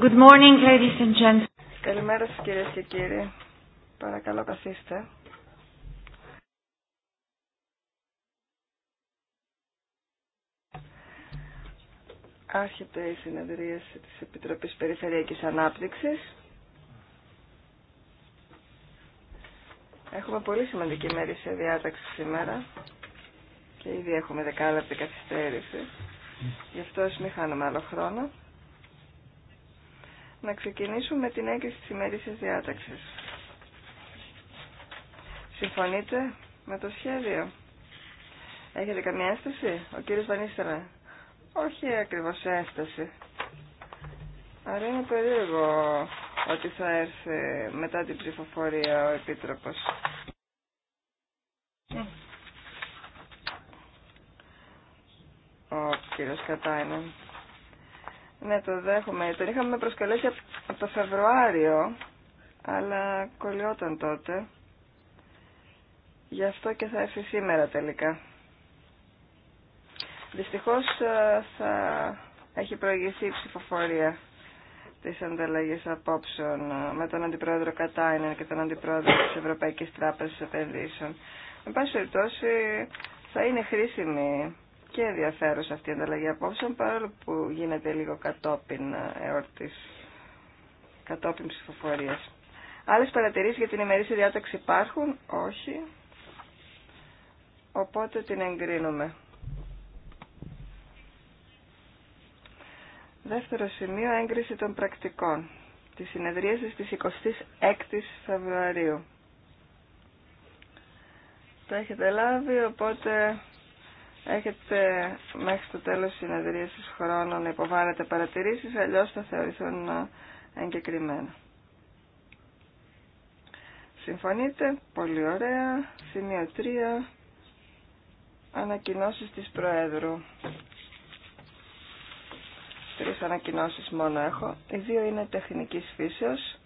Good morning, ladies and gentlemen. Καλημέρα σας κυρίες και κύριοι. Παρακαλώ καθίστε. Άρχεται η συνεδρίαση της Επιτροπής Περιφερειακής Ανάπτυξης. Έχουμε πολύ σημαντική μέρη σε διάταξη σήμερα και ήδη έχουμε δεκάλεπτη καθυστέρηση. Γι' αυτό μην χάνουμε άλλο χρόνο να ξεκινήσουμε με την έγκριση της ημερήσιας διάταξης. Συμφωνείτε με το σχέδιο. Έχετε καμία αίσθηση, ο κύριος Βανίστερα. Όχι ακριβώς αίσθηση. Άρα είναι περίεργο ότι θα έρθει μετά την ψηφοφορία ο Επίτροπος. Ο κύριος Κατάινεν. Ναι, το δέχομαι. Τον είχαμε προσκαλέσει από το Φεβρουάριο, αλλά κολλιόταν τότε. Γι' αυτό και θα έρθει σήμερα τελικά. Δυστυχώς ε, θα έχει προηγηθεί η ψηφοφορία της ανταλλαγής απόψεων ε, με τον Αντιπρόεδρο Κατάινεν και τον Αντιπρόεδρο της Ευρωπαϊκής Τράπεζας Επενδύσεων. Με πάση περιπτώσει θα είναι χρήσιμη και ενδιαφέρουσα αυτή η ανταλλαγή απόψεων, παρόλο που γίνεται λίγο κατόπιν ε, εορτής, κατόπιν ψηφοφορίας. Άλλες παρατηρήσεις για την ημερήσια διάταξη υπάρχουν, όχι, οπότε την εγκρίνουμε. Δεύτερο σημείο, έγκριση των πρακτικών. Τη συνεδρίαση της 26 Φεβρουαρίου. Το έχετε λάβει, οπότε Έχετε μέχρι το τέλος της συνεδρίας χρόνο να υποβάλλετε παρατηρήσεις, αλλιώς θα θεωρηθούν ε, εγκεκριμένα. Συμφωνείτε, πολύ ωραία. Σημείο 3, ανακοινώσεις της Προέδρου. Τρεις ανακοινώσεις μόνο έχω. Οι δύο είναι τεχνικής φύσεως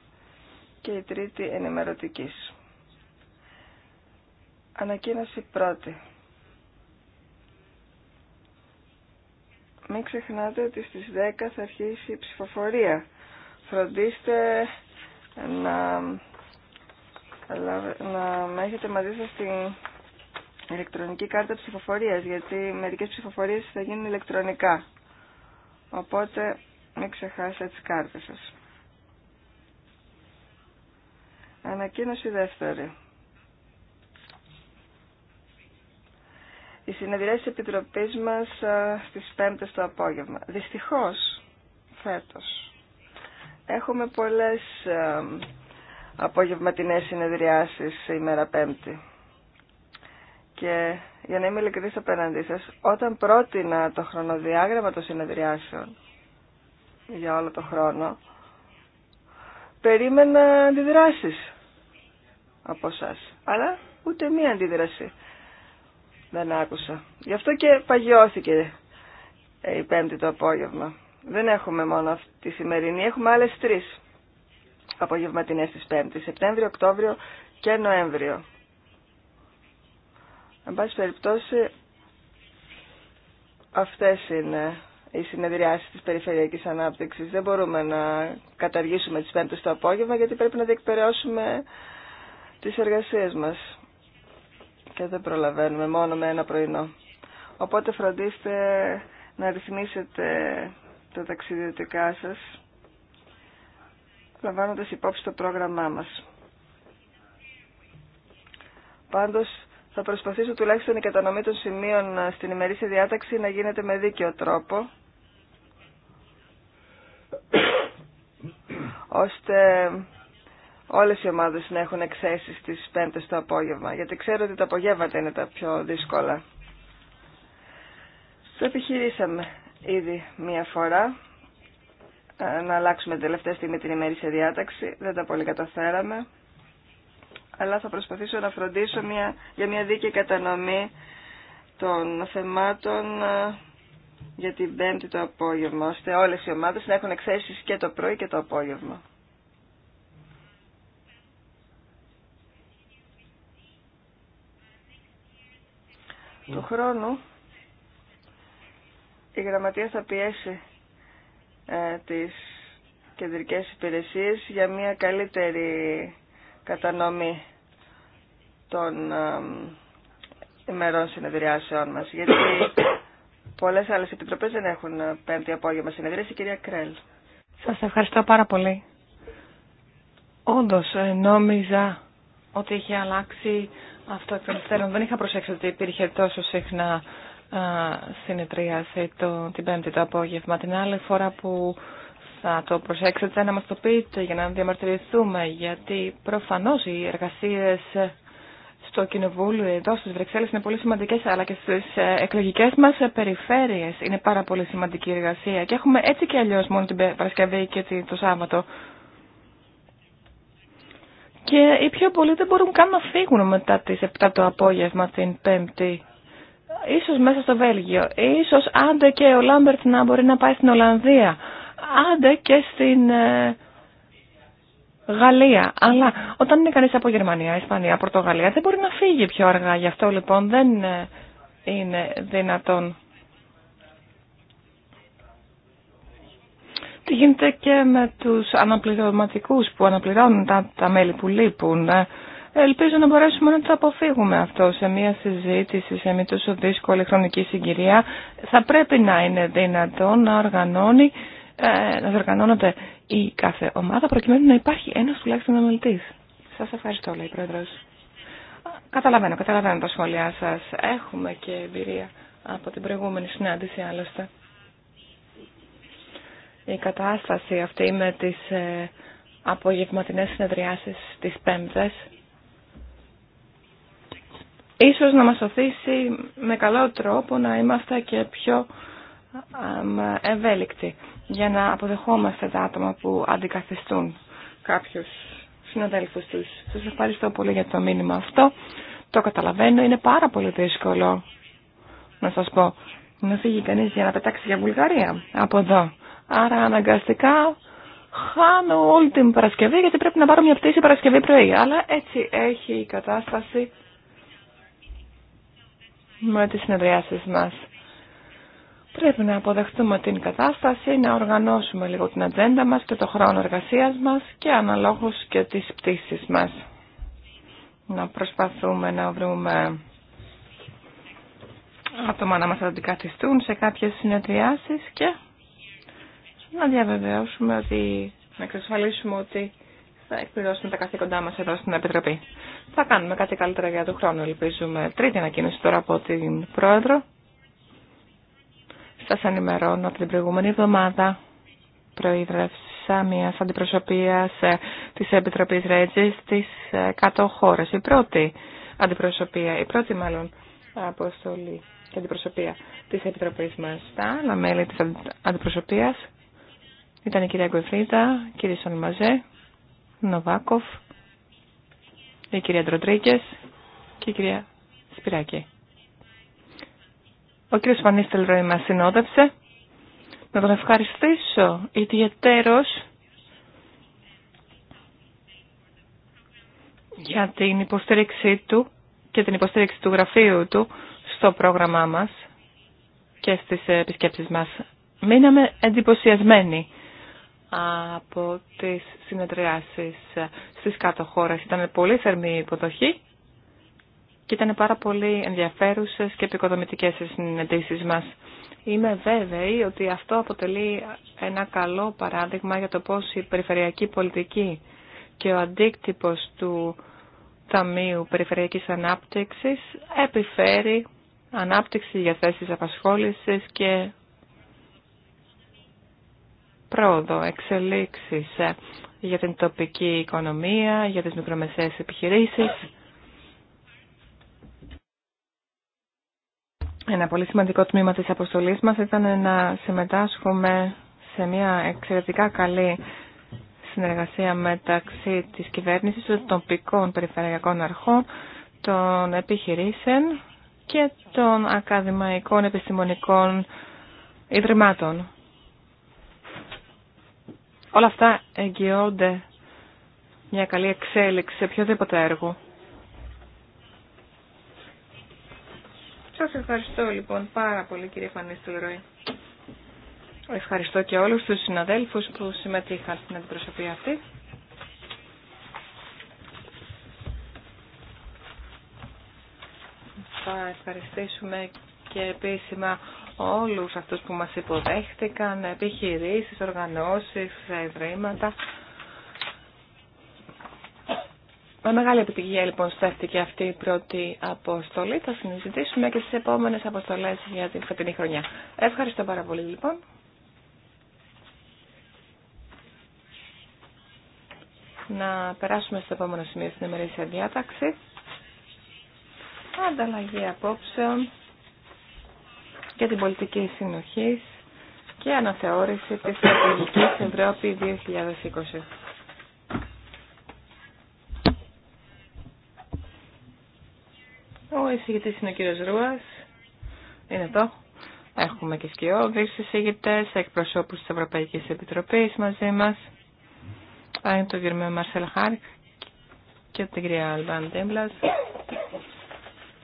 και η τρίτη ενημερωτικής. Ανακοίνωση πρώτη Μην ξεχνάτε ότι στις 10 θα αρχίσει η ψηφοφορία. Φροντίστε να, να έχετε μαζί σας την ηλεκτρονική κάρτα ψηφοφορίας, γιατί μερικές ψηφοφορίες θα γίνουν ηλεκτρονικά. Οπότε μην ξεχάσετε τις κάρτες σας. Ανακοίνωση δεύτερη. οι συνεδριές της Επιτροπής μας ε, στις 5 το απόγευμα. Δυστυχώς, φέτος, έχουμε πολλές ε, απογευματινές συνεδριάσεις ημέρα Πέμπτη. Και για να είμαι ειλικρινής απέναντί σας, όταν πρότεινα το χρονοδιάγραμμα των συνεδριάσεων για όλο το χρόνο, περίμενα αντιδράσεις από εσά. Αλλά ούτε μία αντίδραση. Δεν άκουσα. Γι' αυτό και παγιώθηκε η πέμπτη το απόγευμα. Δεν έχουμε μόνο αυτή τη σημερινή, έχουμε άλλες τρεις απογευματινές της πέμπτης. Σεπτέμβριο, Οκτώβριο και Νοέμβριο. Εν πάση περιπτώσει, αυτές είναι οι συνεδριάσει της Περιφερειακής Ανάπτυξης. Δεν μπορούμε να καταργήσουμε τις πέμπτες το απόγευμα γιατί πρέπει να διεκπαιρεώσουμε τις εργασίες μας και δεν προλαβαίνουμε μόνο με ένα πρωινό. Οπότε φροντίστε να ρυθμίσετε τα ταξιδιωτικά σας λαμβάνοντας υπόψη το πρόγραμμά μας. Πάντως θα προσπαθήσω τουλάχιστον η κατανομή των σημείων στην ημερήσια διάταξη να γίνεται με δίκαιο τρόπο ώστε όλες οι ομάδες να έχουν εξαίσθηση στις 5 το απόγευμα, γιατί ξέρω ότι τα απογεύματα είναι τα πιο δύσκολα. Το επιχειρήσαμε ήδη μία φορά, ε, να αλλάξουμε τελευταία στιγμή την ημερήσια διάταξη, δεν τα πολύ καταφέραμε, αλλά θα προσπαθήσω να φροντίσω μια, για μια δίκαιη κατανομή των θεμάτων ε, για την πέμπτη το απόγευμα, ώστε όλες οι ομάδες να έχουν εξαίσθηση και το πρωί και το απόγευμα. του χρόνου η Γραμματεία θα πιέσει ε, τις κεντρικές υπηρεσίες για μια καλύτερη κατανομή των ε, ημερών συνεδριάσεών μας. Γιατί πολλές άλλες επιτροπές δεν έχουν ε, πέμπτη απόγευμα συνεδρίες. Η κυρία Κρέλ. Σας ευχαριστώ πάρα πολύ. Όντως ε, νόμιζα ότι είχε αλλάξει αυτό εκ των Δεν είχα προσέξει ότι υπήρχε τόσο συχνά συνεδρίαση το, την Πέμπτη το απόγευμα. Την άλλη φορά που θα το προσέξετε να μας το πείτε για να διαμαρτυρηθούμε γιατί προφανώς οι εργασίες στο Κοινοβούλιο εδώ στις Βρυξέλλες είναι πολύ σημαντικές αλλά και στις ε, εκλογικές μας περιφέρειες είναι πάρα πολύ σημαντική η εργασία και έχουμε έτσι και αλλιώς μόνο την Παρασκευή και το Σάββατο και οι πιο πολλοί δεν μπορούν καν να φύγουν μετά τις 7 το απόγευμα την Πέμπτη. Ίσως μέσα στο Βέλγιο. Ίσως άντε και ο Λάμπερτ να μπορεί να πάει στην Ολλανδία. Άντε και στην ε, Γαλλία. Αλλά όταν είναι κανείς από Γερμανία, Ισπανία, Πορτογαλία δεν μπορεί να φύγει πιο αργά. Γι' αυτό λοιπόν δεν ε, είναι δυνατόν γίνεται και με τους αναπληρωματικούς που αναπληρώνουν τα, τα μέλη που λείπουν. Ε, ελπίζω να μπορέσουμε να το αποφύγουμε αυτό σε μια συζήτηση, σε μια τόσο δύσκολη χρονική συγκυρία. Θα πρέπει να είναι δυνατό να οργανώνει, ε, να η κάθε ομάδα προκειμένου να υπάρχει ένας τουλάχιστον ομιλητή. Σας ευχαριστώ, λέει η Πρόεδρος. Καταλαβαίνω, καταλαβαίνω τα σχόλιά σας. Έχουμε και εμπειρία από την προηγούμενη συνάντηση άλλωστε η κατάσταση αυτή με τις ε, απογευματινές συνεδριάσεις της Πέμπτες ίσως να μας οθήσει με καλό τρόπο να είμαστε και πιο ευέλικτοι για να αποδεχόμαστε τα άτομα που αντικαθιστούν κάποιους συναδέλφους τους. Σας ευχαριστώ πολύ για το μήνυμα αυτό. Το καταλαβαίνω, είναι πάρα πολύ δύσκολο να σας πω. Να φύγει κανείς για να πετάξει για Βουλγαρία από εδώ. Άρα αναγκαστικά χάνω όλη την Παρασκευή γιατί πρέπει να πάρω μια πτήση Παρασκευή πρωί. Αλλά έτσι έχει η κατάσταση με τις συνεδριάσεις μας. Πρέπει να αποδεχτούμε την κατάσταση, να οργανώσουμε λίγο την ατζέντα μας και το χρόνο εργασίας μας και αναλόγως και τις πτήσεις μας. Να προσπαθούμε να βρούμε άτομα να μας αντικαθιστούν σε κάποιες συνεδριάσεις και να διαβεβαιώσουμε ότι, να εξασφαλίσουμε ότι θα εκπληρώσουμε τα καθήκοντά μας εδώ στην Επιτροπή. Θα κάνουμε κάτι καλύτερα για τον χρόνο, ελπίζουμε. Τρίτη ανακοίνωση τώρα από την Πρόεδρο. Σας ενημερώνω ότι την προηγούμενη εβδομάδα προείδρευσα μια αντιπροσωπεία ε, της Επιτροπής Ρέτζης στις 100 ε, χώρες. Η πρώτη αντιπροσωπεία, η πρώτη μάλλον αποστολή και αντιπροσωπεία της Επιτροπής μας. Τα άλλα μέλη της αντιπροσωπείας ήταν η κυρία Γκουεφρίδα, κύριε Μαζέ, Νοβάκοφ, η κυρία Ντροτρίκες και η κυρία Σπυράκη. Ο κύριος Πανίστελ Ροή μας συνόδευσε. Να τον ευχαριστήσω ιδιαιτέρως για την υποστήριξή του και την υποστήριξη του γραφείου του στο πρόγραμμά μας και στις επισκέψεις μας. Μείναμε εντυπωσιασμένοι από τις συνεδριάσεις στις κάτω χώρες. Ήταν πολύ θερμή υποδοχή και ήταν πάρα πολύ ενδιαφέρουσες και επικοδομητικές οι συνεδρίσεις μας. Είμαι βέβαιη ότι αυτό αποτελεί ένα καλό παράδειγμα για το πώς η περιφερειακή πολιτική και ο αντίκτυπος του Ταμείου Περιφερειακής Ανάπτυξης επιφέρει ανάπτυξη για θέσεις απασχόλησης και πρόοδο, εξελίξεις ε, για την τοπική οικονομία, για τις μικρομεσαίες επιχειρήσεις. Ένα πολύ σημαντικό τμήμα της αποστολής μας ήταν να συμμετάσχουμε σε μια εξαιρετικά καλή συνεργασία μεταξύ της κυβέρνησης, των τοπικών περιφερειακών αρχών, των επιχειρήσεων και των ακαδημαϊκών επιστημονικών ιδρυμάτων. Όλα αυτά εγγυώνται μια καλή εξέλιξη σε οποιοδήποτε έργο. Σας ευχαριστώ λοιπόν πάρα πολύ κύριε Φανίστολ Ροή. Ευχαριστώ και όλους τους συναδέλφους που συμμετείχαν στην αντιπροσωπή αυτή. Θα ευχαριστήσουμε και επίσημα όλους αυτούς που μας υποδέχτηκαν, επιχειρήσεις, οργανώσεις, ευρήματα. Με μεγάλη επιτυχία λοιπόν στέφτηκε αυτή η πρώτη αποστολή. Θα συζητήσουμε και στις επόμενες αποστολές για την φετινή χρονιά. Ευχαριστώ πάρα πολύ λοιπόν. Να περάσουμε στο επόμενο σημείο στην ημερήσια διάταξη. Ανταλλαγή απόψεων και την πολιτική συνοχή και αναθεώρηση της Ευρωπαϊκής Ευρώπη 2020. Ο εισηγητή είναι ο κύριο Ρούα. Είναι εδώ. Έχουμε και σκιώδεις εισηγητέ, εκπροσώπου τη Ευρωπαϊκή Επιτροπή μαζί μα. Είναι τον κύριο Μαρσέλ Χάρκ και την κυρία Αλβάν Τίμπλα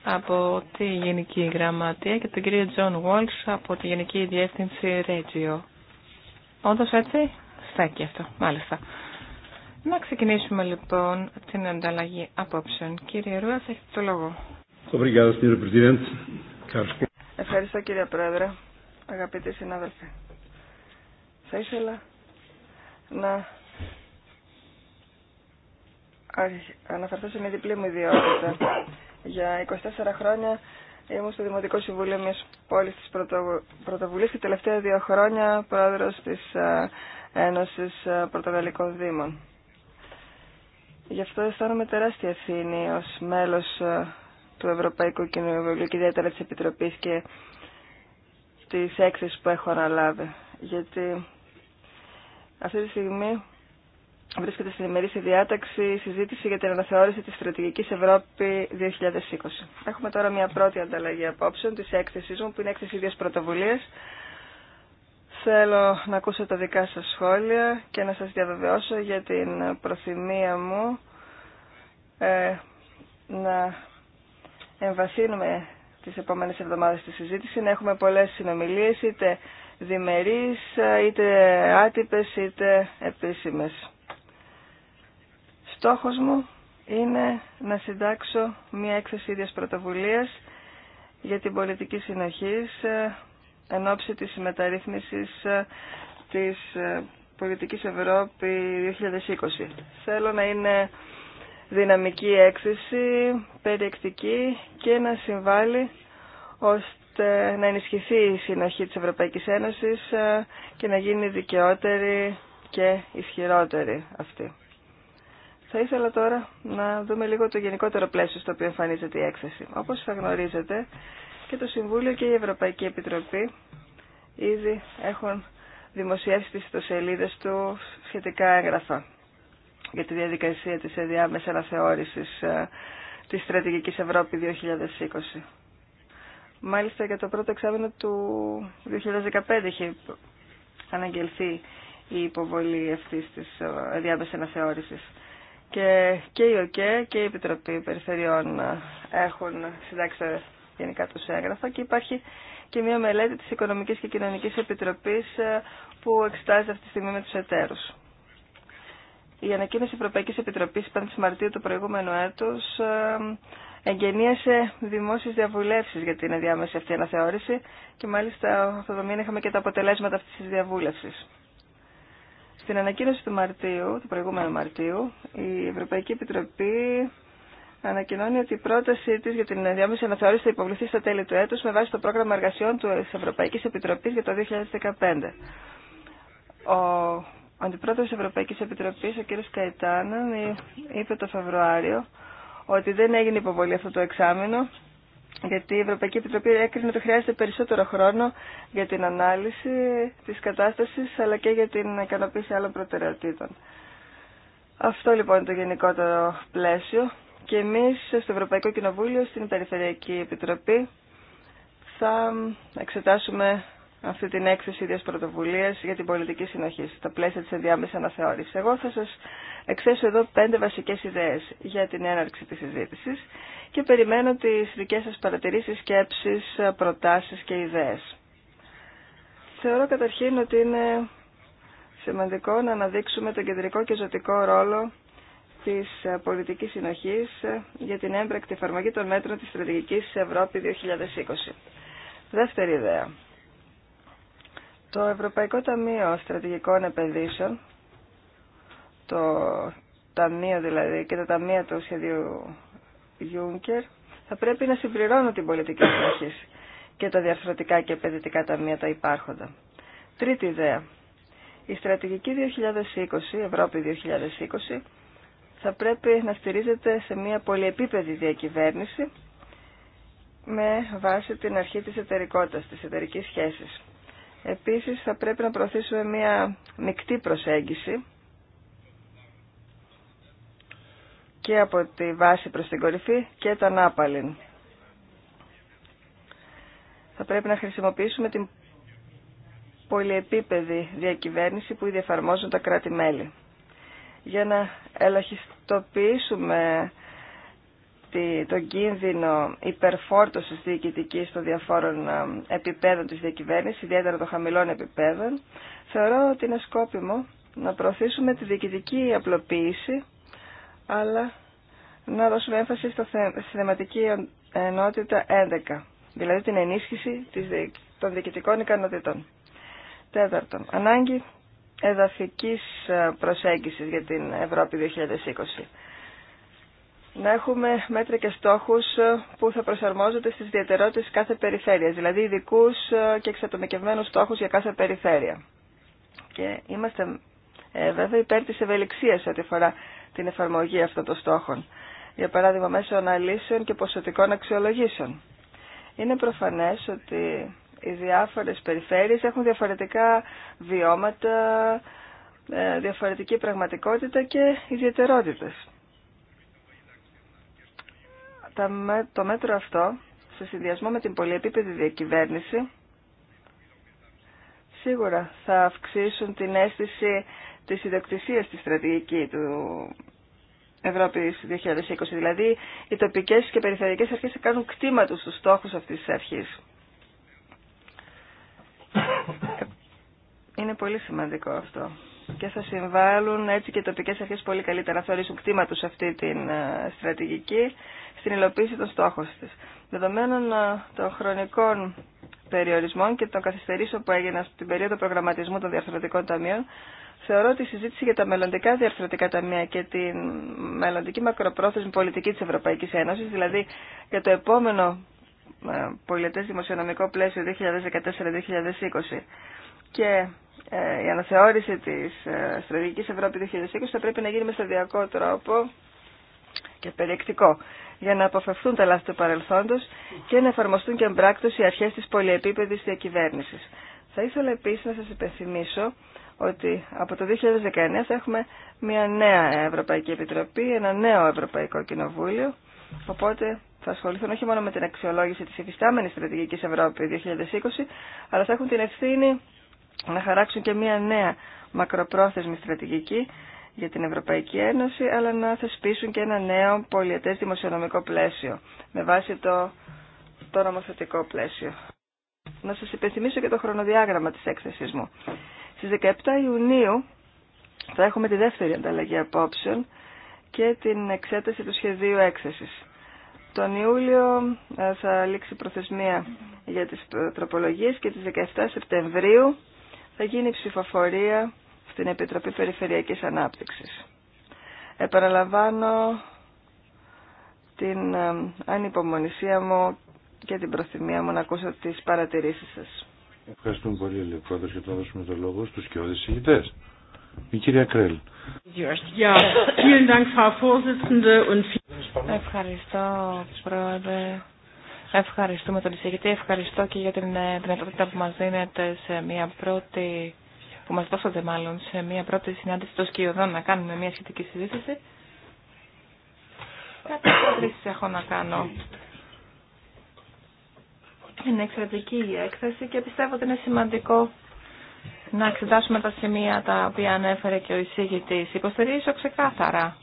από τη Γενική Γραμματεία και τον κύριο Τζον Βόλς από τη Γενική Διεύθυνση Ρέτζιο. Όντω έτσι, στέκει αυτό, μάλιστα. Να ξεκινήσουμε λοιπόν την ανταλλαγή απόψεων. Κύριε Ρούα, έχετε το λόγο. Ευχαριστώ κύριε Πρόεδρε, αγαπητοί συνάδελφοι. Θα ήθελα να αναφερθώ σε μια διπλή μου ιδιότητα για 24 χρόνια ήμουν στο Δημοτικό Συμβούλιο μιας πόλης της Πρωτοβουλής και τελευταία δύο χρόνια πρόεδρος της ε, Ένωσης ε, Πρωτογαλλικών Δήμων. Γι' αυτό αισθάνομαι τεράστια ευθύνη ως μέλος ε, του Ευρωπαϊκού Κοινοβουλίου και ιδιαίτερα της Επιτροπής και της έκθεσης που έχω αναλάβει. Γιατί αυτή τη στιγμή βρίσκεται στην ημερήσια διάταξη συζήτηση για την αναθεώρηση της στρατηγικής Ευρώπη 2020. Έχουμε τώρα μια πρώτη ανταλλαγή απόψεων της έκθεσής μου, που είναι έκθεση ίδιας πρωτοβουλίας. Θέλω να ακούσω τα δικά σας σχόλια και να σας διαβεβαιώσω για την προθυμία μου ε, να εμβαθύνουμε τις επόμενες εβδομάδες τη συζήτηση, να έχουμε πολλές συνομιλίες, είτε διμερείς, είτε άτυπες, είτε επίσημες. Στόχος μου είναι να συντάξω μια έκθεση ίδιας πρωτοβουλίας για την πολιτική συνοχής ε, εν ώψη της μεταρρύθμισης ε, της ε, πολιτικής Ευρώπη 2020. Θέλω να είναι δυναμική έκθεση, περιεκτική και να συμβάλλει ώστε να ενισχυθεί η συνοχή της Ευρωπαϊκής Ένωσης και να γίνει δικαιότερη και ισχυρότερη αυτή. Θα ήθελα τώρα να δούμε λίγο το γενικότερο πλαίσιο στο οποίο εμφανίζεται η έκθεση. Όπως θα γνωρίζετε, και το Συμβούλιο και η Ευρωπαϊκή Επιτροπή ήδη έχουν δημοσιεύσει τις ιστοσελίδες του σχετικά έγγραφα για τη διαδικασία της ενδιάμεσα αναθεώρησης ε, της Στρατηγικής Ευρώπη 2020. Μάλιστα για το πρώτο εξάμεινο του 2015 είχε αναγγελθεί η υποβολή αυτής της ε, ενδιάμεσης αναθεώρησης. Και, και η ΟΚΕ και η Επιτροπή Περιφερειών ε, έχουν συντάξει γενικά τους έγγραφα και υπάρχει και μια μελέτη της Οικονομικής και Κοινωνικής Επιτροπής ε, που εξετάζεται αυτή τη στιγμή με τους εταίρους. Η ανακοίνωση Ευρωπαϊκής Επιτροπής 5 Μαρτίου του προηγούμενου έτους ε, εγγενίασε δημόσιες διαβουλεύσεις για την ενδιάμεση αυτή αναθεώρηση και μάλιστα αυτό το μήνα είχαμε και τα αποτελέσματα αυτής της διαβούλευσης. Στην ανακοίνωση του Μαρτίου, του προηγούμενου Μαρτίου, η Ευρωπαϊκή Επιτροπή ανακοινώνει ότι η πρότασή τη για την ενδιάμεση αναθεώρηση θα υποβληθεί στα τέλη του έτου με βάση το πρόγραμμα εργασιών τη Ευρωπαϊκή Επιτροπή για το 2015. Ο αντιπρόεδρο τη Ευρωπαϊκή Επιτροπή, ο κ. Καϊτάνα, ε, είπε το Φεβρουάριο ότι δεν έγινε υποβολή αυτό το εξάμεινο γιατί η Ευρωπαϊκή Επιτροπή έκρινε ότι χρειάζεται περισσότερο χρόνο για την ανάλυση της κατάστασης αλλά και για την ικανοποίηση άλλων προτεραιοτήτων. Αυτό λοιπόν είναι το γενικότερο πλαίσιο και εμείς στο Ευρωπαϊκό Κοινοβούλιο, στην Περιφερειακή Επιτροπή θα εξετάσουμε αυτή την έκθεση ίδιας πρωτοβουλία για την πολιτική συνοχή στα πλαίσια της ενδιάμεσης αναθεώρησης. Εγώ θα σας εξέσω εδώ πέντε βασικές ιδέες για την έναρξη της συζήτηση και περιμένω τις δικές σας παρατηρήσεις, σκέψεις, προτάσεις και ιδέες. Θεωρώ καταρχήν ότι είναι σημαντικό να αναδείξουμε τον κεντρικό και ζωτικό ρόλο της πολιτικής συνοχής για την έμπρακτη εφαρμογή των μέτρων της στρατηγικής Ευρώπη 2020. Δεύτερη ιδέα το Ευρωπαϊκό Ταμείο Στρατηγικών Επενδύσεων, το ταμείο δηλαδή και τα ταμεία του σχεδίου Juncker, θα πρέπει να συμπληρώνουν την πολιτική σχέση και τα διαρθρωτικά και επενδυτικά ταμεία τα υπάρχοντα. Τρίτη ιδέα. Η στρατηγική 2020, Ευρώπη 2020, θα πρέπει να στηρίζεται σε μια πολυεπίπεδη διακυβέρνηση με βάση την αρχή της εταιρικότητας, της εταιρικής σχέσης. Επίσης θα πρέπει να προωθήσουμε μια μεικτή προσέγγιση και από τη βάση προς την κορυφή και τα ναπαλιν Θα πρέπει να χρησιμοποιήσουμε την πολυεπίπεδη διακυβέρνηση που ήδη εφαρμόζουν τα κράτη-μέλη. Για να ελαχιστοποιήσουμε τη, τον κίνδυνο υπερφόρτωση διοικητική των διαφόρων ε, επιπέδων τη διακυβέρνηση, ιδιαίτερα των χαμηλών επιπέδων, θεωρώ ότι είναι σκόπιμο να προωθήσουμε τη διοικητική απλοποίηση, αλλά να δώσουμε έμφαση στο θε, στη θεματική ενότητα 11, δηλαδή την ενίσχυση των διοικητικών ικανότητων. Τέταρτον, ανάγκη εδαφικής ε, προσέγγισης για την Ευρώπη 2020 να έχουμε μέτρα και στόχους ε, που θα προσαρμόζονται στις διατερότητες κάθε περιφέρειας, δηλαδή ειδικού ε, και εξατομικευμένους στόχους για κάθε περιφέρεια. Και είμαστε ε, βέβαια υπέρ της ευελιξίας ό,τι αφορά την εφαρμογή αυτών των στόχων, για παράδειγμα μέσω αναλύσεων και ποσοτικών αξιολογήσεων. Είναι προφανές ότι οι διάφορες περιφέρειες έχουν διαφορετικά βιώματα, διαφορετική πραγματικότητα και ιδιαιτερότητες το μέτρο αυτό, σε συνδυασμό με την πολυεπίπεδη διακυβέρνηση, σίγουρα θα αυξήσουν την αίσθηση της ιδιοκτησίας της στρατηγική του Ευρώπης 2020. Δηλαδή, οι τοπικές και περιφερειακές αρχές θα κάνουν κτήμα τους στους στόχους αυτής της αρχής. Είναι πολύ σημαντικό αυτό. Και θα συμβάλλουν έτσι και οι τοπικές αρχές πολύ καλύτερα. να θεωρήσουν κτήμα τους αυτή την ε, στρατηγική στην υλοποίηση των στόχων τη Δεδομένων ε, των χρονικών περιορισμών και των καθυστερήσεων που έγιναν στην περίοδο προγραμματισμού των διαρθρωτικών ταμείων, θεωρώ ότι η συζήτηση για τα μελλοντικά διαρθρωτικά ταμεία και τη μελλοντική μακροπρόθεσμη πολιτική τη Ευρωπαϊκή Ένωση, δηλαδή για το επομενο πολιτε πολιτές δημοσιονομικό πλαίσιο 2014-2020 και ε, η αναθεώρηση της ε, στρατηγική Ευρώπη 2020 θα πρέπει να γίνει με σταδιακό τρόπο και περιεκτικό για να αποφευθούν τα λάθη του παρελθόντος και να εφαρμοστούν και εμπράκτως οι αρχές της πολυεπίπεδης διακυβέρνησης. Θα ήθελα επίσης να σας υπενθυμίσω ότι από το 2019 θα έχουμε μια νέα Ευρωπαϊκή Επιτροπή, ένα νέο Ευρωπαϊκό Κοινοβούλιο, οπότε θα ασχοληθούν όχι μόνο με την αξιολόγηση της υφιστάμενης στρατηγικής Ευρώπη 2020, αλλά θα έχουν την ευθύνη να χαράξουν και μια νέα μακροπρόθεσμη στρατηγική για την Ευρωπαϊκή Ένωση, αλλά να θεσπίσουν και ένα νέο πολιετές δημοσιονομικό πλαίσιο, με βάση το, το νομοθετικό πλαίσιο. Να σας υπενθυμίσω και το χρονοδιάγραμμα της έκθεσής μου. Στις 17 Ιουνίου θα έχουμε τη δεύτερη ανταλλαγή απόψεων και την εξέταση του σχεδίου έκθεσης. Τον Ιούλιο ε, θα λήξει προθεσμία για τις τροπολογίες και τις 17 Σεπτεμβρίου θα γίνει ψηφοφορία την Επιτροπή Περιφερειακής Ανάπτυξης. Επαναλαμβάνω την ε, ανυπομονησία μου και την προθυμία μου να ακούσω τις παρατηρήσεις σας. Ευχαριστούμε πολύ, Λεπρόεδρο, για το δώσουμε το λόγο στους και ηγητές. Η κυρία Κρέλ. Ευχαριστώ, Πρόεδρε. Ευχαριστούμε τον εισηγητή. Ευχαριστώ και για την ε, δυνατότητα που μας δίνετε σε μια πρώτη που μας δώσατε μάλλον σε μια πρώτη συνάντηση των σκιωδών να κάνουμε μια σχετική συζήτηση. Κάτι ερωτήσει έχω να κάνω. Είναι εξαιρετική η έκθεση και πιστεύω ότι είναι σημαντικό να εξετάσουμε τα σημεία τα οποία ανέφερε και ο εισήγητής. Υποστηρίζω ξεκάθαρα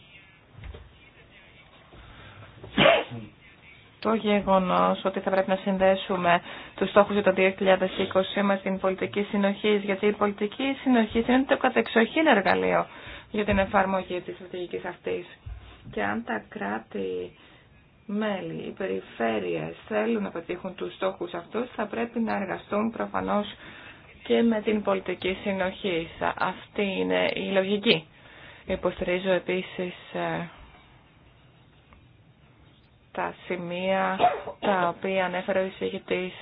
το γεγονός ότι θα πρέπει να συνδέσουμε τους στόχους για το 2020 με την πολιτική συνοχή, γιατί η πολιτική συνοχή είναι το κατεξοχήν εργαλείο για την εφαρμογή της στρατηγική αυτής. Και αν τα κράτη μέλη, οι περιφέρειες θέλουν να πετύχουν τους στόχους αυτούς, θα πρέπει να εργαστούν προφανώς και με την πολιτική συνοχή. Αυτή είναι η λογική. Υποστηρίζω επίσης ε, τα σημεία τα οποία ανέφερε ο εισηγητής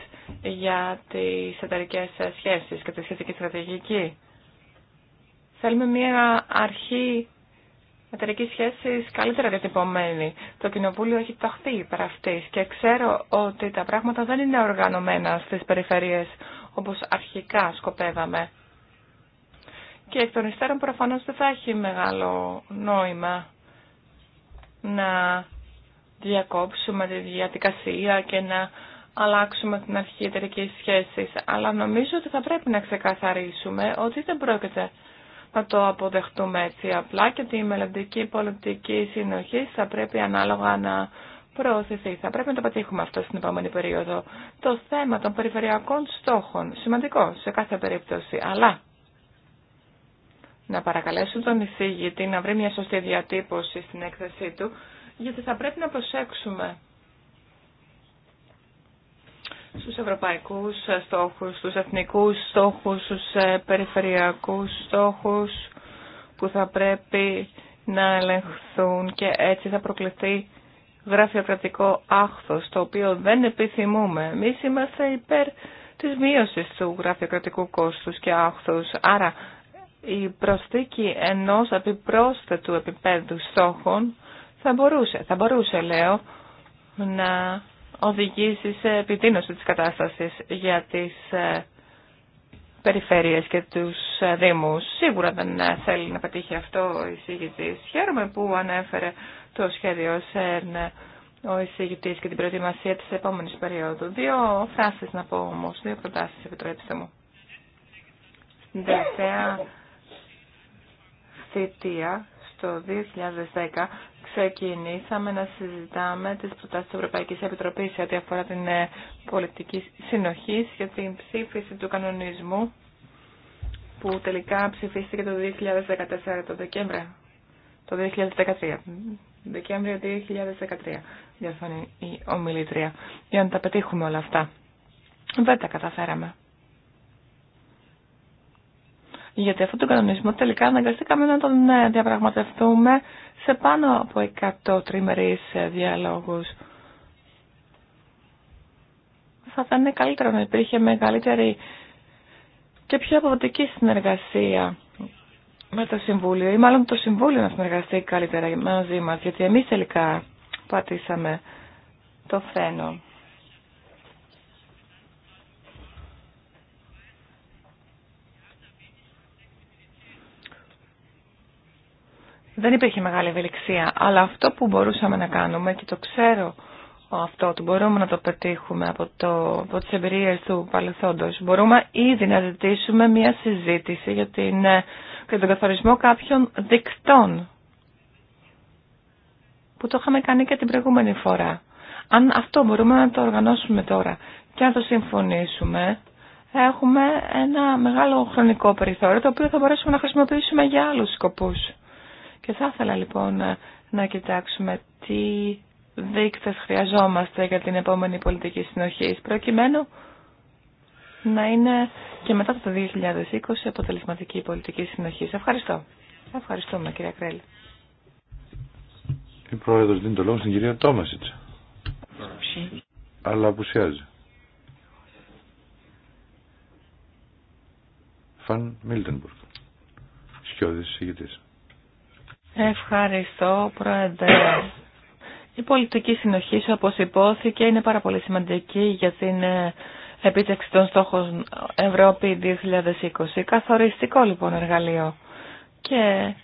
για τις εταιρικές σχέσεις και τη σχετική στρατηγική. Θέλουμε μια αρχή εταιρικής σχέσης καλύτερα διατυπωμένη. Το Κοινοβούλιο έχει ταχθεί υπέρ και ξέρω ότι τα πράγματα δεν είναι οργανωμένα στις περιφερειές όπως αρχικά σκοπεύαμε. Και εκ των υστέρων προφανώς δεν θα έχει μεγάλο νόημα να διακόψουμε τη διαδικασία και να αλλάξουμε την αρχή εταιρική σχέση. Αλλά νομίζω ότι θα πρέπει να ξεκαθαρίσουμε ότι δεν πρόκειται να το αποδεχτούμε έτσι απλά και ότι η μελλοντική πολιτική συνοχή θα πρέπει ανάλογα να προωθηθεί. Θα πρέπει να το πετύχουμε αυτό στην επόμενη περίοδο. Το θέμα των περιφερειακών στόχων, σημαντικό σε κάθε περίπτωση, αλλά να παρακαλέσω τον εισήγητη να βρει μια σωστή διατύπωση στην έκθεσή του, γιατί θα πρέπει να προσέξουμε στους ευρωπαϊκούς στόχους, στους εθνικούς στόχους, στους ε, περιφερειακούς στόχους που θα πρέπει να ελεγχθούν και έτσι θα προκληθεί γραφειοκρατικό άχθος, το οποίο δεν επιθυμούμε. Εμεί είμαστε υπέρ της μείωσης του γραφειοκρατικού κόστους και άχθους. Άρα η προσθήκη ενός επιπρόσθετου επίπεδου στόχων θα μπορούσε, θα μπορούσε λέω, να οδηγήσει σε επιτείνωση της κατάστασης για τις ε, περιφέρειες και τους ε, δήμους. Σίγουρα δεν ε, θέλει να πετύχει αυτό ο εισηγητής. Χαίρομαι που ανέφερε το σχέδιο σε ο εισηγητής και την προετοιμασία της επόμενης περίοδου. Δύο φράσεις να πω όμως, δύο προτάσεις επιτρέψτε μου. Στην τελευταία θητεία, στο 2010, ξεκινήσαμε να συζητάμε τις προτάσεις της Ευρωπαϊκής Επιτροπής σε ό,τι αφορά την ε, πολιτική συνοχή για την ψήφιση του κανονισμού που τελικά ψηφίστηκε το 2014, το Δεκέμβριο, το 2013. Δεκέμβριο 2013, διαφωνεί η ομιλήτρια, για να τα πετύχουμε όλα αυτά. Δεν τα καταφέραμε. Γιατί αυτόν τον κανονισμό τελικά αναγκαστήκαμε να τον ε, διαπραγματευτούμε σε πάνω από 100 τριμερείς ε, διαλόγους. Θα ήταν καλύτερο να υπήρχε μεγαλύτερη και πιο αποδοτική συνεργασία με το Συμβούλιο ή μάλλον το Συμβούλιο να συνεργαστεί καλύτερα μαζί μας γιατί εμείς τελικά πατήσαμε το φρένο. δεν υπήρχε μεγάλη ευελιξία, αλλά αυτό που μπορούσαμε να κάνουμε και το ξέρω αυτό, που μπορούμε να το πετύχουμε από, το, από τις εμπειρίες του παρελθόντος. Μπορούμε ήδη να ζητήσουμε μια συζήτηση για, την, για τον καθορισμό κάποιων δικτών που το είχαμε κάνει και την προηγούμενη φορά. Αν αυτό μπορούμε να το οργανώσουμε τώρα και να το συμφωνήσουμε, έχουμε ένα μεγάλο χρονικό περιθώριο το οποίο θα μπορέσουμε να χρησιμοποιήσουμε για άλλους σκοπούς. Και θα ήθελα λοιπόν να κοιτάξουμε τι δείκτες χρειαζόμαστε για την επόμενη πολιτική συνοχή προκειμένου να είναι και μετά το 2020 αποτελεσματική πολιτική συνοχή. Ευχαριστώ. Ευχαριστούμε κυρία Κρέλη. Η πρόεδρος δίνει το λόγο στην κυρία Τόμασιτς. Αλλά απουσιάζει. Φαν Μίλτενμπουργκ. Σκιώδης ηγητής. Ευχαριστώ, Πρόεδρε. Η πολιτική συνοχή, όπως υπόθηκε, είναι πάρα πολύ σημαντική για την ε, επίτευξη των στόχων Ευρώπη 2020. Καθοριστικό, λοιπόν, εργαλείο. Και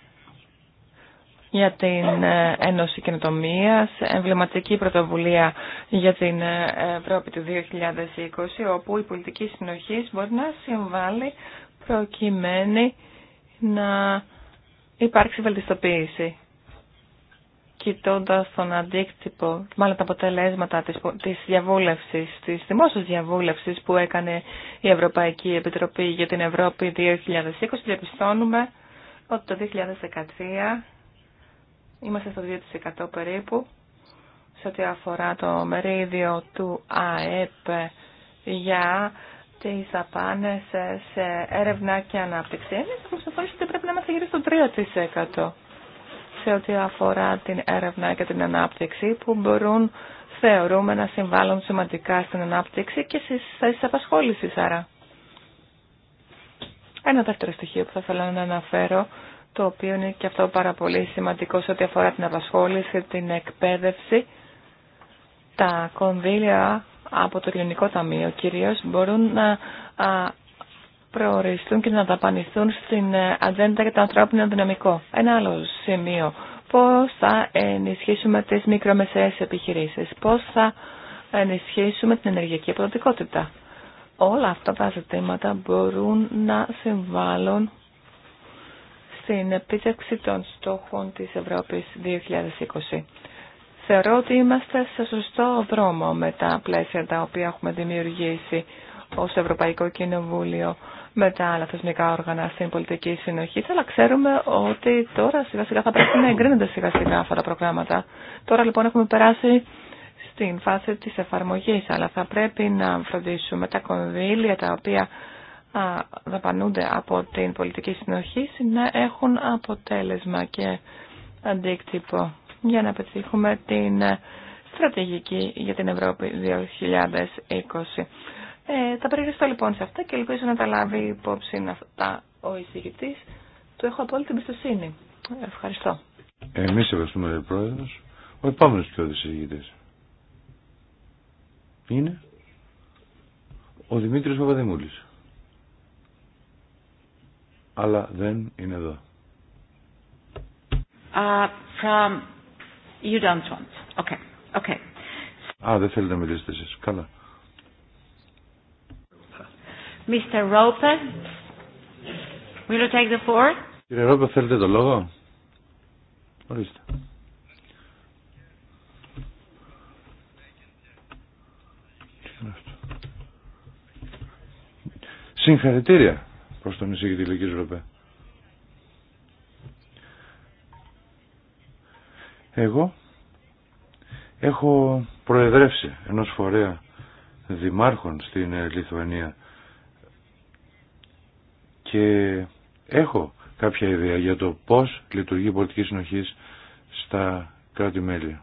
για την ε, Ένωση Καινοτομία, εμβληματική πρωτοβουλία για την ε, Ευρώπη του 2020, όπου η πολιτική συνοχή μπορεί να συμβάλλει προκειμένου να υπάρξει βελτιστοποίηση κοιτώντα τον αντίκτυπο, μάλλον τα αποτελέσματα της, της διαβούλευσης, της δημόσιας διαβούλευσης που έκανε η Ευρωπαϊκή Επιτροπή για την Ευρώπη 2020, διαπιστώνουμε ότι το 2013 είμαστε στο 2% περίπου σε ό,τι αφορά το μερίδιο του ΑΕΠ για τις δαπάνες σε έρευνα και ανάπτυξη. Εμείς έχουμε συμφωνήσει ότι πρέπει να είμαστε γύρω στο 3% σε ό,τι αφορά την έρευνα και την ανάπτυξη που μπορούν θεωρούμε να συμβάλλουν σημαντικά στην ανάπτυξη και στις θέσεις απασχόλησης άρα. Ένα δεύτερο στοιχείο που θα ήθελα να αναφέρω, το οποίο είναι και αυτό πάρα πολύ σημαντικό σε ό,τι αφορά την απασχόληση, την εκπαίδευση, τα κονδύλια από το Κοινωνικό Ταμείο κυρίως μπορούν να προοριστούν και να δαπανηθούν στην ε, ατζέντα για το ανθρώπινο δυναμικό. Ένα άλλο σημείο. Πώς θα ενισχύσουμε τις μικρομεσαίες επιχειρήσεις. Πώς θα ενισχύσουμε την ενεργειακή αποδοτικότητα. Όλα αυτά τα ζητήματα μπορούν να συμβάλλουν στην επίτευξη των στόχων της Ευρώπης 2020. Θεωρώ ότι είμαστε σε σωστό δρόμο με τα πλαίσια τα οποία έχουμε δημιουργήσει ως Ευρωπαϊκό Κοινοβούλιο με τα άλλα θεσμικά όργανα στην πολιτική συνοχή, αλλά ξέρουμε ότι τώρα σιγά σιγά θα πρέπει να εγκρίνονται σιγά σιγά αυτά τα προγράμματα. Τώρα λοιπόν έχουμε περάσει στην φάση της εφαρμογής, αλλά θα πρέπει να φροντίσουμε τα κονδύλια τα οποία δαπανούνται από την πολιτική συνοχή να έχουν αποτέλεσμα και αντίκτυπο για να πετύχουμε την ε, στρατηγική για την Ευρώπη 2020. Ε, θα περιγραφώ λοιπόν σε αυτά και ελπίζω να τα λάβει υπόψη αυτά ο εισηγητή. Του έχω απόλυτη εμπιστοσύνη. Ευχαριστώ. Εμείς ευχαριστούμε, πρόεδρο. Ο επόμενο πιο εισηγητή είναι ο Δημήτρης Παπαδημούλη. Αλλά δεν είναι εδώ. Uh, You don't want. Okay. Okay. Α, δεν θέλετε να μιλήσετε εσείς. Καλά. Mr. Rope, will you take the floor? Κύριε Ρόπε, θέλετε το λόγο. Ορίστε. Συγχαρητήρια προς τον εισηγητή Λυκής Ροπέ. Εγώ έχω προεδρεύσει ενός φορέα δημάρχων στην ε, Λιθουανία και έχω κάποια ιδέα για το πώς λειτουργεί η πολιτική συνοχή στα κράτη-μέλη.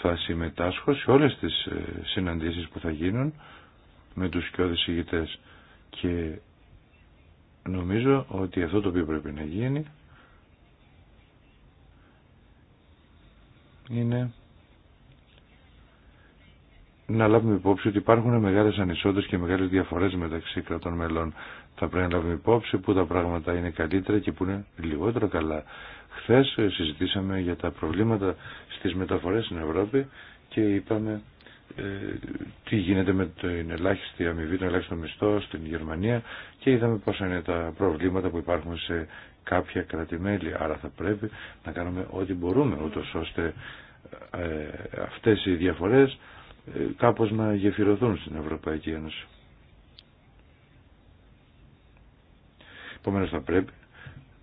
Θα συμμετάσχω σε όλες τις ε, συναντήσεις που θα γίνουν με τους κοιόδης ηγητές και Νομίζω ότι αυτό το οποίο πρέπει να γίνει είναι να λάβουμε υπόψη ότι υπάρχουν μεγάλες ανισότητες και μεγάλες διαφορές μεταξύ κρατών μελών. Θα πρέπει να λάβουμε υπόψη που τα πράγματα είναι καλύτερα και που είναι λιγότερο καλά. Χθες συζητήσαμε για τα προβλήματα στις μεταφορές στην Ευρώπη και είπαμε ε, τι γίνεται με την ελάχιστη αμοιβή, τον ελάχιστο μισθό στην Γερμανία και είδαμε πόσα είναι τα προβλήματα που υπάρχουν σε κάποια κρατημέλη. Άρα θα πρέπει να κάνουμε ό,τι μπορούμε ούτω ώστε ε, αυτές οι διαφορές ε, κάπως να γεφυρωθούν στην Ευρωπαϊκή Ένωση. Επομένω θα πρέπει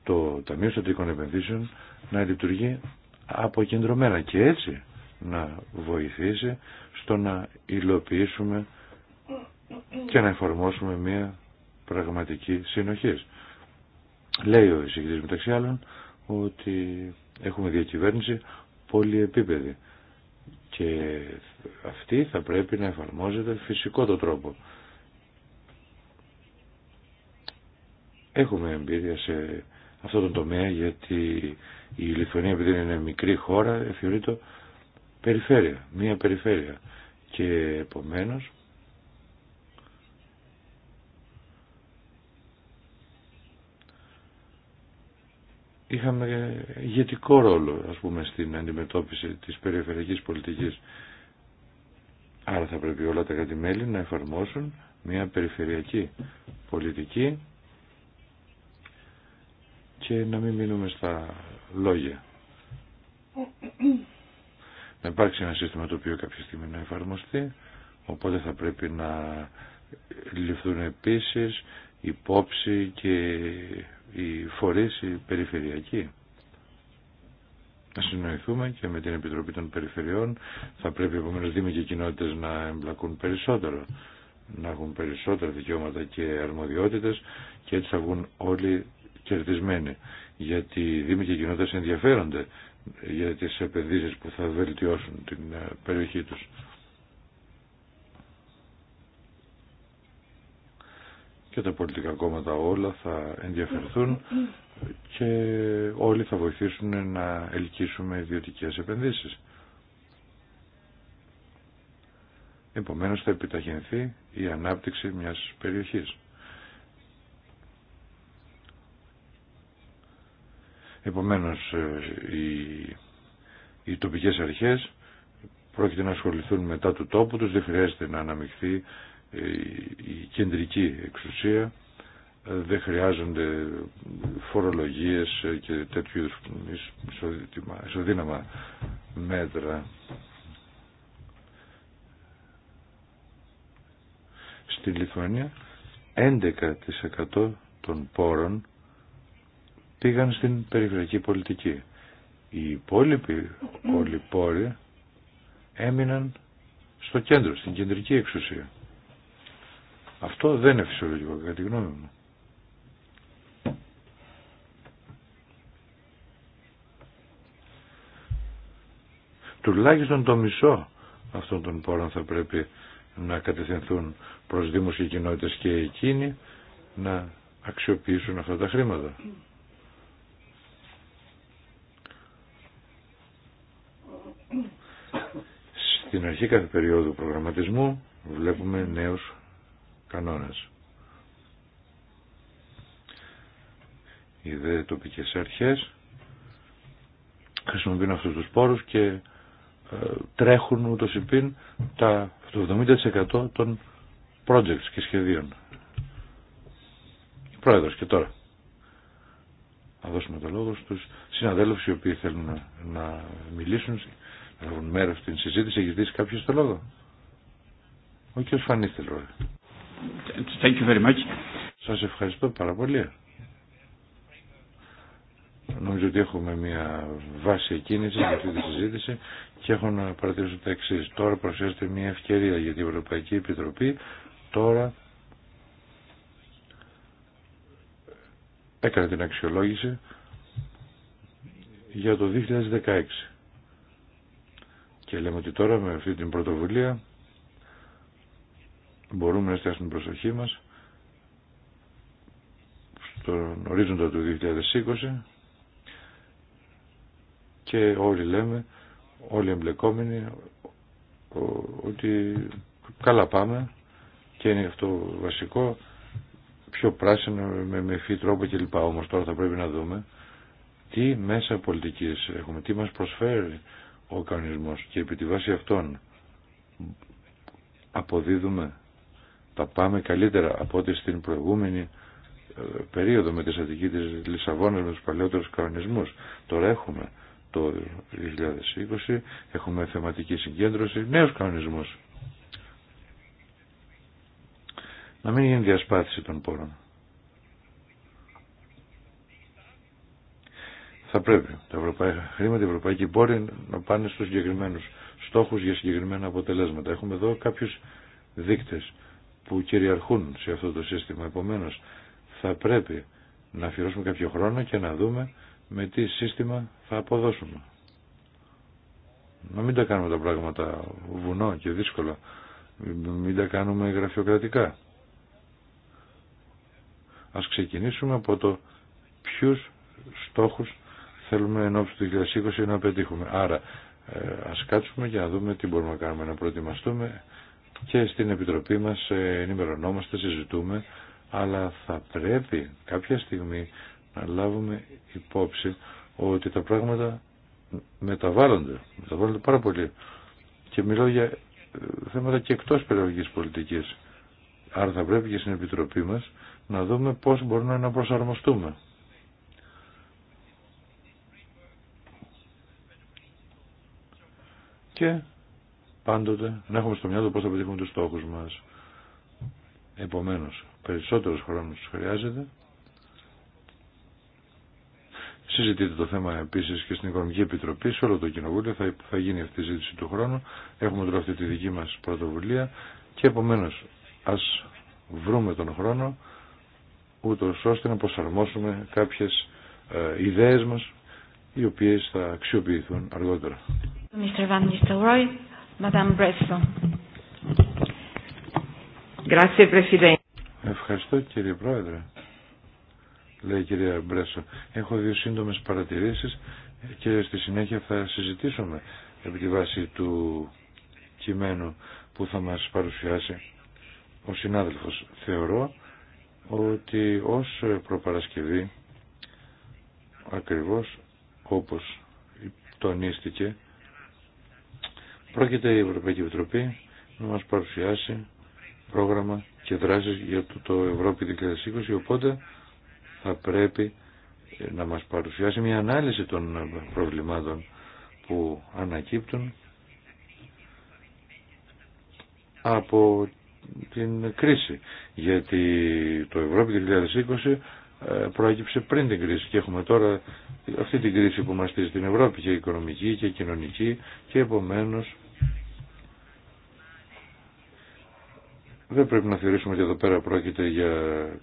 το Ταμείο Στατικών Επενδύσεων να λειτουργεί αποκεντρωμένα και έτσι να βοηθήσει στο να υλοποιήσουμε και να εφαρμόσουμε μια πραγματική συνοχή. Λέει ο εισηγητής μεταξύ άλλων ότι έχουμε διακυβέρνηση πολυεπίπεδη και αυτή θα πρέπει να εφαρμόζεται φυσικό το τρόπο. Έχουμε εμπειρία σε αυτό το τομέα γιατί η Λιθουανία επειδή είναι μικρή χώρα θεωρείται περιφέρεια, μία περιφέρεια και επομένως είχαμε ηγετικό ρόλο ας πούμε στην αντιμετώπιση της περιφερειακής πολιτικής άρα θα πρέπει όλα τα κρατημέλη να εφαρμόσουν μια περιφερειακή πολιτικης αρα θα πρεπει ολα τα κατημέλη να εφαρμοσουν μια περιφερειακη πολιτικη και να μην μείνουμε στα λόγια να υπάρξει ένα σύστημα το οποίο κάποια στιγμή να εφαρμοστεί, οπότε θα πρέπει να ληφθούν επίσης υπόψη και οι φορείς οι περιφερειακοί. Να συνοηθούμε και με την Επιτροπή των Περιφερειών θα πρέπει επομένως δήμοι και κοινότητες να εμπλακούν περισσότερο, να έχουν περισσότερα δικαιώματα και αρμοδιότητες και έτσι θα βγουν όλοι κερδισμένοι. Γιατί οι δήμοι και κοινότητες ενδιαφέρονται για τις επενδύσεις που θα βελτιώσουν την ε, περιοχή τους. Και τα πολιτικά κόμματα όλα θα ενδιαφερθούν και όλοι θα βοηθήσουν να ελκύσουμε ιδιωτικές επενδύσεις. Επομένως θα επιταχυνθεί η ανάπτυξη μιας περιοχής. Επομένως, ε, οι, οι τοπικές αρχές πρόκειται να ασχοληθούν μετά του τόπου τους, δεν χρειάζεται να αναμειχθεί ε, η κεντρική εξουσία, ε, δεν χρειάζονται φορολογίες και τέτοιου ισοδύναμα μέτρα. Στη Λιθουανία 11% των πόρων πήγαν στην περιφερειακή πολιτική. Οι υπόλοιποι όλοι πόροι έμειναν στο κέντρο, στην κεντρική εξουσία. Αυτό δεν είναι φυσιολογικό, κατά τη γνώμη μου. Τουλάχιστον το μισό αυτών των πόρων θα πρέπει να κατευθυνθούν προς δήμους και κοινότητες και εκείνοι να αξιοποιήσουν αυτά τα χρήματα. Στην αρχή κάθε περίοδου προγραμματισμού βλέπουμε νέους κανόνες. Οι δε τοπικές αρχές χρησιμοποιούν αυτούς τους πόρους και ε, τρέχουν ούτως υπήν τα, το 70% των projects και σχεδίων. Πρόεδρος και τώρα. Θα δώσουμε το λόγο στους συναδέλφους οι οποίοι θέλουν να, να μιλήσουν έχουν μέρο στην συζήτηση. Έχει δει κάποιο το λόγο. Ο κ. Φανή Σα ευχαριστώ πάρα πολύ. Νομίζω ότι έχουμε μια βάση κίνηση για αυτή τη συζήτηση και έχω να παρατηρήσω τα εξή. Τώρα προσέρχεται μια ευκαιρία για την Ευρωπαϊκή Επιτροπή. Τώρα έκανε την αξιολόγηση για το 2016. Και λέμε ότι τώρα με αυτή την πρωτοβουλία μπορούμε να στιάσουμε την προσοχή μας στον ορίζοντα του 2020 και όλοι λέμε, όλοι εμπλεκόμενοι ότι καλά πάμε και είναι αυτό βασικό πιο πράσινο με μεφή τρόπο κλπ. Όμως τώρα θα πρέπει να δούμε τι μέσα πολιτικής έχουμε, τι μας προσφέρει ο κανονισμός και επί τη βάση αυτών αποδίδουμε τα πάμε καλύτερα από ό,τι στην προηγούμενη ε, περίοδο με τη στρατηγική της Λισαβόνας με τους παλαιότερους κανονισμούς. Τώρα έχουμε το 2020, έχουμε θεματική συγκέντρωση, νέους κανονισμούς. Να μην γίνει διασπάθηση των πόρων. Θα πρέπει τα ευρωπαϊκά χρήματα, οι ευρωπαϊκοί πόροι να πάνε στους συγκεκριμένους στόχους για συγκεκριμένα αποτελέσματα. Έχουμε εδώ κάποιους δείκτες που κυριαρχούν σε αυτό το σύστημα. Επομένως, θα πρέπει να αφιερώσουμε κάποιο χρόνο και να δούμε με τι σύστημα θα αποδώσουμε. Να μην τα κάνουμε τα πράγματα βουνό και δύσκολα. Μην τα κάνουμε γραφειοκρατικά. Ας ξεκινήσουμε από το ποιους στόχους θέλουμε εν ώψη του 2020 να πετύχουμε. Άρα ε, ας κάτσουμε και να δούμε τι μπορούμε να κάνουμε, να προετοιμαστούμε και στην Επιτροπή μας ε, ενημερωνόμαστε, συζητούμε, αλλά θα πρέπει κάποια στιγμή να λάβουμε υπόψη ότι τα πράγματα μεταβάλλονται, μεταβάλλονται πάρα πολύ. Και μιλώ για ε, θέματα και εκτός περιοχής πολιτικής. Άρα θα πρέπει και στην Επιτροπή μας να δούμε πώς μπορούμε να προσαρμοστούμε. και πάντοτε να έχουμε στο μυαλό πώς θα πετύχουμε τους στόχους μας. Επομένως, περισσότερος χρόνος χρειάζεται. Συζητείτε το θέμα επίσης και στην Οικονομική Επιτροπή, σε όλο το Κοινοβούλιο θα, γίνει αυτή η ζήτηση του χρόνου. Έχουμε τώρα αυτή τη δική μας πρωτοβουλία και επομένως ας βρούμε τον χρόνο ούτω ώστε να προσαρμόσουμε κάποιες ε, ιδέες μας οι οποίες θα αξιοποιηθούν αργότερα. Mr. Van Nistelrooy, Madame Grazie, Presidente. Ευχαριστώ κύριε Πρόεδρε, λέει η κυρία Μπρέσο. Έχω δύο σύντομες παρατηρήσεις και στη συνέχεια θα συζητήσουμε επί τη βάση του κειμένου που θα μας παρουσιάσει ο συνάδελφος. Θεωρώ ότι ως προπαρασκευή, ακριβώς όπως τονίστηκε, Πρόκειται η Ευρωπαϊκή Επιτροπή να μας παρουσιάσει πρόγραμμα και δράσεις για το, το Ευρώπη 2020, οπότε θα πρέπει να μας παρουσιάσει μια ανάλυση των προβλημάτων που ανακύπτουν από την κρίση. Γιατί το Ευρώπη 2020 ε, προέκυψε πριν την κρίση και έχουμε τώρα αυτή την κρίση που μας στείλει την Ευρώπη και οικονομική και κοινωνική και επομένως δεν πρέπει να θεωρήσουμε ότι εδώ πέρα πρόκειται για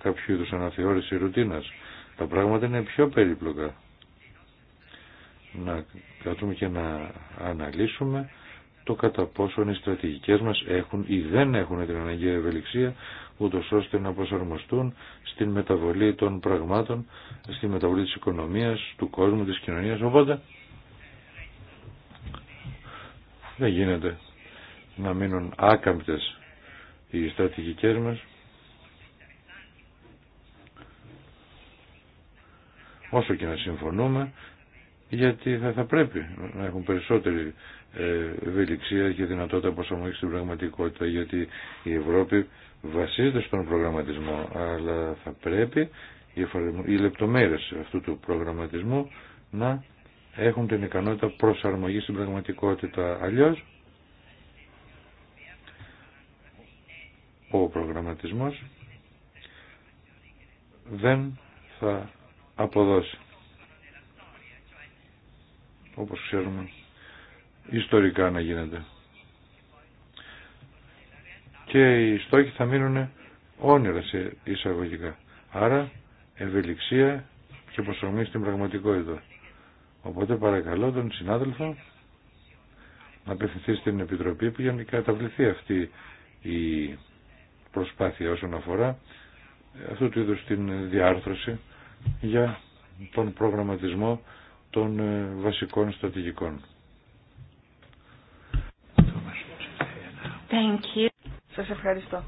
κάποιο είδου αναθεώρηση ρουτίνα. Τα πράγματα είναι πιο περίπλοκα. Να κρατούμε και να αναλύσουμε το κατά πόσον οι στρατηγικές μας έχουν ή δεν έχουν την αναγκαία ευελιξία ούτω ώστε να προσαρμοστούν στην μεταβολή των πραγμάτων, στη μεταβολή της οικονομίας, του κόσμου, της κοινωνίας. Οπότε δεν γίνεται να μείνουν άκαμπτες οι στρατηγικές μας όσο και να συμφωνούμε γιατί θα, θα πρέπει να έχουν περισσότερη ε, ευελιξία και δυνατότητα προσαρμογής στην πραγματικότητα γιατί η Ευρώπη βασίζεται στον προγραμματισμό αλλά θα πρέπει οι λεπτομέρειες αυτού του προγραμματισμού να έχουν την ικανότητα προσαρμογής στην πραγματικότητα αλλιώς ο προγραμματισμός δεν θα αποδώσει. Όπως ξέρουμε ιστορικά να γίνεται. Και οι στόχοι θα μείνουν όνειρα σε εισαγωγικά. Άρα ευελιξία και προσωμή στην πραγματικότητα. Οπότε παρακαλώ τον συνάδελφο να απευθυνθεί στην Επιτροπή που για να καταβληθεί αυτή η προσπάθεια όσον αφορά αυτού του είδους την διάρθρωση για τον προγραμματισμό των ε, βασικών στρατηγικών. Thank you. Σας ευχαριστώ.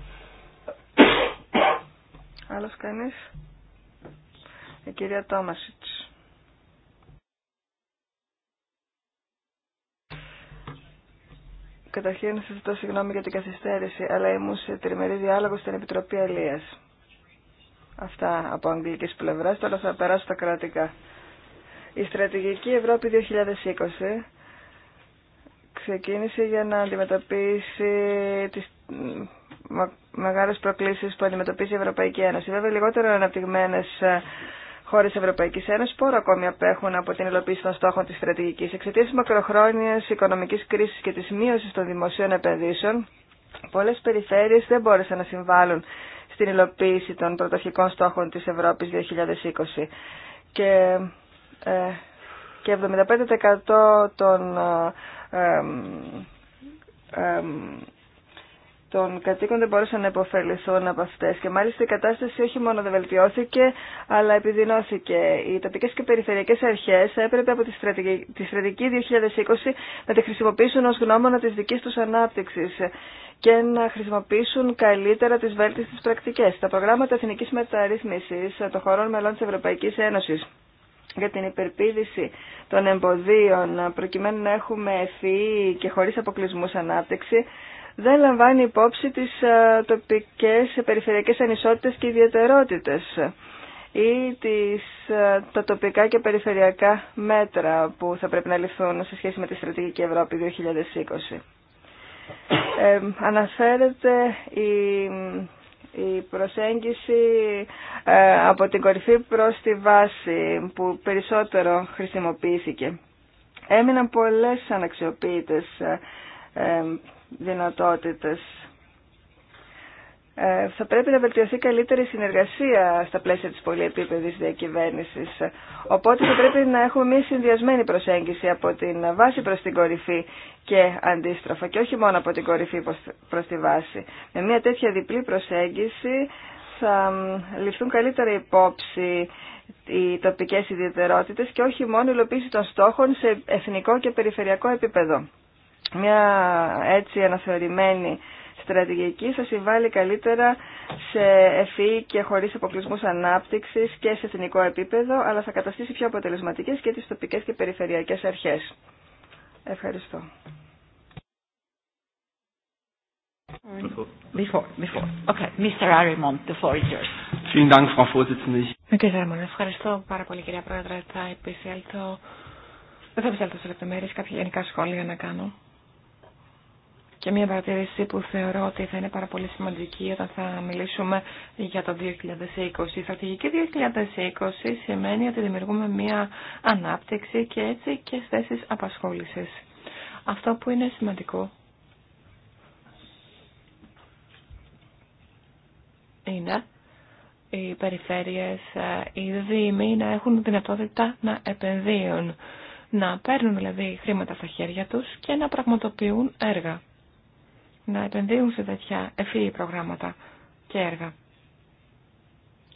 Άλλος κανείς. Η κυρία Τόμασιτς. Καταρχήν σας ζητώ συγγνώμη για την καθυστέρηση, αλλά ήμουν σε τριμερή διάλογο στην Επιτροπή Αλίας. Αυτά από αγγλικής πλευράς, τώρα θα περάσω στα κρατικά. Η στρατηγική Ευρώπη 2020 ξεκίνησε για να αντιμετωπίσει τις μεγάλες προκλήσεις που αντιμετωπίζει η Ευρωπαϊκή Ένωση. Βέβαια λιγότερο αναπτυγμένες ε, χώρε Ευρωπαϊκή Ένωση πόρο ακόμη απέχουν από την υλοποίηση των στόχων τη στρατηγική. Εξαιτία τη μακροχρόνια οικονομική κρίση και τη μείωση των δημοσίων επενδύσεων, πολλέ περιφέρειε δεν μπόρεσαν να συμβάλλουν στην υλοποίηση των πρωταρχικών στόχων τη Ευρώπη 2020. Και, ε, και 75% των ε, ε, των κατοίκων δεν μπορούσαν να υποφεληθούν από αυτέ. Και μάλιστα η κατάσταση όχι μόνο δεν βελτιώθηκε, αλλά επιδεινώθηκε. Οι τοπικέ και περιφερειακέ αρχέ έπρεπε από τη στρατηγική, 2020 να τη χρησιμοποιήσουν ω γνώμονα τη δική του ανάπτυξη και να χρησιμοποιήσουν καλύτερα τι βέλτιστε πρακτικέ. Τα προγράμματα εθνική μεταρρύθμιση των χωρών μελών τη Ευρωπαϊκή Ένωση για την υπερπίδηση των εμποδίων προκειμένου να έχουμε ευφυή και χωρίς αποκλεισμούς ανάπτυξη δεν λαμβάνει υπόψη τις ε, τοπικές περιφερειακές ανισότητες και ιδιαιτερότητες ή τις, ε, τα τοπικά και περιφερειακά μέτρα που θα πρέπει να ληφθούν σε σχέση με τη Στρατηγική Ευρώπη 2020. αναφέρεται η, η προσέγγιση ε, από την κορυφή προς τη βάση που περισσότερο χρησιμοποιήθηκε. Έμειναν πολλές αναξιοποιητές δυνατότητες. Ε, θα πρέπει να βελτιωθεί καλύτερη συνεργασία στα πλαίσια της πολυεπίπεδης διακυβέρνησης. Οπότε θα πρέπει να έχουμε μια συνδυασμένη προσέγγιση από την βάση προς την κορυφή και αντίστροφα και όχι μόνο από την κορυφή προς τη βάση. Με μια τέτοια διπλή προσέγγιση θα ληφθούν καλύτερα υπόψη οι τοπικές ιδιαιτερότητες και όχι μόνο η υλοποίηση των στόχων σε εθνικό και περιφερειακό επίπεδο. Μια έτσι αναθεωρημένη στρατηγική θα συμβάλλει καλύτερα σε ευφυή και χωρίς αποκλεισμούς ανάπτυξης και σε εθνικό επίπεδο, αλλά θα καταστήσει πιο αποτελεσματικές και τις τοπικές και περιφερειακές αρχές. Ευχαριστώ. Before. ευχαριστώ πάρα πολύ κυρία Πρόεδρε. Θα επισέλθω... Δεν θα επισέλθω σε λεπτομέρειες, κάποια γενικά σχόλια να κάνω. Και μια παρατηρήση που θεωρώ ότι θα είναι πάρα πολύ σημαντική όταν θα μιλήσουμε για το 2020. Η στρατηγική 2020 σημαίνει ότι δημιουργούμε μια ανάπτυξη και έτσι και θέσεις απασχόλησης. Αυτό που είναι σημαντικό είναι οι περιφέρειες, ε, οι δήμοι να έχουν δυνατότητα να επενδύουν, να παίρνουν δηλαδή χρήματα στα χέρια τους και να πραγματοποιούν έργα να επενδύουν σε τέτοια ευφύη προγράμματα και έργα.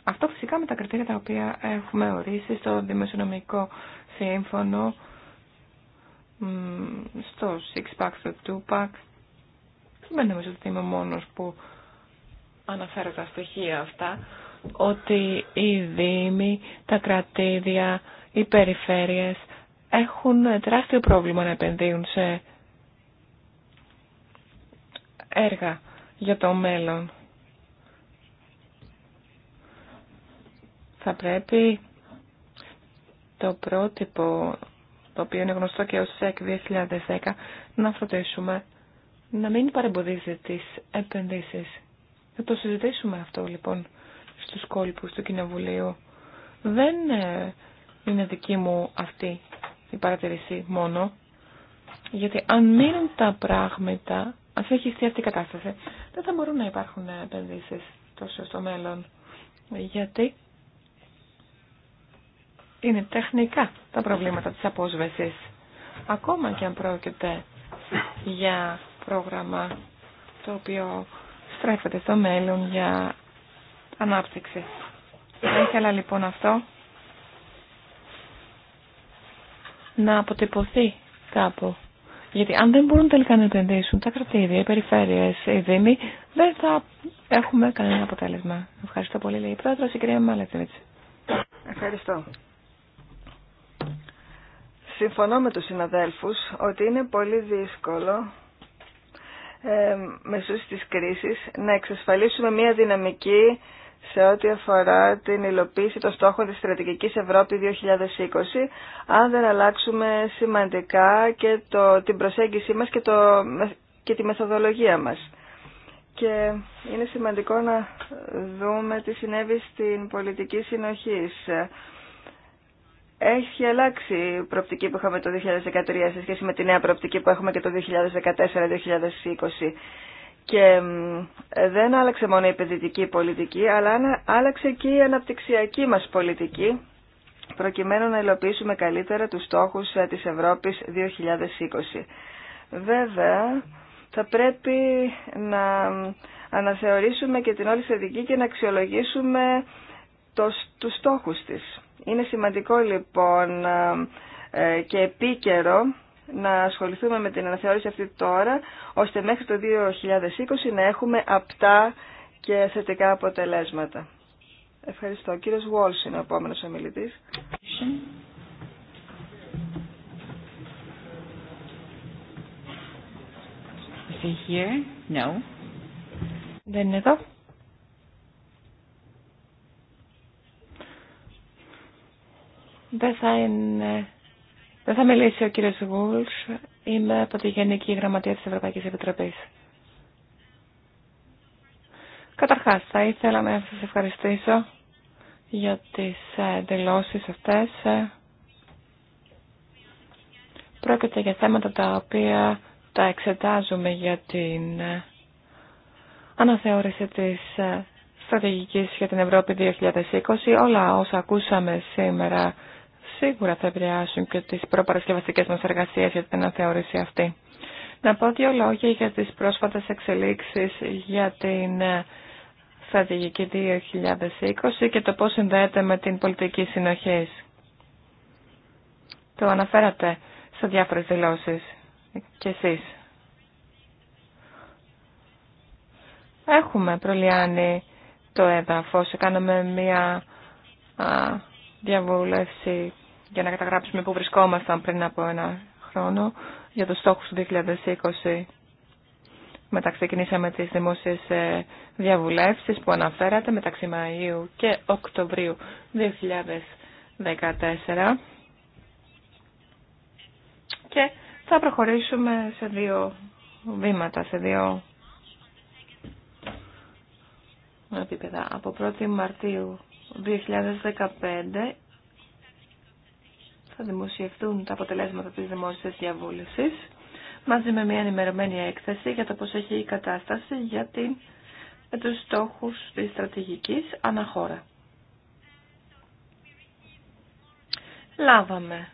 Αυτό φυσικά με τα κριτήρια τα οποία έχουμε ορίσει στο Δημοσιονομικό Σύμφωνο, στο Six Pack, στο Two Pack. Δεν νομίζω ότι είμαι μόνος που αναφέρω τα στοιχεία αυτά, ότι οι Δήμοι, τα κρατήδια, οι περιφέρειες έχουν τεράστιο πρόβλημα να επενδύουν σε έργα για το μέλλον. Θα πρέπει το πρότυπο, το οποίο είναι γνωστό και ως ΣΕΚ 2010, να φροντίσουμε να μην παρεμποδίζει τις επενδύσεις. Θα το συζητήσουμε αυτό λοιπόν στους κόλπους του Κοινοβουλίου. Δεν ε, είναι δική μου αυτή η παρατηρήση μόνο, γιατί αν μείνουν τα πράγματα Μα έχει αυτή η κατάσταση. Δεν θα μπορούν να υπάρχουν επενδύσει τόσο στο μέλλον. Γιατί είναι τεχνικά τα προβλήματα της απόσβεσης. Ακόμα και αν πρόκειται για πρόγραμμα το οποίο στρέφεται στο μέλλον για ανάπτυξη. Θα ήθελα λοιπόν αυτό να αποτυπωθεί κάπου γιατί αν δεν μπορούν τελικά να επενδύσουν τα κρατήδια, οι περιφέρειε, οι δήμοι, δεν θα έχουμε κανένα αποτέλεσμα. Ευχαριστώ πολύ, λέει η πρόεδρο, η κυρία Μάλετσεβιτ. Ευχαριστώ. Συμφωνώ με του συναδέλφους ότι είναι πολύ δύσκολο ε, μεσούς της κρίσης να εξασφαλίσουμε μια δυναμική σε ό,τι αφορά την υλοποίηση των στόχων της Στρατηγικής Ευρώπη 2020, αν δεν αλλάξουμε σημαντικά και το, την προσέγγιση μας και, το, και τη μεθοδολογία μας. Και είναι σημαντικό να δούμε τι συνέβη στην πολιτική συνοχής. Έχει αλλάξει η προοπτική που είχαμε το 2013 σε σχέση με τη νέα προοπτική που έχουμε και το 2014-2020. Και δεν άλλαξε μόνο η επενδυτική πολιτική, αλλά άλλαξε και η αναπτυξιακή μας πολιτική, προκειμένου να υλοποιήσουμε καλύτερα τους στόχους ε, της Ευρώπης 2020. Βέβαια, θα πρέπει να αναθεωρήσουμε και την όλη θετική και να αξιολογήσουμε το, τους στόχους της. Είναι σημαντικό λοιπόν ε, και επίκαιρο να ασχοληθούμε με την αναθεώρηση αυτή τώρα, ώστε μέχρι το 2020 να έχουμε απτά και θετικά αποτελέσματα. Ευχαριστώ. Ο κύριος Βόλς είναι ο επόμενος ομιλητής. Here? Δεν είναι εδώ. Δεν θα είναι δεν θα μιλήσει ο κύριος Βούλς, είμαι από τη Γενική Γραμματεία της Ευρωπαϊκής Επιτροπής. Καταρχάς, θα ήθελα να σας ευχαριστήσω για τις ε, δηλώσεις αυτές. Πρόκειται για θέματα τα οποία τα εξετάζουμε για την ε, αναθεώρηση της ε, στρατηγικής για την Ευρώπη 2020. Όλα όσα ακούσαμε σήμερα σίγουρα θα επηρεάσουν και τις προπαρασκευαστικές μας εργασίες για την αναθεώρηση αυτή. Να πω δύο λόγια για τις πρόσφατες εξελίξεις για την ε, στρατηγική 2020 και το πώς συνδέεται με την πολιτική συνοχή. Το αναφέρατε σε διάφορες δηλώσεις και εσείς. Έχουμε προλιάνει το έδαφος, κάναμε μια διαβούλευση για να καταγράψουμε που βρισκόμασταν πριν από ένα χρόνο για τους στόχους του 2020. Μετά ξεκινήσαμε τις δημόσιες ε, διαβουλεύσεις που αναφέρατε μεταξύ Μαΐου και Οκτωβρίου 2014 και θα προχωρήσουμε σε δύο βήματα, σε δύο επίπεδα. Από 1η Μαρτίου 2015 θα δημοσιευτούν τα αποτελέσματα της δημόσιας διαβούλευσης μαζί με μια ενημερωμένη έκθεση για το πώς έχει η κατάσταση για, την, στόχου τους στόχους της στρατηγικής αναχώρα. Λάβαμε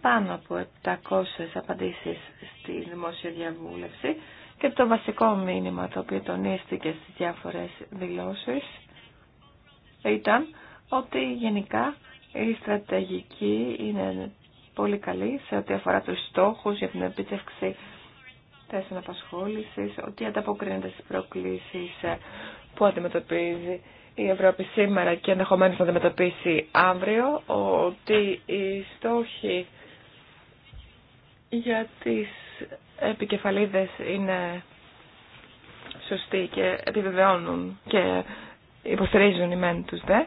πάνω από 700 απαντήσεις στη δημόσια διαβούλευση και το βασικό μήνυμα το οποίο τονίστηκε στις διάφορες δηλώσεις ήταν ότι γενικά η στρατηγική είναι πολύ καλή σε ό,τι αφορά τους στόχους για την επίτευξη θέσεων απασχόλησης, ότι ανταποκρίνεται στις προκλήσεις που αντιμετωπίζει η Ευρώπη σήμερα και ενδεχομένως να αντιμετωπίσει αύριο, ότι οι στόχοι για τις επικεφαλίδες είναι σωστοί και επιβεβαιώνουν και υποστηρίζουν οι μεν τους δε.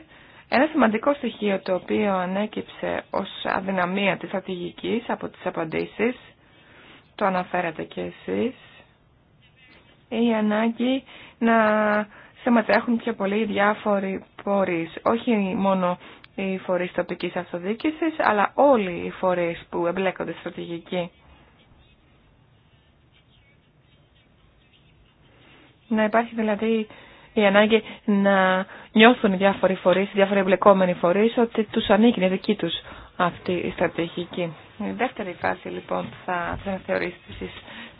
Ένα σημαντικό στοιχείο το οποίο ανέκυψε ως αδυναμία της στρατηγικής από τις απαντήσεις, το αναφέρατε και εσείς, η ανάγκη να συμμετέχουν πιο πολύ διάφοροι φορείς, όχι μόνο οι φορείς τοπικής αυτοδιοίκησης, αλλά όλοι οι φορείς που εμπλέκονται στρατηγική. Να υπάρχει δηλαδή η ανάγκη να νιώθουν οι διάφοροι φορείς, οι διάφοροι εμπλεκόμενοι φορείς, ότι τους ανήκει, είναι δική τους αυτή η στρατηγική. Η δεύτερη φάση λοιπόν θα, θα θεωρήσει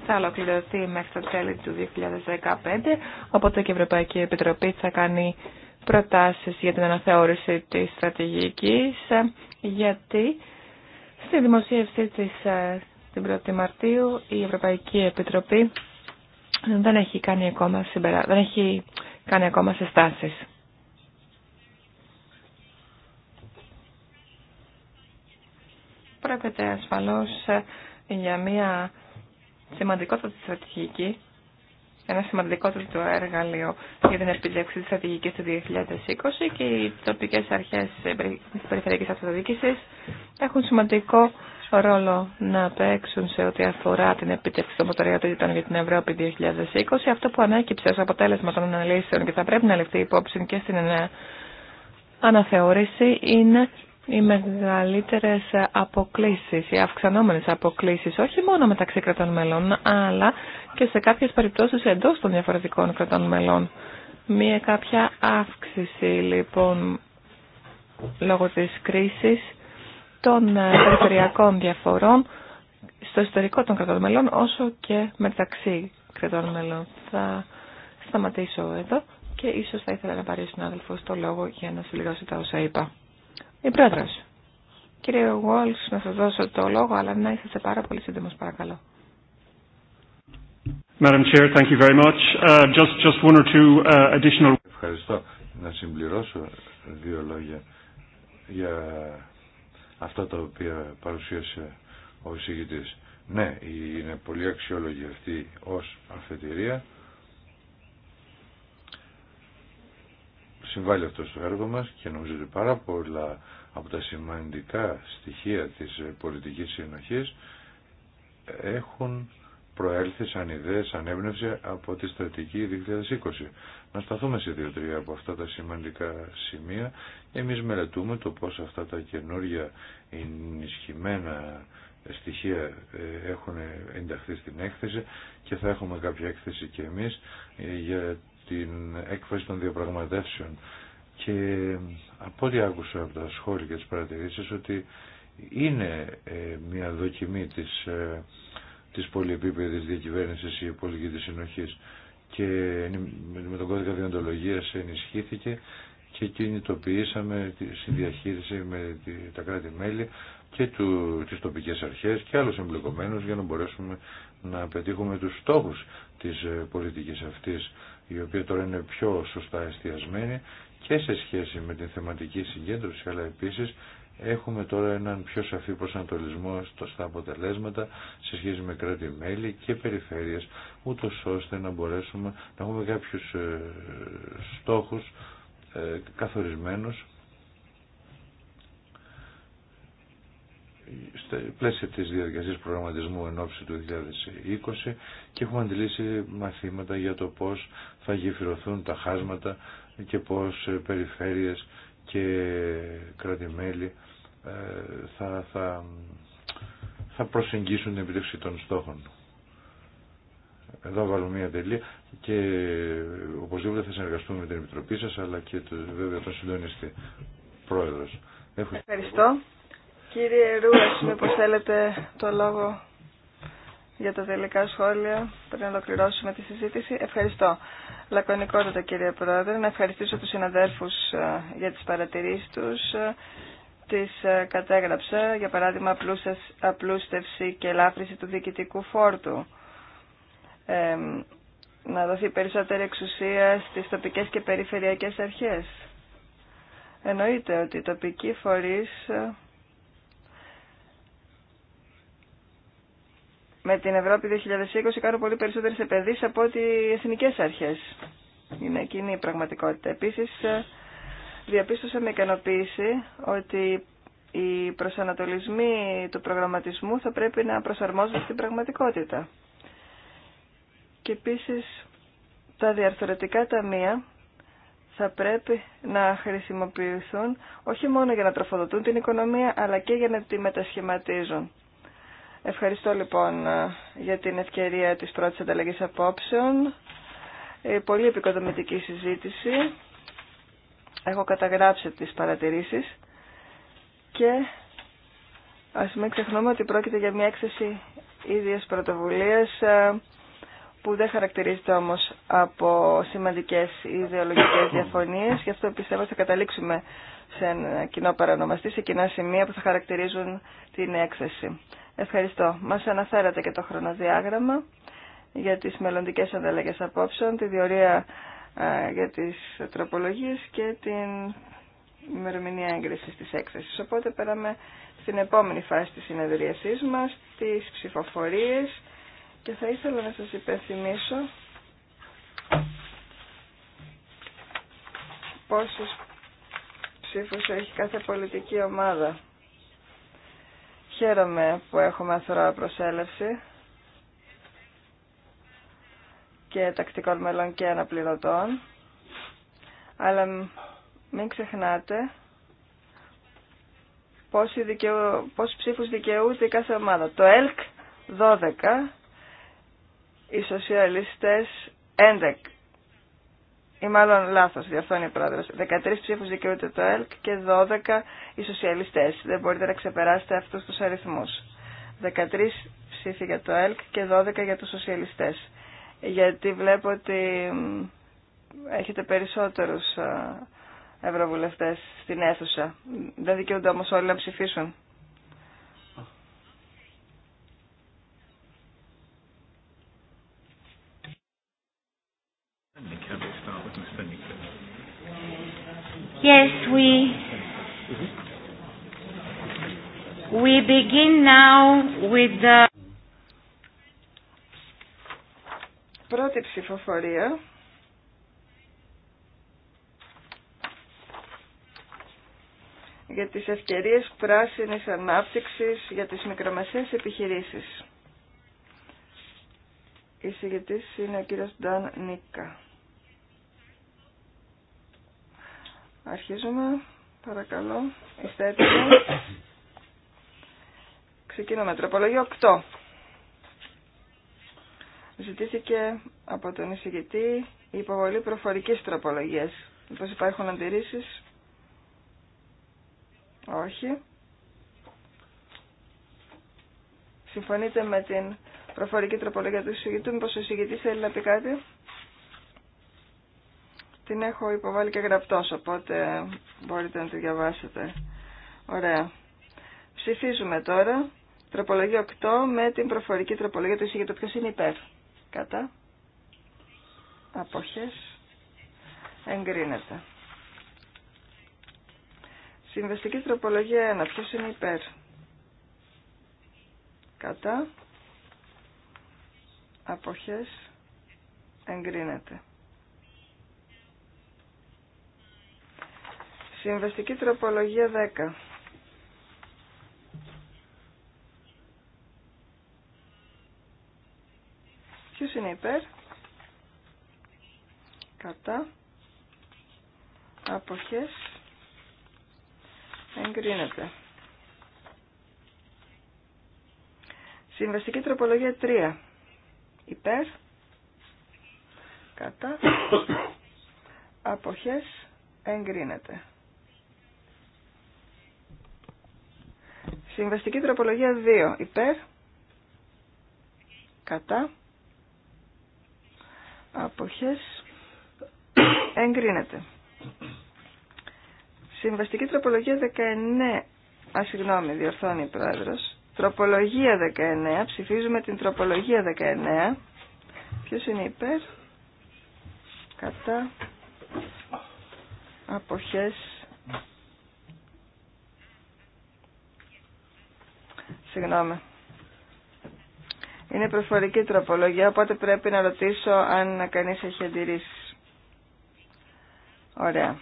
θα ολοκληρωθεί μέχρι το τέλη του 2015, οπότε και η Ευρωπαϊκή Επιτροπή θα κάνει προτάσεις για την αναθεώρηση της στρατηγικής, γιατί στη δημοσίευση της ε, την 1η Μαρτίου η Ευρωπαϊκή Επιτροπή δεν έχει κάνει ακόμα συμπερα... δεν έχει κάνει ακόμα συστάσεις. Πρόκειται ασφαλώς ε, για μια σημαντικότατη στρατηγική, ένα σημαντικότατο εργαλείο για την επιλέξη τη Στρατηγική του 2020 και οι τοπικές αρχές τη περιφερειακή αυτοδιοίκησης έχουν σημαντικό ρόλο να παίξουν σε ό,τι αφορά την επιτεύξη των προτεραιοτήτων για την Ευρώπη 2020. Αυτό που ανέκυψε ως αποτέλεσμα των αναλύσεων και θα πρέπει να ληφθεί υπόψη και στην αναθεώρηση είναι οι μεγαλύτερες αποκλήσεις, οι αυξανόμενες αποκλήσεις, όχι μόνο μεταξύ κρατών μελών, αλλά και σε κάποιες περιπτώσεις εντός των διαφορετικών κρατών μελών. Μία κάποια αύξηση, λοιπόν, λόγω της κρίσης, των ε, περιφερειακών διαφορών στο εσωτερικό των κρατών μελών όσο και μεταξύ κρατών μελών. Θα σταματήσω εδώ και ίσως θα ήθελα να πάρει ο συνάδελφος το λόγο για να συμπληρώσει τα όσα είπα. Η πρόεδρος. Κύριε Γουόλς, να σας δώσω το λόγο, αλλά να είστε πάρα πολύ σύντομος, παρακαλώ. Ευχαριστώ. Να συμπληρώσω δύο λόγια για αυτά τα οποία παρουσίασε ο εισηγητής. Ναι, είναι πολύ αξιόλογη αυτή ως αφετηρία. Συμβάλλει αυτό στο έργο μας και νομίζω ότι πάρα πολλά από τα σημαντικά στοιχεία της πολιτικής συνοχής έχουν προέλθει σαν ιδέες, σαν έμπνευση από τη στρατηγική 2020. Να σταθούμε σε δύο-τρία από αυτά τα σημαντικά σημεία. Εμείς μελετούμε το πώς αυτά τα καινούργια ενισχυμένα στοιχεία ε, έχουν ενταχθεί στην έκθεση και θα έχουμε κάποια έκθεση και εμείς ε, για την έκφραση των διαπραγματεύσεων. Και ε, από ό,τι άκουσα από τα σχόλια και τις παρατηρήσεις ότι είναι μια δοκιμή της της πολυεπίπεδης διακυβέρνησης η πολιτική της συνοχής και με τον κώδικα διοντολογίας ενισχύθηκε και κινητοποιήσαμε τη συνδιαχείριση με τα κράτη-μέλη και του, τις τοπικές αρχές και άλλους εμπλεκομένους για να μπορέσουμε να πετύχουμε τους στόχους της ε, πολιτικής αυτής η οποία τώρα είναι πιο σωστά εστιασμένη και σε σχέση με την θεματική συγκέντρωση αλλά επίσης Έχουμε τώρα έναν πιο σαφή προσανατολισμό στα αποτελέσματα σε σχέση με κράτη-μέλη και περιφέρειες, ούτω ώστε να μπορέσουμε να έχουμε κάποιους ε, στόχους ε, καθορισμένους στα πλαίσια της διαδικασίας προγραμματισμού εν ώψη του 2020 και έχουμε αντιλήσει μαθήματα για το πώς θα γεφυρωθούν τα χάσματα και πώς ε, περιφέρειες και κράτη-μέλη ε, θα, θα, προσεγγίσουν την επίτευξη των στόχων. Εδώ βάλω μια τελεία και οπωσδήποτε θα συνεργαστούμε με την Επιτροπή σας αλλά και το, βέβαια τον συντονιστή πρόεδρος. Ευχαριστώ. Κύριε Ρούας, μήπως θέλετε το λόγο για τα τελικά σχόλια πριν ολοκληρώσουμε τη συζήτηση. Ευχαριστώ. Λακωνικότατα κύριε Πρόεδρε, να ευχαριστήσω τους συναδέρφους ε, για τις παρατηρήσεις τους. Ε, τις ε, κατέγραψα, για παράδειγμα, απλούστευση και ελάφρυση του διοικητικού φόρτου. να δοθεί περισσότερη εξουσία στις τοπικές και περιφερειακές αρχές. Εννοείται ότι οι τοπικοί φορείς με την Ευρώπη 2020 κάνουν πολύ περισσότερες επενδύσεις από ότι οι εθνικές αρχές. Είναι εκείνη η πραγματικότητα. Επίσης, ε, διαπίστωσα με ικανοποίηση ότι οι προσανατολισμοί του προγραμματισμού θα πρέπει να προσαρμόζονται στην πραγματικότητα. Και επίσης, τα διαρθρωτικά ταμεία θα πρέπει να χρησιμοποιηθούν όχι μόνο για να τροφοδοτούν την οικονομία, αλλά και για να τη μετασχηματίζουν Ευχαριστώ λοιπόν ε, για την ευκαιρία της πρώτης ανταλλαγής απόψεων. Ε, πολύ επικοδομητική συζήτηση. Έχω καταγράψει τις παρατηρήσεις και ας μην ξεχνούμε ότι πρόκειται για μια έκθεση ίδιας πρωτοβουλίας ε, που δεν χαρακτηρίζεται όμως από σημαντικές ιδεολογικές διαφωνίες Γι' αυτό πιστεύω θα καταλήξουμε σε ένα κοινό παρανομαστή, σε κοινά σημεία που θα χαρακτηρίζουν την έκθεση. Ευχαριστώ. Μας αναφέρατε και το χρονοδιάγραμμα για τις μελλοντικές ανταλλαγές απόψεων, τη διορία ε, για τις τροπολογίες και την ημερομηνία έγκριση της έκθεσης. Οπότε πέραμε στην επόμενη φάση της συνεδρίασής μας, τις ψηφοφορίες και θα ήθελα να σας υπενθυμίσω πόσες ψήφους έχει κάθε πολιτική ομάδα. Χαίρομαι που έχουμε αθρώα προσέλευση και τακτικών μελών και αναπληρωτών. Αλλά μην ξεχνάτε πόσοι, δικαιού, πόσοι ψήφους δικαιούται η κάθε ομάδα. Το ΕΛΚ 12, οι σοσιαλιστές 11, ή μάλλον λάθο, διορθώνει ο πρόεδρο. 13 ψήφου δικαιούται το ΕΛΚ και 12 οι σοσιαλιστέ. Δεν μπορείτε να ξεπεράσετε αυτού του αριθμού. 13 ψήφοι για το ΕΛΚ και 12 για του σοσιαλιστέ. Γιατί βλέπω ότι έχετε περισσότερου ε, ευρωβουλευτές στην αίθουσα. Δεν δικαιούνται όμω όλοι να ψηφίσουν. Yes, we we begin now with the πρώτη ψηφοφορία. για τις ευκαιρίες πράσινης ανάπτυξης για τις μικρομεσαίες επιχειρήσεις. Η συγκεκριτής είναι ο κύριος Νταν Νίκα. Αρχίζουμε. Παρακαλώ. Είστε έτοιμοι. Ξεκινούμε. Τροπολογία 8. Ζητήθηκε από τον εισηγητή η υποβολή προφορικής τροπολογίας. Μήπως υπάρχουν αντιρρήσεις. Όχι. Συμφωνείτε με την προφορική τροπολογία του εισηγητού. Μήπως ο εισηγητής θέλει να πει κάτι. Την έχω υποβάλει και γραπτός, οπότε μπορείτε να τη διαβάσετε. Ωραία. Ψηφίζουμε τώρα τροπολογία 8 με την προφορική τροπολογία του εισηγητού. Ποιος είναι υπέρ. Κατά. Αποχές. Εγκρίνεται. Συμβαστική τροπολογία 1. Ποιος είναι υπέρ. Κατά. Αποχές. Εγκρίνεται. Συμβαστική τροπολογία 10. Ποιος είναι υπέρ? Κατά. Αποχές. Εγκρίνεται. Συμβαστική τροπολογία 3. Υπέρ. Κατά. Αποχές. Εγκρίνεται. Συμβαστική τροπολογία 2. Υπέρ. Κατά. Αποχές. Εγκρίνεται. Συμβαστική τροπολογία 19. Α, συγγνώμη, διορθώνει η πρόεδρος. Τροπολογία 19. Ψηφίζουμε την τροπολογία 19. Ποιος είναι υπέρ. Κατά. Αποχές Συγγνώμη. Είναι προφορική τροπολογία, οπότε πρέπει να ρωτήσω αν κανείς έχει αντιρρήσει. Ωραία.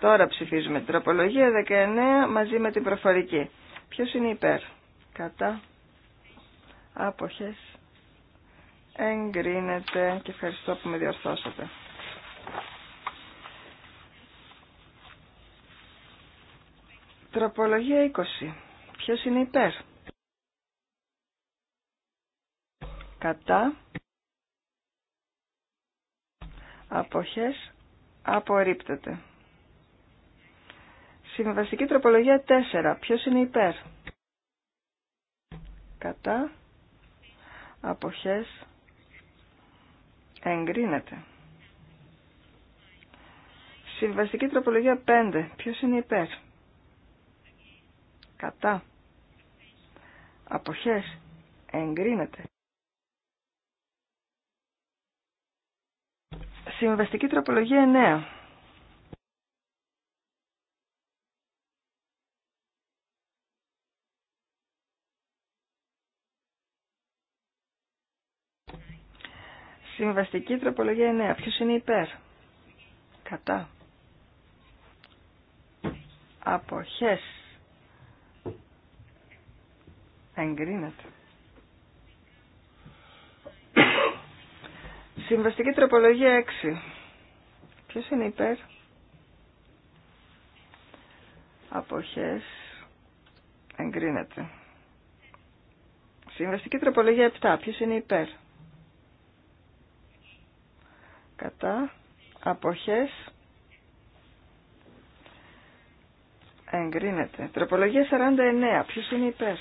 Τώρα ψηφίζουμε την τροπολογία 19 μαζί με την προφορική. Ποιος είναι υπέρ. Κατά. Άποχες. Εγκρίνεται και ευχαριστώ που με διορθώσατε. Τροπολογία 20. Ποιος είναι υπέρ. Κατά. Αποχές. Απορρίπτεται. Συμβαστική τροπολογία 4. Ποιος είναι υπέρ. Κατά. Αποχές. Εγκρίνεται. Συμβαστική τροπολογία 5. Ποιος είναι υπέρ. Κατά αποχές εγκρίνεται. Συμβαστική τροπολογία 9. Συμβαστική τροπολογία 9. Ποιος είναι υπέρ. Κατά. Αποχές Εγκρίνεται. Συμβαστική τροπολογία 6. Ποιος είναι υπέρ. Αποχές. Εγκρίνεται. Συμβαστική τροπολογία 7. Ποιος είναι υπέρ. Κατά. Αποχές. Εγκρίνεται. Τροπολογία 49. Ποιος είναι υπέρ.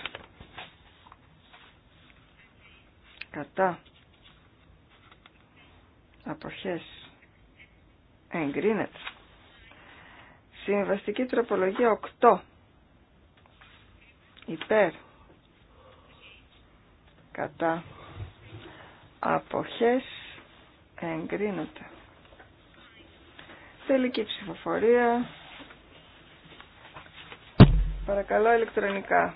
κατά αποχές εγκρίνεται. Συμβαστική τροπολογία 8 υπέρ κατά αποχές εγκρίνεται. Τελική ψηφοφορία. Παρακαλώ ηλεκτρονικά.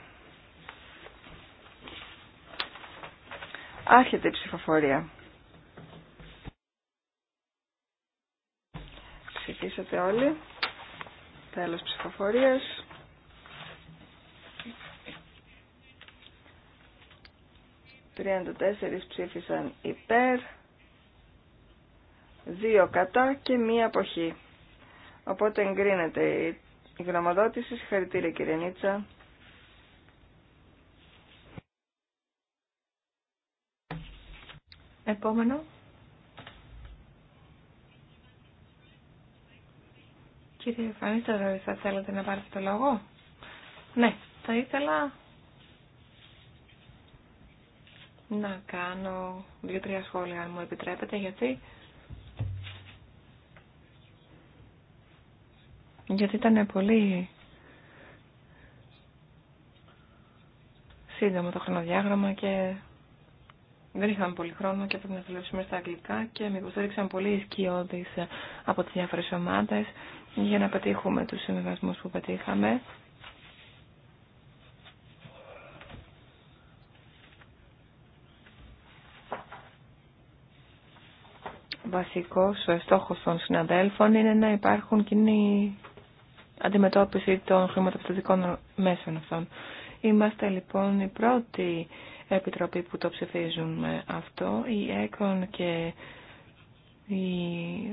Άρχεται η ψηφοφορία. Ψηφίσατε όλοι. Τέλος ψηφοφορίας. 34 ψήφισαν υπέρ, δύο κατά και μία αποχή. Οπότε εγκρίνεται η γνωμοδότηση. Συγχαρητήρια κύριε Νίτσα. Επόμενο. Κύριε Φανίστερο, θα θέλετε να πάρετε το λόγο. Ναι, θα ήθελα να κάνω δύο-τρία σχόλια, αν μου επιτρέπετε, γιατί... Γιατί ήταν πολύ σύντομο το χρονοδιάγραμμα και δεν είχαμε πολύ χρόνο και πρέπει να δουλέψουμε στα αγγλικά και με υποστήριξαν πολύ οι από τις διαφορε ομάδες για να πετύχουμε τους συμβιβασμού που πετύχαμε. Βασικό στόχος των συναδέλφων είναι να υπάρχουν κοινή αντιμετώπιση των χρηματοπιστωτικών μέσων αυτών. Είμαστε λοιπόν οι πρώτοι επιτροπή που το ψηφίζουν αυτό. Η ΕΚΟΝ και οι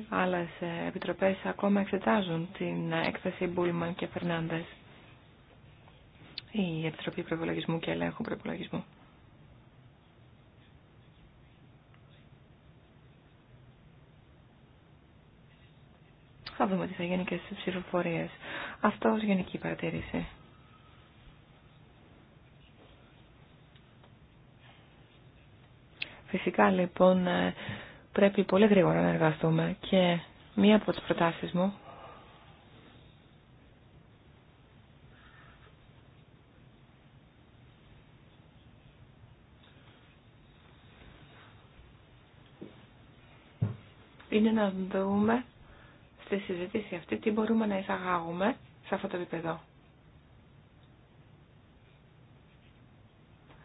άλλες επιτροπές ακόμα εξετάζουν την έκθεση Μπούλμαν και Φερνάνδες. Η Επιτροπή Προπολογισμού και Ελέγχου Προπολογισμού. Θα δούμε τι θα γίνει και Αυτό ως γενική παρατήρηση. Φυσικά λοιπόν ε, πρέπει πολύ γρήγορα να εργαστούμε και μία από τις προτάσεις μου είναι να δούμε στη συζήτηση αυτή τι μπορούμε να εισαγάγουμε σε αυτό το επίπεδο.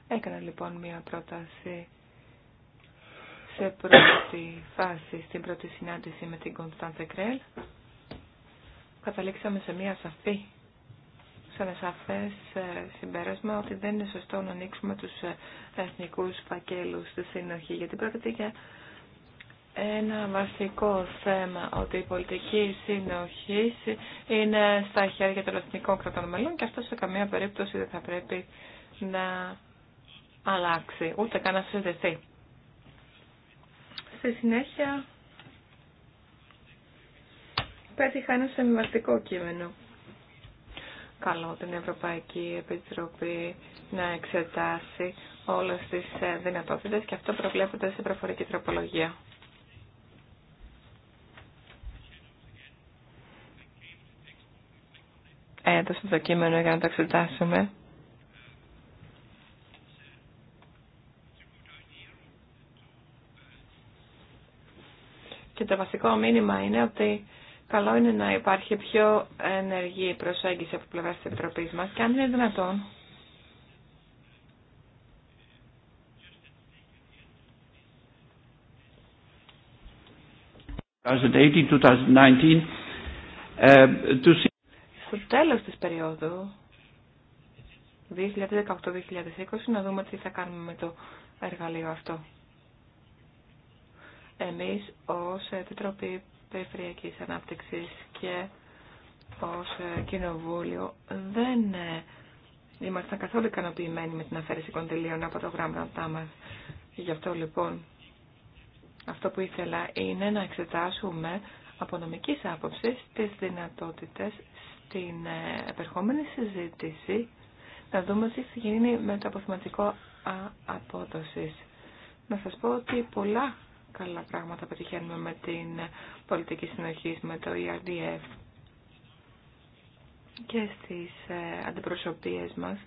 Έκανα λοιπόν μία πρόταση σε πρώτη φάση, στην πρώτη συνάντηση με την Κωνσταντ εκρελ καταλήξαμε σε μια σαφή, σε ένα σαφές ε, συμπέρασμα ότι δεν είναι σωστό να ανοίξουμε τους ε, εθνικούς φακέλους στη συνοχή, γιατί πρόκειται για ένα βασικό θέμα ότι η πολιτική συνοχή είναι στα χέρια των εθνικών κρατών και αυτό σε καμία περίπτωση δεν θα πρέπει να αλλάξει, ούτε καν να συζητηθεί στη συνέχεια πέτυχα ένα σεμιμαστικό κείμενο. Καλό την Ευρωπαϊκή Επιτροπή να εξετάσει όλες τις ε, δυνατότητες και αυτό προβλέπεται σε προφορική τροπολογία. Έδωσε το κείμενο για να το εξετάσουμε. Και το βασικό μήνυμα είναι ότι καλό είναι να υπάρχει πιο ενεργή προσέγγιση από πλευρά τη Επιτροπή μα και αν είναι δυνατόν. Uh, στο τέλος τη περίοδου 2018-2020 να δούμε τι θα κάνουμε με το εργαλείο αυτό. Εμείς ως Επιτροπή Περιφερειακής Ανάπτυξης και ως Κοινοβούλιο δεν ήμασταν καθόλου ικανοποιημένοι με την αφαίρεση κοντελίων από το γράμματά μας. Γι' αυτό λοιπόν αυτό που ήθελα είναι να εξετάσουμε από νομικής άποψης τις δυνατότητες στην επερχόμενη συζήτηση να δούμε τι θα γίνει με το αποθυματικό απόδοσης. Να σας πω ότι πολλά καλά πράγματα πετυχαίνουμε με την πολιτική συνοχή, με το ERDF και στις ε, αντιπροσωπείες μας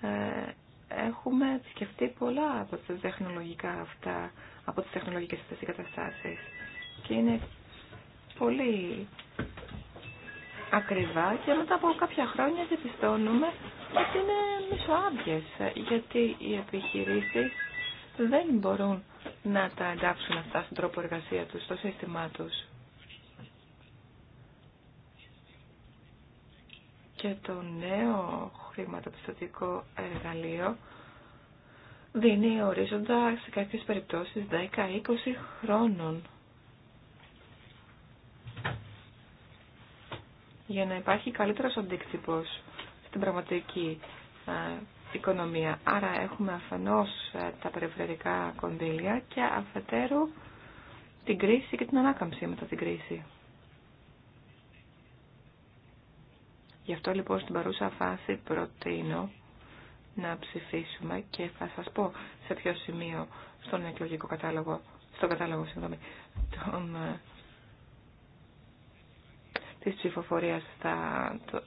ε, έχουμε σκεφτεί πολλά από τα τεχνολογικά αυτά, από τις τεχνολογικές αυτές εγκαταστάσεις και είναι πολύ ακριβά και μετά από κάποια χρόνια διαπιστώνουμε ότι είναι μισοάδειες ε, γιατί οι επιχειρήσεις δεν μπορούν να τα εντάξουν αυτά στον τρόπο εργασία τους, στο σύστημά τους. Και το νέο χρηματοπιστωτικό εργαλείο δίνει ορίζοντα σε κάποιες περιπτώσεις 10-20 χρόνων. για να υπάρχει καλύτερος αντίκτυπος στην πραγματική ε, οικονομία. Άρα έχουμε αφενός ε, τα περιφερειακά κονδύλια και αφετέρου την κρίση και την ανάκαμψη μετά την κρίση. Γι' αυτό λοιπόν στην παρούσα φάση προτείνω να ψηφίσουμε και θα σας πω σε ποιο σημείο στον εκλογικό κατάλογο, στον κατάλογο ε, Τη ψηφοφορία θα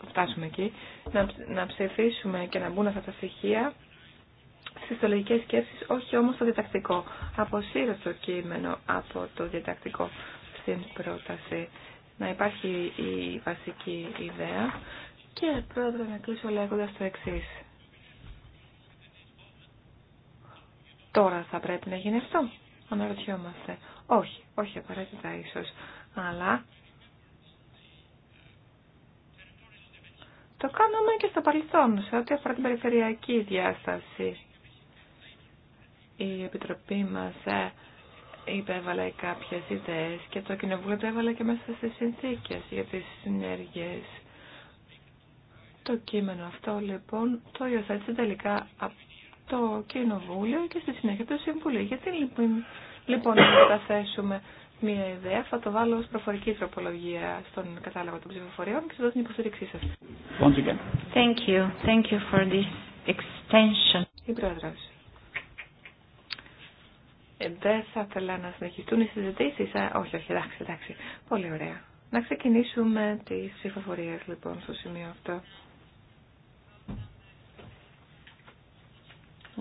φτάσουμε εκεί, να, να ψηφίσουμε και να μπουν αυτά τα στοιχεία στις συλλογικές σκέψεις, όχι όμω στο διδακτικό. Αποσύρω το κείμενο από το διδακτικό στην πρόταση. Να υπάρχει η βασική ιδέα και πρόεδρε να κλείσω λέγοντα το εξή. Τώρα θα πρέπει να γίνει αυτό, αναρωτιόμαστε. Όχι, όχι απαραίτητα ίσως, αλλά Το κάναμε και στο παρελθόν, σε ό,τι αφορά την περιφερειακή διάσταση. Η Επιτροπή μας ε, υπέβαλε κάποιες ιδέες και το Κοινοβούλιο το έβαλε και μέσα στις συνθήκες για τις συνέργειες. Το κείμενο αυτό λοιπόν το υιοθέτησε τελικά από το Κοινοβούλιο και στη συνέχεια το Συμβουλίο. Γιατί λοιπόν να καταθέσουμε μια ιδέα, θα το βάλω ως προφορική τροπολογία στον κατάλογο των ψηφοφοριών και σας δώσω την υποστήριξή σας. Once again. Thank you. Thank you for this extension. Η Πρόεδρος. Ε, δεν θα ήθελα να συνεχιστούν οι συζητήσεις. Α, όχι, όχι, εντάξει, εντάξει. Πολύ ωραία. Να ξεκινήσουμε τις ψηφοφορίες λοιπόν στο σημείο αυτό.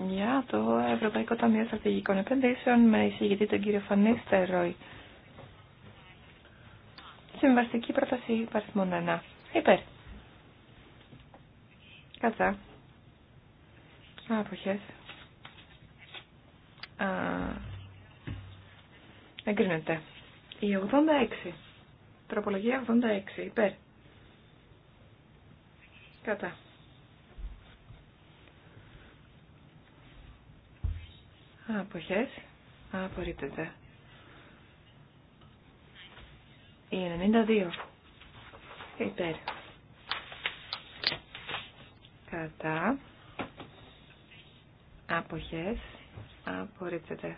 για το Ευρωπαϊκό Ταμείο Στρατηγικών Επενδύσεων με εισηγητή τον κύριο Φανίστεροι. Συμβαστική πρόταση υπαριθμών 1. Υπέρ. Κατά. Αποχές. Α, εγκρίνεται. Η 86. Τροπολογία 86. Υπέρ. Κατά. Αποχές. Απορρίπτεται. Η 92. Υπέρ. Κατά. Αποχές. Απορρίπτεται.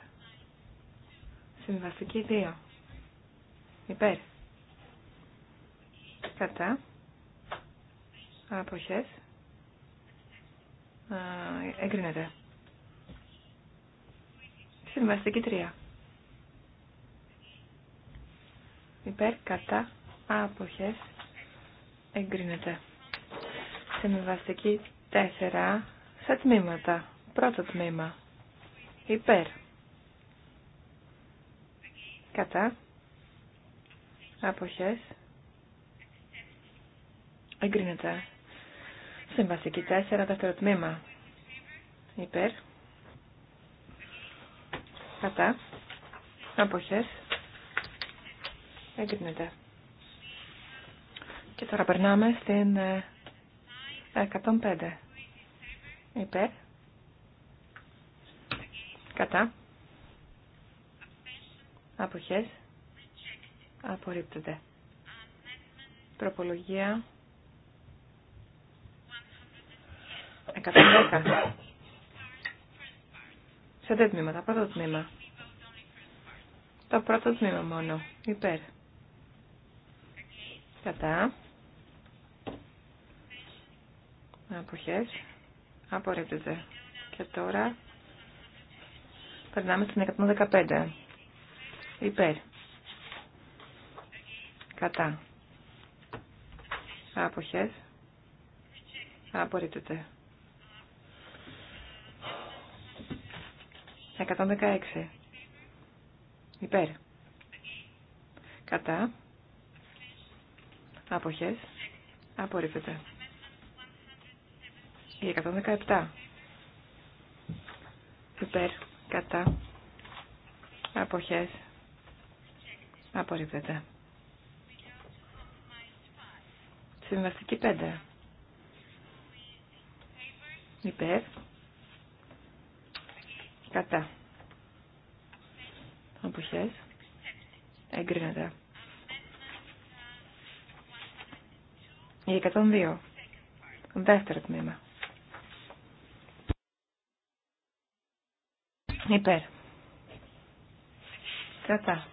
Συμβαστική 2. Υπέρ. Κατά. Αποχές. Εγκρίνεται. Συμβαστική 3. υπέρ κατά άποχες εγκρίνεται. Συμβαστική 4 σε τμήματα. Πρώτο τμήμα υπέρ κατά άποχες εγκρίνεται. Συμβαστική 4 δεύτερο τμήμα υπέρ κατά άποχες Εγκρίνεται. Και τώρα περνάμε στην 105. Ε, Υπέρ. Κατά. Αποχές. Απορρίπτεται. Τροπολογία. 110. Σε δύο τμήματα. Πρώτο τμήμα. Το πρώτο τμήμα μόνο. Υπέρ κατά αποχές απορρίπτεται και τώρα περνάμε στην 115 υπέρ κατά αποχές απορρίπτεται 116 υπέρ κατά Αποχές. Απορρίπτεται. Η 117. Υπέρ. Κατά. Αποχές. Απορρίπτεται. Συμβαστική 5. Υπέρ. Κατά. Αποχές. Εγκρίνεται. Η 102. Δεύτερο τμήμα. Υπέρ. Κατά.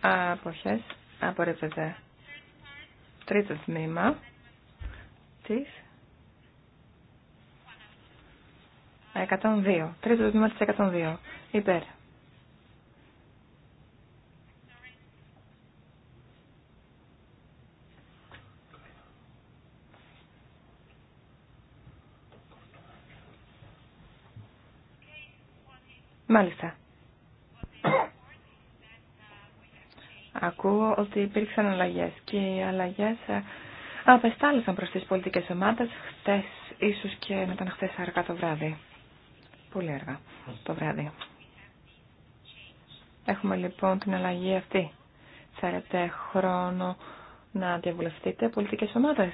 Αποχές. Απορρίπτεται. Τρίτο τμήμα της 102. Τρίτο τμήμα της 102. Υπέρ. Μάλιστα. Ακούω ότι υπήρξαν αλλαγές και οι αλλαγές ε, απεστάλησαν προς τις πολιτικές ομάδες χτες, ίσως και μετά χτες αργά το βράδυ. Πολύ αργά το βράδυ. Έχουμε λοιπόν την αλλαγή αυτή. Θέλετε χρόνο να διαβουλευτείτε πολιτικές ομάδες.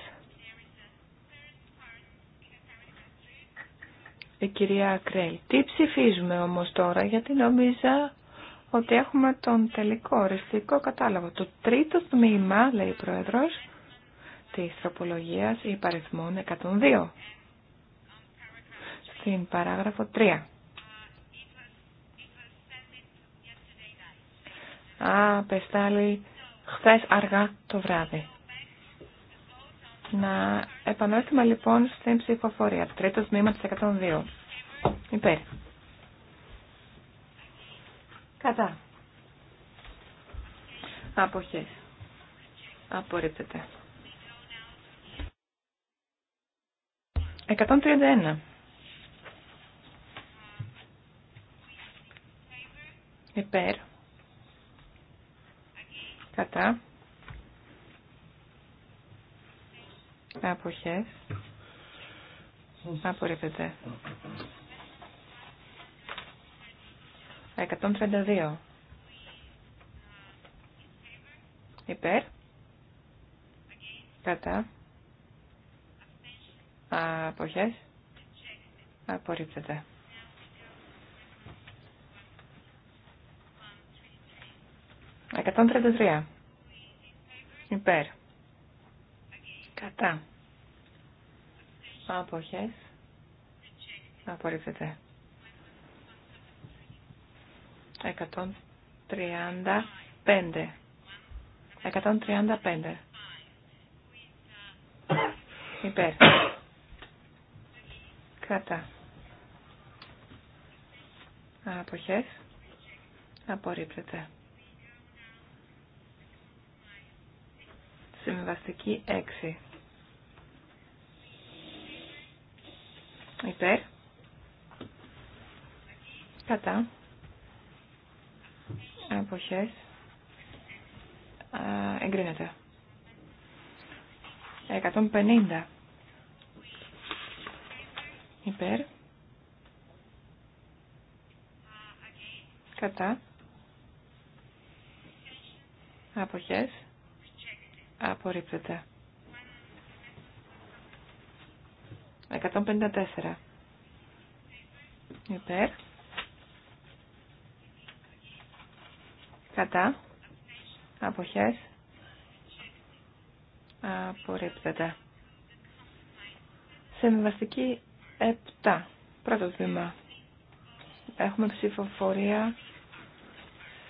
η ε, κυρία Κρέλ. Τι ψηφίζουμε όμως τώρα, γιατί νόμιζα ότι έχουμε τον τελικό οριστικό κατάλαβο. Το τρίτο τμήμα, λέει ο Πρόεδρος, της τροπολογίας υπαριθμών 102. Στην παράγραφο 3. Α, πεστάλη χθες αργά το βράδυ. Να επανέλθουμε λοιπόν στην ψηφοφορία. Τρίτο τμήμα της 102. Υπέρ. Κατά. Αποχές. Απορρίπτεται. 131. Υπέρ. Κατά. Αποχές. ρεπετέ. 132. Υπέρ. Κατά. Αποχές. Απορρίπτεται. 133. Υπέρ. Κατά. Αποχές. Απορρίπτεται. 135. 135. Υπέρ. Κατά. Αποχές. Απορρίπτεται. Συμβαστική 6. Υπέρ. Κατά. Αποχές. Εγκρίνεται. 150. Υπέρ. Κατά. Αποχές. Απορρίπτεται. 154. Υπέρ. Κατά. Αποχές. Απορρίπτεται. Συμβαστική 7. Πρώτο βήμα. Έχουμε ψηφοφορία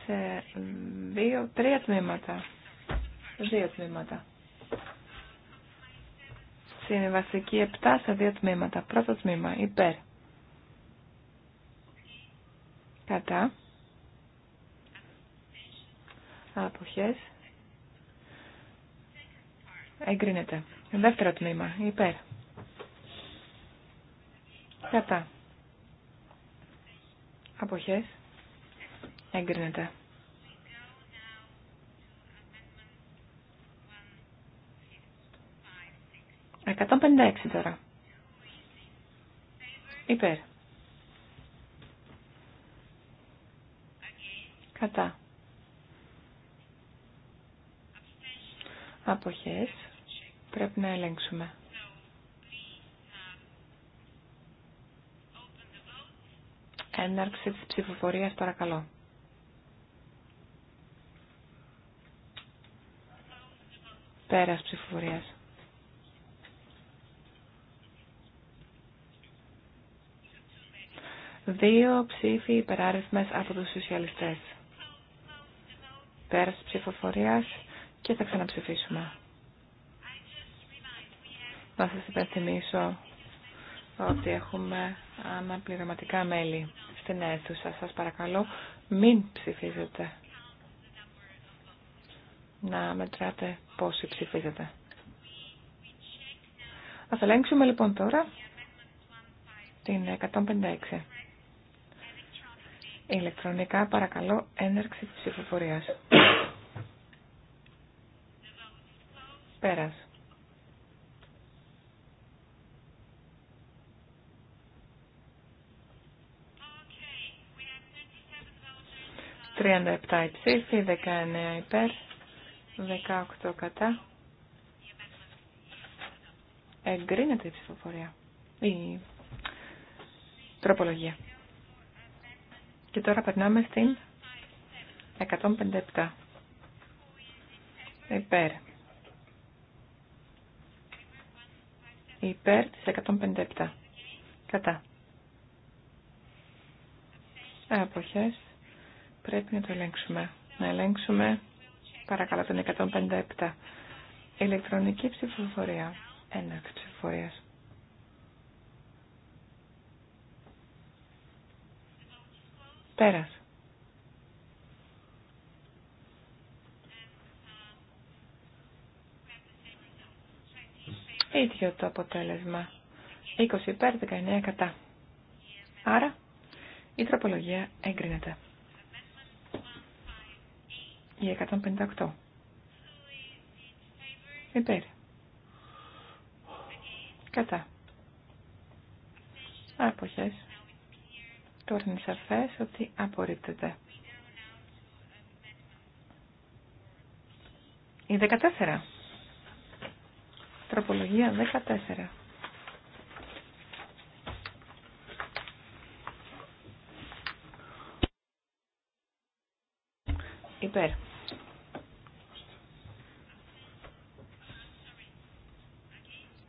σε δύο, τρία τμήματα. Δύο τμήματα βασική 7 σε δύο τμήματα. Πρώτο τμήμα, υπέρ. Κατά. Αποχές. Εγκρίνεται. Δεύτερο τμήμα, υπέρ. Κατά. Αποχές. Εγκρίνεται. 156 τώρα. Υπέρ. Κατά. Αποχές. Πρέπει να ελέγξουμε. Έναρξη της ψηφοφορίας παρακαλώ. Πέρας ψηφοφορίας. Δύο ψήφοι υπεράριθμες από τους σοσιαλιστές. Πέρας ψηφοφορίας και θα ξαναψηφίσουμε. Να σας υπενθυμίσω ότι έχουμε αναπληρωματικά μέλη στην αίθουσα. Σας παρακαλώ μην ψηφίζετε. Να μετράτε πόσοι ψηφίζετε. Ας ελέγξουμε λοιπόν τώρα την 156 ηλεκτρονικά παρακαλώ έναρξη ψηφοφορίας. Πέρας. 37 ψήφοι, 19 υπέρ, 18 κατά. Εγκρίνεται η ψηφοφορία. Η τροπολογία. Και τώρα περνάμε στην 157. Υπέρ. Υπέρ της 157. Κατά. Αποχές. Πρέπει να το ελέγξουμε. Να ελέγξουμε παρακαλώ την 157. Ηλεκτρονική ψηφοφορία. Ένα ψηφοφορίας. Πέρας. Ίδιο το αποτέλεσμα. 20 υπέρ, 19 κατά. Άρα, η τροπολογία εγκρίνεται. Η 158. Υπέρ. Κατά. Αποχές. Τώρα είναι σαφές ότι απορρίπτεται. Η 14. Τροπολογία 14. Υπέρ.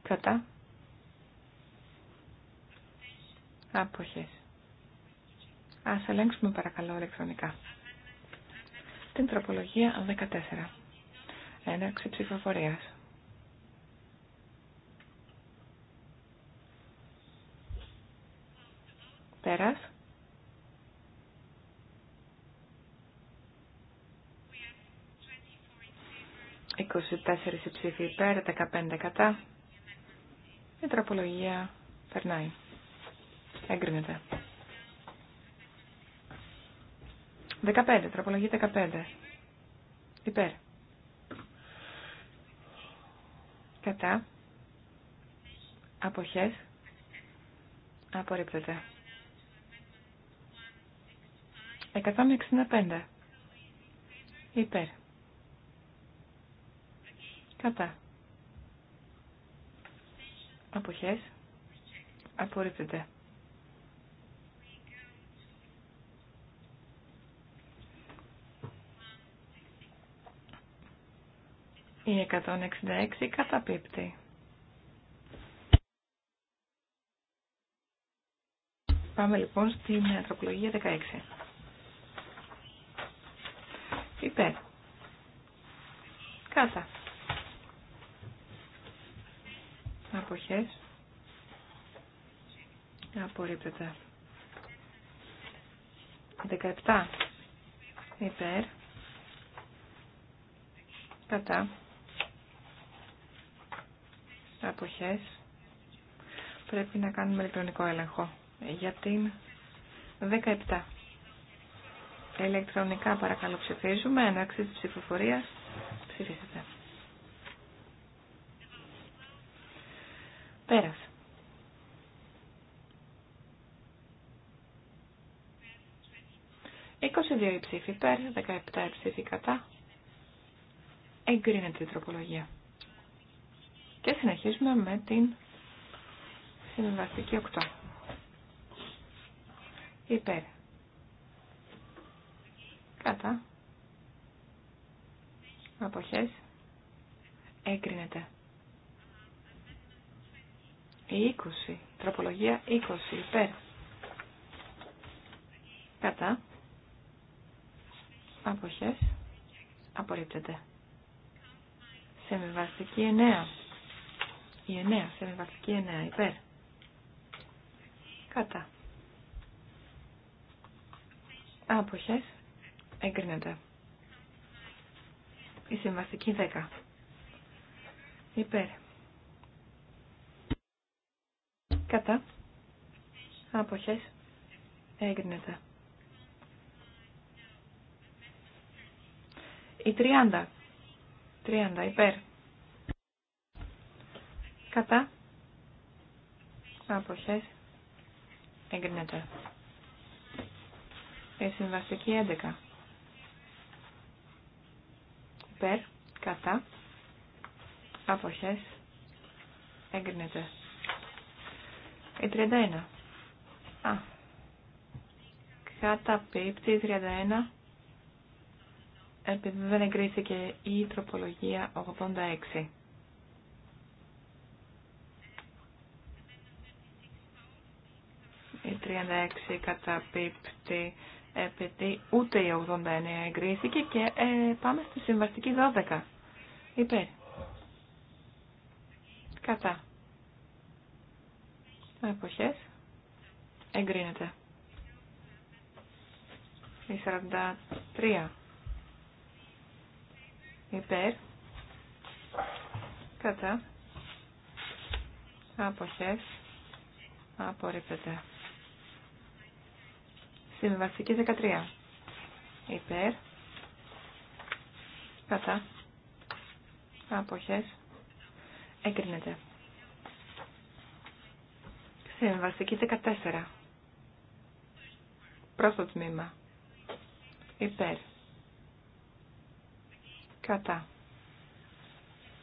Κατά. Άποχες. Ας ελέγξουμε παρακαλώ ηλεκτρονικά. Την τροπολογία 14. Έναρξη ψηφοφορίας. Πέρας. 24 ψήφοι υπέρ, 15 κατά. Η τροπολογία περνάει. Έγκρινεται. 15, τροπολογία 15. Υπέρ. Κατά. Αποχές. Απορρίπτεται. 165. Υπέρ. Κατά. Αποχές. Απορρίπτεται. Η 166 καταπίπτει. Πάμε λοιπόν στην ανθρωπολογία 16. Υπέρ. Κάθα. Αποχές. Απορρίπτεται. 17. Υπέρ. Κατά πρέπει να κάνουμε ηλεκτρονικό έλεγχο για την 17. Ηλεκτρονικά παρακαλώ ψηφίζουμε, έναρξη της ψηφοφορίας, ψηφίσετε. Πέρασε. Είκοσι δύο ψήφοι 10 17 ψήφοι κατά. Εγκρίνεται η τροπολογία. Και συνεχίζουμε με την συμβαστική 8. Υπέρ. Κατά. Αποχές. Έγκρινεται. Η 20. Τροπολογία 20. Υπέρ. Κατά. Αποχές. Απορρίπτεται. Συμβαστική 9. Η εννέα. Συμβαστική εννέα. Υπέρ. Κάτα. Άποχες. Έγκρινεται. Η συμβαστική δέκα. Υπέρ. Κάτα. Άποχες. Έγκρινεται. Η τριάντα. Τριάντα. Υπέρ. Κατά. Αποχές. Εγκρίνεται. Η ε, συμβαστική 11. Υπέρ. Κατά. Αποχές. Εγκρίνεται. Η 31. Α. Καταπίπτει 31 επειδή δεν εγκρίθηκε η τροπολογία 86. 36 κατά πίπτη επειδή ούτε η 89 εγκρίθηκε και ε, πάμε στη συμβαστική 12. Υπέρ. Κατά. Εποχές. Εγκρίνεται. Η 43. Υπέρ. Κατά. Αποχές. Απορρίπτεται. Συμβαστική 13. Υπέρ. Κατά. Αποχές. Έγκρινεται. Συμβαστική 14. Πρώτο τμήμα. Υπέρ. Κατά.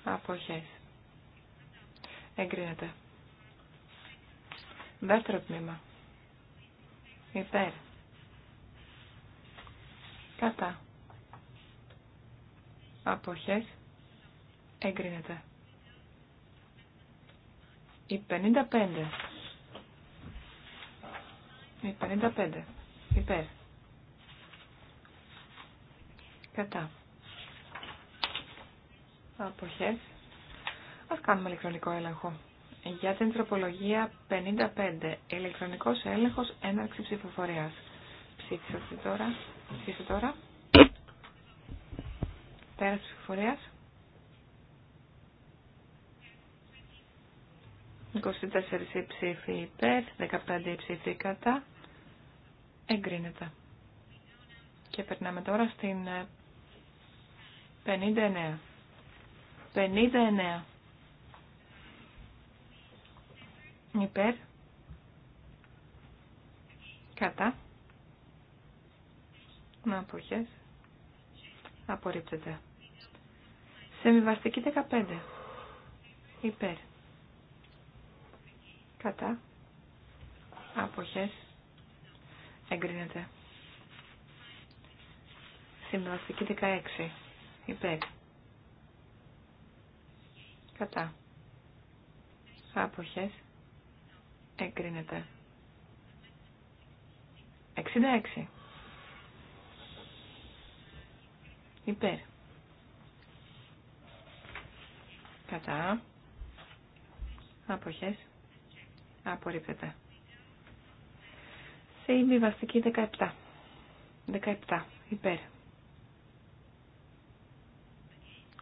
Αποχές. Εγκρίνεται. Δεύτερο τμήμα. Υπέρ. Κατά. Αποχές. Εγκρίνεται. Η 55. Η 55. Υπέρ. Κατά. Αποχές. Ας κάνουμε ηλεκτρονικό έλεγχο. Για την τροπολογία 55. Ηλεκτρονικός έλεγχος έναρξη ψηφοφορίας. Ψήφισε τώρα. Ψήφισε τώρα. Πέρα της ψηφοφορίας. 24 ψήφοι υπέρ, 15 ψήφοι κατά. Εγκρίνεται. Και περνάμε τώρα στην 59. Ε, 59. Υπέρ. Κατά με αποχές απορρίπτεται. Σεμιβαστική 15 υπέρ κατά αποχές εγκρίνεται. Σεμιβαστική 16 υπέρ κατά αποχές εγκρίνεται. 66 Υπέρ. Κατά. Αποχές. Απορρίπτεται. Συμβιβαστική 17. 17. Υπέρ.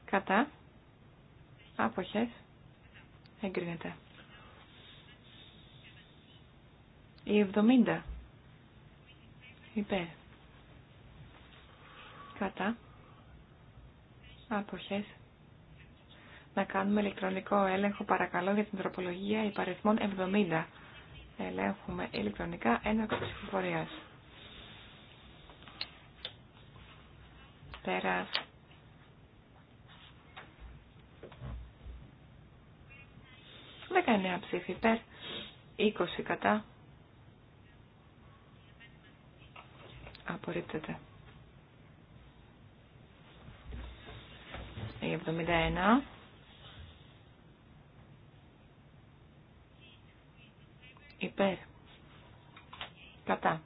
Κατά. Άποχες. Εγκρίνεται. Η 70. Υπέρ. Κατά αποχές. Να κάνουμε ηλεκτρονικό έλεγχο, παρακαλώ, για την τροπολογία υπαριθμών 70. Ελέγχουμε ηλεκτρονικά έναρξη ψηφοφορίας. Πέρας. Δεκαεννέα ψήφι υπέρ, 20 κατά. Απορρίπτεται. 71. Υπέρ. Κατά.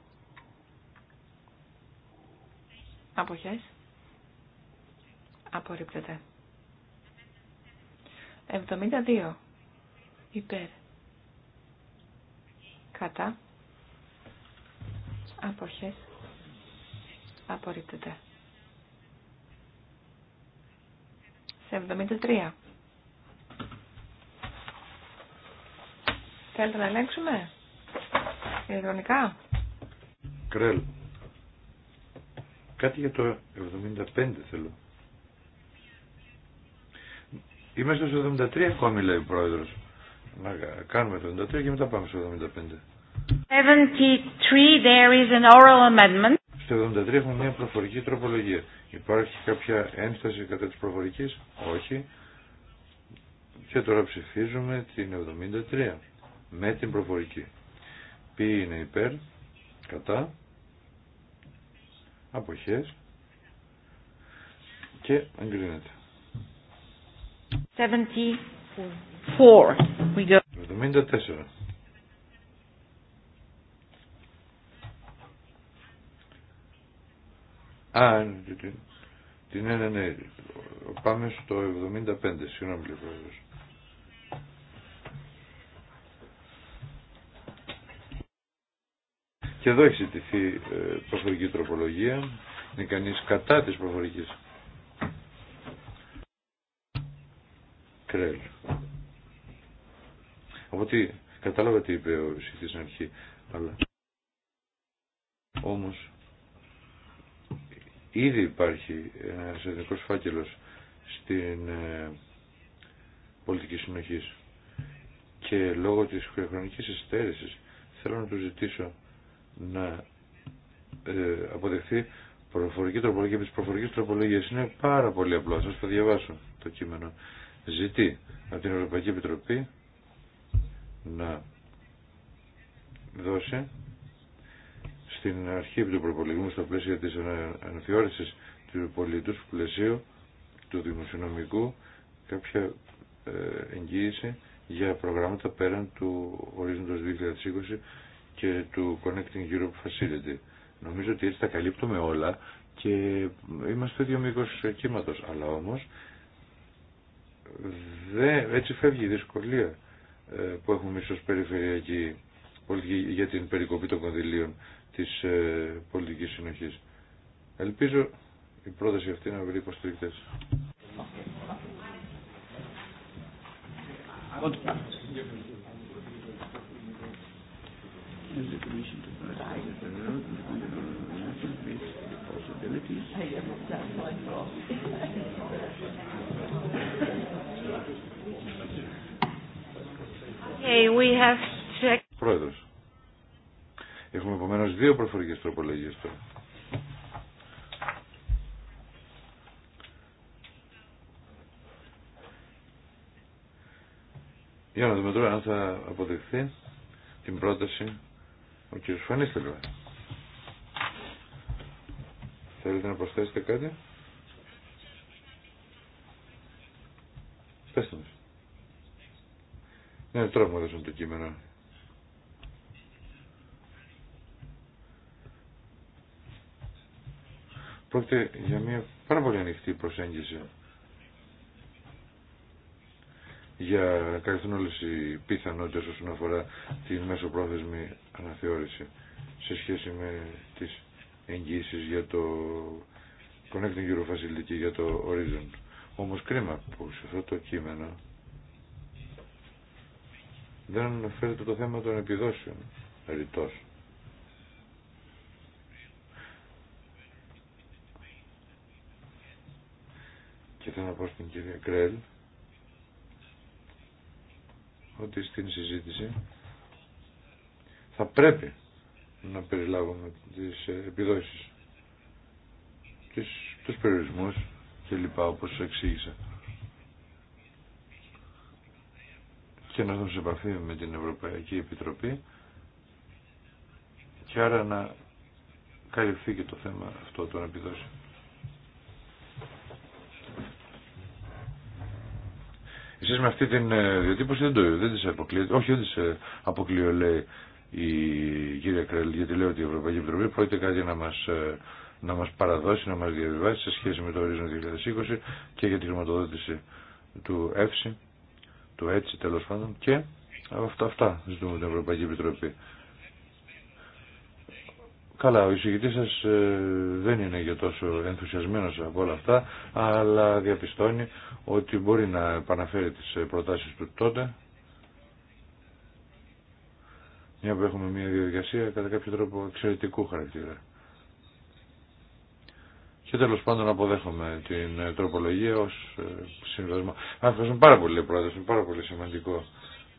Αποχές. Απορρίπτεται. 72. Υπέρ. Κατά. Αποχές. Απορρίπτεται. σε 73. Θέλετε να ελέγξουμε ηλεκτρονικά. Κρέλ. Κάτι για το 75 θέλω. Είμαστε στο 73 ακόμη λέει ο πρόεδρος. Να κάνουμε το 73 και μετά πάμε στο 75. 73, there is an oral amendment. Στο 73 έχουμε μια προφορική τροπολογία. Υπάρχει κάποια ένσταση κατά της προφορικής. Όχι. Και τώρα ψηφίζουμε την 73 με την προφορική. Ποιοι είναι υπέρ, κατά, αποχές και εγκρίνεται. 74. We go. 74. Α, ναι, ναι, ναι. την ναι, ναι, ναι. Πάμε στο 75, συγγνώμη λίγο. Και εδώ έχει ζητηθεί ε, προφορική τροπολογία. Είναι κανεί κατά τη προφορική. Κρέλ. Οπότε, κατάλαβα τι είπε ο Σιθής στην αρχή, αλλά όμως Ήδη υπάρχει ένας εθνικός φάκελος στην ε, πολιτική συνοχή και λόγω της χρονικής εστέρησης θέλω να του ζητήσω να ε, αποδεχθεί προφορική τροπολογία επί της προφορικής τροπολογίας. Είναι πάρα πολύ απλό. Σας θα διαβάσω το κείμενο. Ζητεί από την Ευρωπαϊκή Επιτροπή να δώσει στην αρχή του προπολογισμού στα πλαίσια της αναθεώρησης του πολιτού πλαισίου του δημοσιονομικού κάποια ε, εγγύηση για προγράμματα πέραν του ορίζοντος 2020 και του Connecting Europe Facility. Νομίζω ότι έτσι τα καλύπτουμε όλα και είμαστε ίδιο μήκος κύματος, αλλά όμως δεν, έτσι φεύγει η δυσκολία ε, που έχουμε ίσως περιφερειακή για την περικοπή των κονδυλίων της ε, πολιτικής συνοχής. Ελπίζω η πρόταση αυτή να βρει υποστηρικτές. Okay, we have checked. Πρόεδρος. Έχουμε επομένω δύο προφορικέ τροπολογίε τώρα. Για να δούμε τώρα αν θα αποδεχθεί την πρόταση ο κ. Φανίστελβα. Θέλετε να προσθέσετε κάτι. Πέστε μας. Ναι, τώρα μου το κείμενο. Πρόκειται για μια πάρα πολύ ανοιχτή προσέγγιση για καλυφθούν όλε οι πιθανότητε όσον αφορά την μεσοπρόθεσμη αναθεώρηση σε σχέση με τι εγγύσει για το Connecting Euro Facility για το Horizon. Όμω κρίμα που σε αυτό το κείμενο δεν αναφέρεται το θέμα των επιδόσεων ρητός. ήθελα να πω στην κυρία Κρέλ ότι στην συζήτηση θα πρέπει να περιλάβουμε τις επιδόσεις, τις, τους περιορισμούς και λοιπά όπως εξήγησα. Και να δούμε σε επαφή με την Ευρωπαϊκή Επιτροπή και άρα να καλυφθεί και το θέμα αυτό των επιδόσεων. Εσείς με αυτή την ε, διατύπωση δεν, το, δεν τις αποκλείετε. Όχι, δεν τις ε, αποκλείω, λέει η κυρία Κρέλ, γιατί λέω ότι η Ευρωπαϊκή Επιτροπή πρόκειται κάτι να μας, ε, να μας παραδώσει, να μας διαβιβάσει σε σχέση με το ορίζον 2020 και για τη χρηματοδότηση του ΕΦΣΙ, του ΕΤΣΙ τέλο πάντων και αυτά, αυτά ζητούμε την Ευρωπαϊκή Επιτροπή. Καλά, ο εισηγητής σας ε, δεν είναι για τόσο ενθουσιασμένος από όλα αυτά, αλλά διαπιστώνει ότι μπορεί να επαναφέρει τις ε, προτάσεις του τότε. Μια που έχουμε μια διαδικασία κατά κάποιο τρόπο εξαιρετικού χαρακτήρα. Και τέλος πάντων αποδέχομαι την ε, τροπολογία ως συμβασμό. Ευχαριστούμε πάρα πολύ πρόεδρος, πάρα πολύ σημαντικό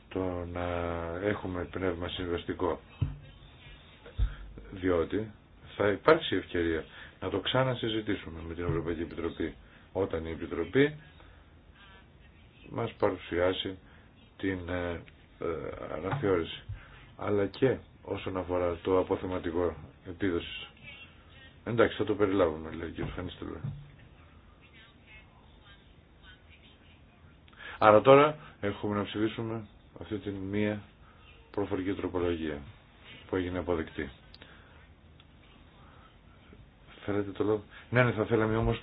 το να έχουμε πνεύμα συμβαστικό διότι θα υπάρξει ευκαιρία να το ξανασυζητήσουμε με την Ευρωπαϊκή Επιτροπή όταν η Επιτροπή μας παρουσιάσει την ε, ε, αναθεώρηση αλλά και όσον αφορά το αποθεματικό επίδοση. Εντάξει, θα το περιλάβουμε, λέει ο κ. Άρα τώρα έχουμε να ψηφίσουμε αυτή την μία προφορική τροπολογία που έγινε αποδεκτή. Θέλετε το λόγο. Ναι, ναι, θα θέλαμε όμω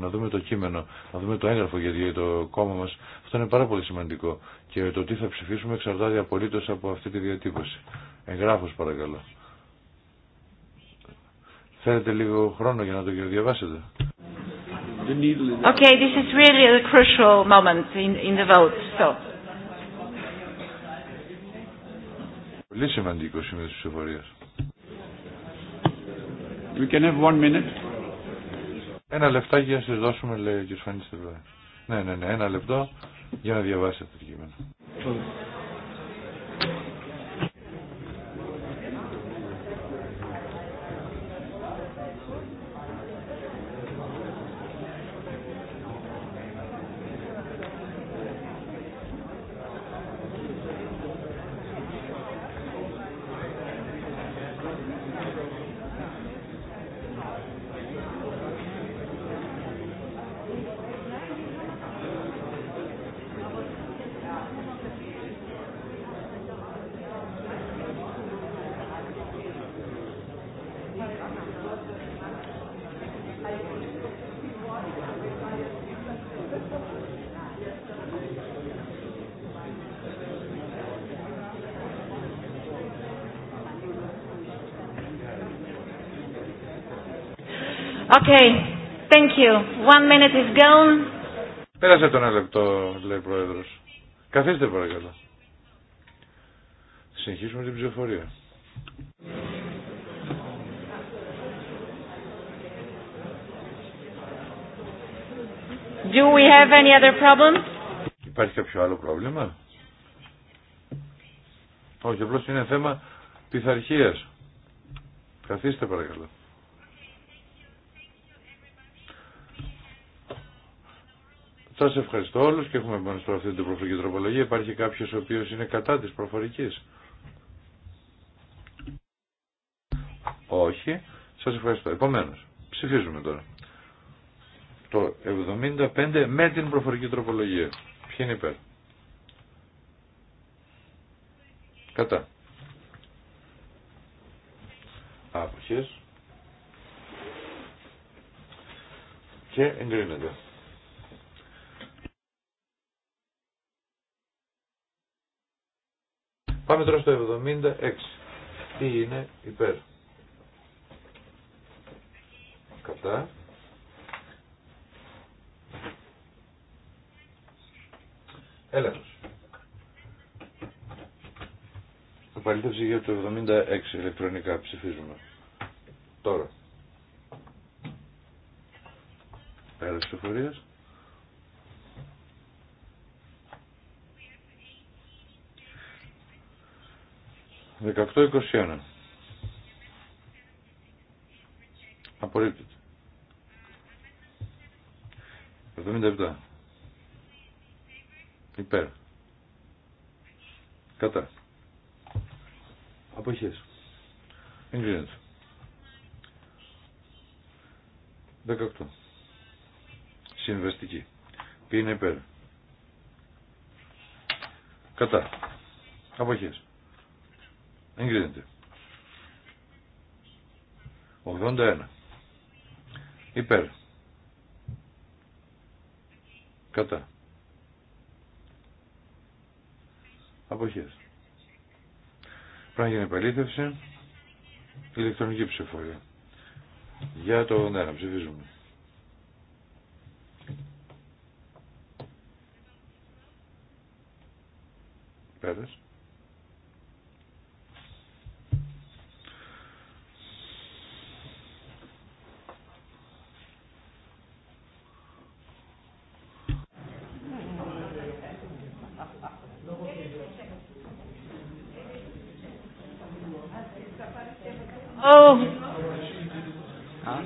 να δούμε το κείμενο, να δούμε το έγγραφο γιατί το κόμμα μα αυτό είναι πάρα πολύ σημαντικό. Και το τι θα ψηφίσουμε εξαρτάται απολύτω από αυτή τη διατύπωση. Εγγράφο παρακαλώ. Θέλετε λίγο χρόνο για να το διαβάσετε. Okay, this is really a crucial moment in, in the vote. So. Πολύ σημαντικό σημείο τη ψηφορία. We can have one minute. Ένα λεφτά για να σας δώσουμε, λέει ο κ. Φανίστερ. Ναι, ναι, ναι, ένα λεπτό για να διαβάσετε το κείμενο. Okay. Thank you. One minute is gone. Πέρασε τον ένα λεπτό, λέει ο Πρόεδρο. Καθίστε παρακαλώ. Συνεχίσουμε την ψηφοφορία. Do we have any other Υπάρχει κάποιο άλλο πρόβλημα? Όχι, απλώς είναι θέμα πειθαρχίας. Καθίστε παρακαλώ. Σας ευχαριστώ όλους και έχουμε μόνο αυτή την προφορική τροπολογία. Υπάρχει κάποιος ο οποίος είναι κατά της προφορικής. Όχι. Σας ευχαριστώ. Επομένως, ψηφίζουμε τώρα. Το 75 με την προφορική τροπολογία. Ποιοι είναι υπέρ. Κατά. Άποχες. Και εγκρίνεται. Πάμε τώρα στο 76. Τι είναι υπέρ. Κατά. Έλεγχος. Απαλήθευση για το 76 ηλεκτρονικά ψηφίζουμε. Τώρα. Πέρα της 18-21. Απορρίπτεται. 77. Υπέρ. Κατά. Αποχές. Εγκρίνεται. 18. Συμβεστική. Ποιοι είναι υπέρ. Κατά. Αποχές. Εγκρίνεται. 81. Υπέρ. Κατά. Αποχές. Πρέπει να γίνει επαλήθευση. Ηλεκτρονική ψηφοφορία. Για το ναι, να ψηφίζουμε. Πέρας.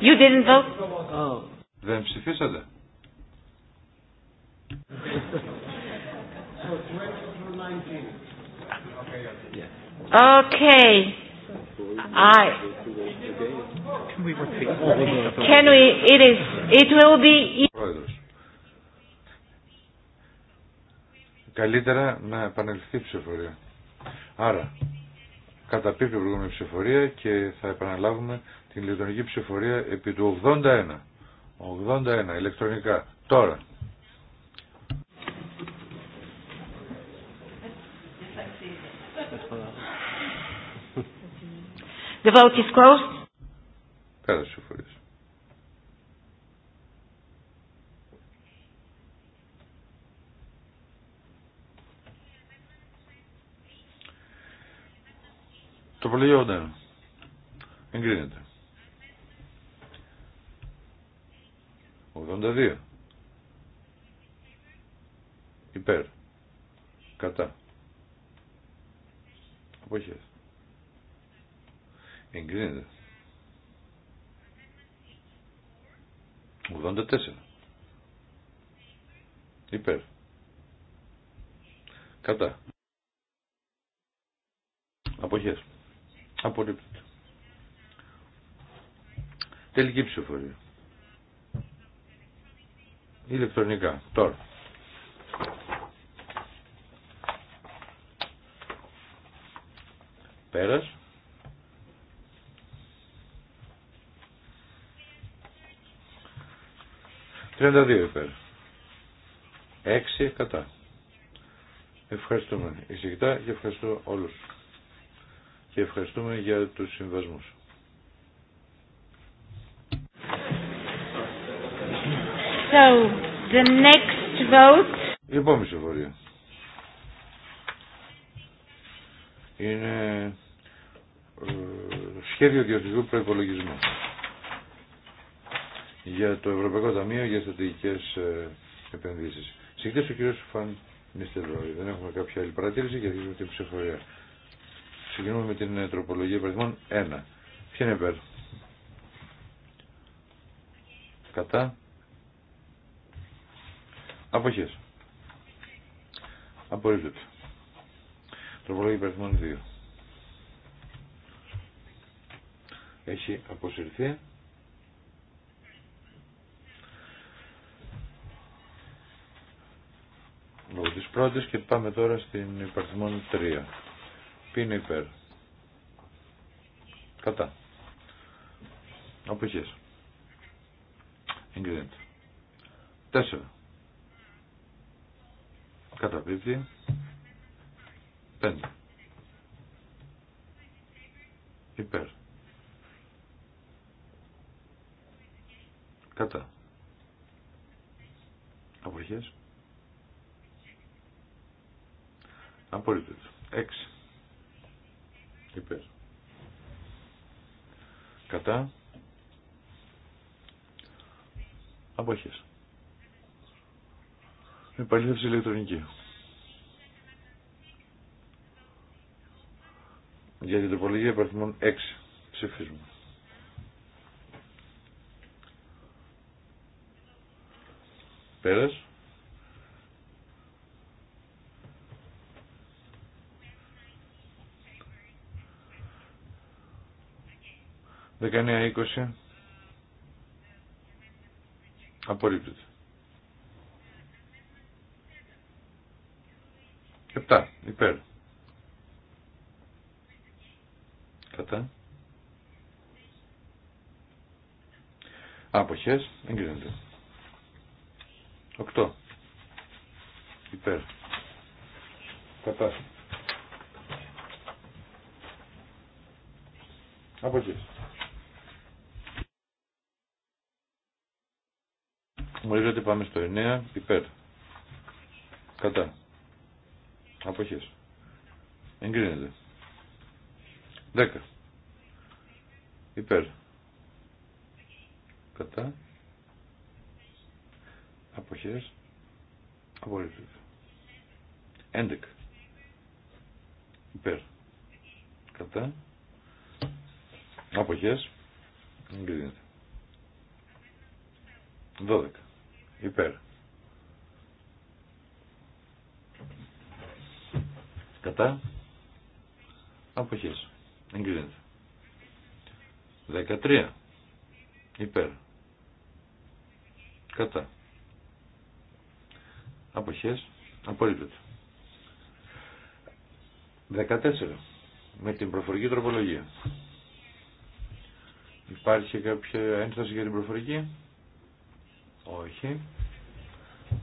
You didn't vote? Oh. Δεν ψηφίσατε. Okay. I Can we Can we it is it will be e- Πρόεδρος. Καλύτερα να επανελθεί η ψηφορία. Άρα, καταπίπτει η προηγούμενη ψηφορία και θα επαναλάβουμε την ηλεκτρονική ψηφορία επί του 81. 81 ηλεκτρονικά. Τώρα. The vote is closed. Πέρασε ψηφορίες. Το εγκρίνεται. 82. Υπέρ. Κατά. Αποχές. Εγκρίνεται. 84. Υπέρ. Κατά. Αποχές. Απορρίπτεται. Τελική ψηφοφορία ηλεκτρονικά. Τώρα. Πέρας. 32 δύο υπέρ. Έξι κατά. Ευχαριστούμε εισηγητά και ευχαριστώ όλους. Και ευχαριστούμε για τους συμβασμούς. So, the next vote... Η επόμενη ψηφοφορία. Είναι ε, σχέδιο διορθωτικού προπολογισμού. για το Ευρωπαϊκό Ταμείο για στρατηγικές ε, επενδύσεις. Συγχαρητήρια ο κύριος Φαν Νιστελρόη. Δεν έχουμε κάποια άλλη παρατήρηση και αρχίζουμε την ψηφοφορία. Ξεκινούμε με την ε, τροπολογία υπαριθμών 1. Ποια είναι υπέρ. Κατά. Αποχές. Απορρίπτεται. Τροπολόγη υπερθυμών 2. Έχει αποσυρθεί. Λόγω της πρώτης και πάμε τώρα στην υπερθυμών 3. Ποιοι είναι υπέρ. Κατά. Αποχές. Εγκρίνεται. Τέσσερα. Καταπίπτει. πέντε, Υπέρ. Κατά. Αποχές. απολύτως, έξι, Υπέρ. Κατά. Αποχές. Επαλήθευση ηλεκτρονική. Για την τροπολογία υπαριθμών 6 ψηφίσμα. Πέρας. Δεκανέα είκοσι. Απορρίπτεται. Επτά, υπέρ. Κατά. Αποχές, εγκρίνεται. Οκτώ. Υπέρ. Κατά. Αποχές. Μπορείτε να πάμε στο εννέα, υπέρ. Κατά. Αποχέ Εγκρίνεται. 10. Υπέρ. Κατά. Αποχέ Απορρίπτεται. 11. Υπέρ. Κατά. Αποχές. Εγκρίνεται. 12. Υπέρ. Κατά. Αποχές. Εγκρίνεται. 13. Υπέρ. Κατά. Αποχές. Απορρίπτεται. 14. Με την προφορική τροπολογία. Υπάρχει κάποια ένσταση για την προφορική. Όχι.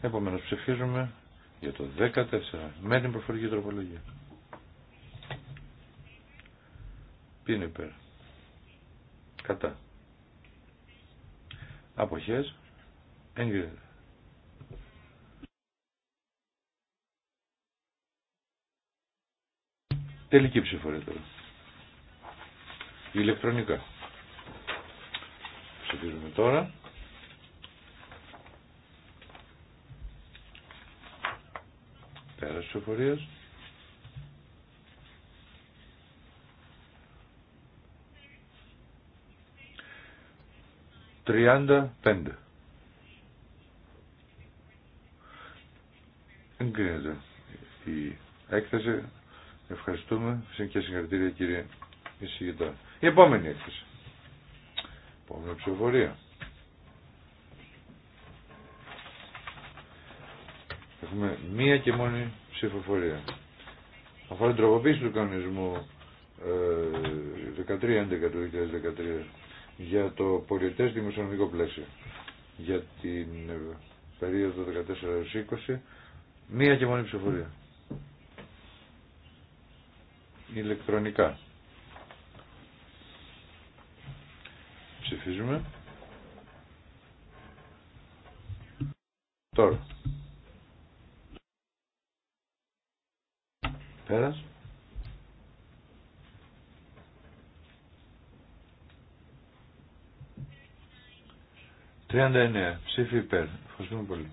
Επομένως ψηφίζουμε για το 14 με την προφορική τροπολογία. Ποιοι είναι πέρα. Κατά. Αποχές. Εγκρίνεται. Τελική ψηφορία τώρα. Ηλεκτρονικά. Ψηφίζουμε τώρα. Πέρας ψηφοφορίας. Τριάντα πέντε. Εγκρίνεται η έκθεση. Ευχαριστούμε και συγχαρητήρια κύριε εισηγητά. Η επόμενη έκθεση. Επόμενη ψηφοφορία. Έχουμε μία και μόνη ψηφοφορία. Αφορά την τροποποίηση του κανονισμού 13-11 ε, του 2013 για το πολιτές δημοσιονομικό πλαίσιο για την ε, περίοδο 14-20 μία και μόνη ψηφοφορία ηλεκτρονικά ψηφίζουμε τώρα Πέρας. Τριάντα εννέα. Ψήφι υπέρ. Ευχαριστούμε πολύ.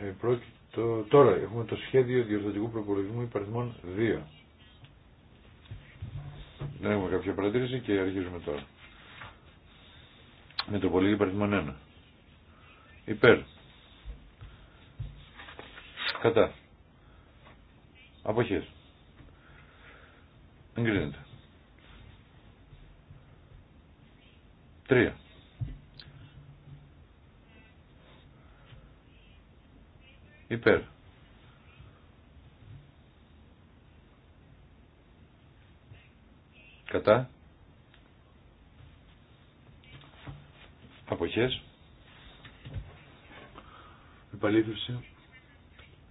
Ε, πρόκειται το, τώρα έχουμε το σχέδιο διορθωτικού προπολογισμού υπαριθμών 2. Δεν έχουμε κάποια παρατήρηση και αρχίζουμε τώρα. Με το πολύ υπαριθμών 1. Υπέρ. Κατά. Αποχές. Εγκρίνεται. Τρία. υπέρ. Κατά. Αποχές. Επαλήθευση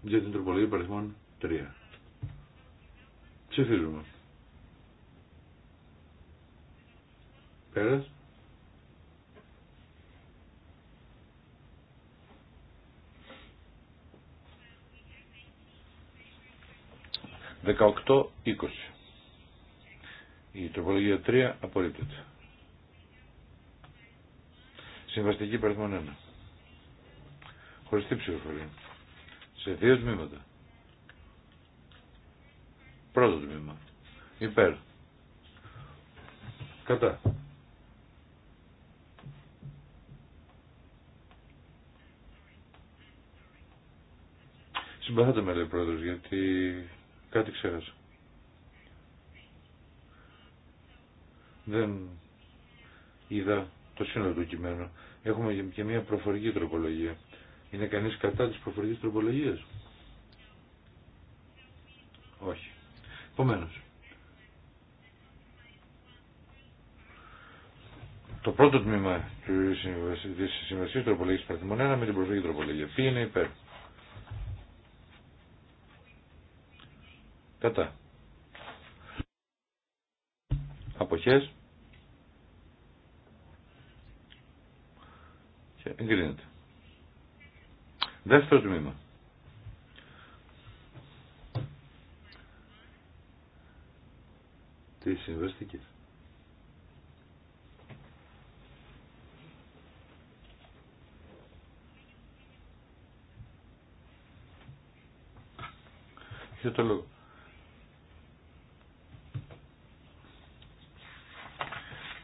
για την τροπολογία παριθμών 3. Ψηφίζουμε. Πέρας. 18-20. Η τροπολογία 3 απορρίπτεται. Συμβαστική παριθμόν 1. Χωριστή ψηφοφορία. Σε δύο τμήματα. Πρώτο τμήμα. Υπέρ. Κατά. Συμπαθάτε με λέει πρόεδρος γιατί Κάτι ξέρασα. Δεν είδα το σύνολο του κειμένου. Έχουμε και μια προφορική τροπολογία. Είναι κανείς κατά της προφορικής τροπολογίας. Όχι. Επομένω. Το πρώτο τμήμα τη συμβασίας τροπολογία παραθυμών 1 με την προφορική τροπολογία. Ποιοι είναι υπέρ. Κατά. Αποχές. Και εγκρίνεται. Δεύτερο τμήμα. Τι συμβαστική. και το λόγο.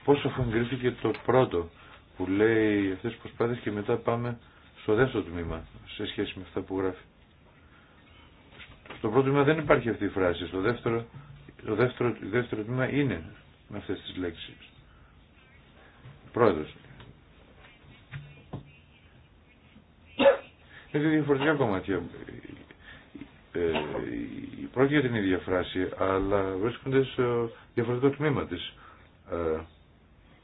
Πώς αφού το πρώτο που λέει αυτές τις προσπάθειες και μετά πάμε στο δεύτερο τμήμα σε σχέση με αυτά που γράφει. Στο πρώτο τμήμα δεν υπάρχει αυτή η φράση. Στο δεύτερο, το δεύτερο, δεύτερο τμήμα είναι με αυτές τις λέξεις. Πρόεδρος. Είναι διαφορετικά κομμάτια. Ε, πρόκειται για την ίδια φράση, αλλά βρίσκονται σε διαφορετικό τμήμα της. Ε,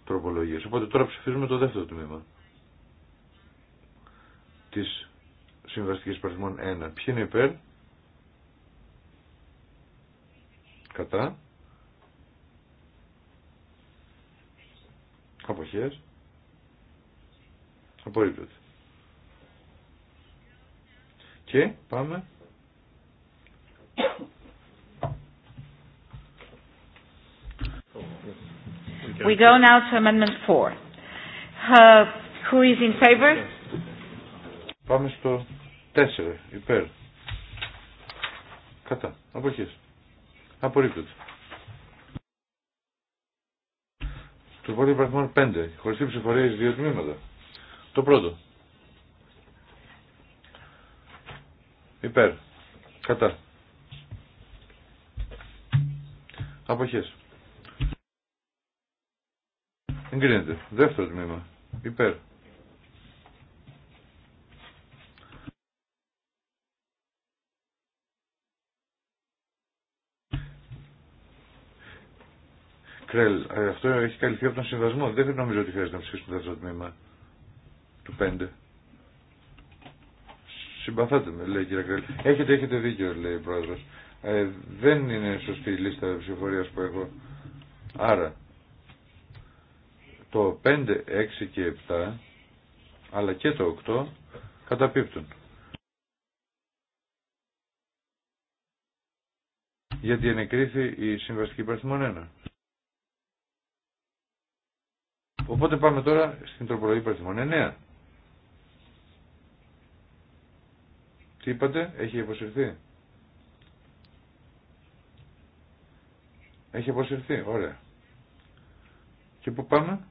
τροπολογίες. Οπότε τώρα ψηφίζουμε το δεύτερο τμήμα της συμβαστικής παριθμών 1. Ποιοι είναι υπέρ, κατά, αποχές, απορρίπτωται. Και πάμε We go now to amendment 4. Uh, who is in favor? Πάμε στο 4. Υπέρ. Κατά. Αποχές. Απορρίπτεται. Του πρώτου υπαρθμών 5. Χωριστή ψηφορία εις δύο τμήματα. Το πρώτο. Υπέρ. Κατά. Αποχές. Εγκρίνεται. Δεύτερο τμήμα. Υπέρ. Κρέλ, ε, αυτό έχει καλυφθεί από τον συμβασμό. Δεν νομίζω ότι χρειάζεται να ψηφίσουμε το δεύτερο τμήμα του 5. Συμπαθάτε με, λέει η κυρία Κρέλ. Έχετε, έχετε δίκιο, λέει η πρόεδρος. Ε, δεν είναι σωστή η λίστα ψηφοφορία που έχω. Άρα, το 5, 6 και 7 αλλά και το 8 καταπίπτουν. Γιατί ενεκρίθη η συμβαστική παρθυμονένα. 1. Οπότε πάμε τώρα στην Τροπολογική παρθυμονένα. 9. Τι είπατε, έχει αποσυρθεί. Έχει αποσυρθεί, ωραία. Και πού πάμε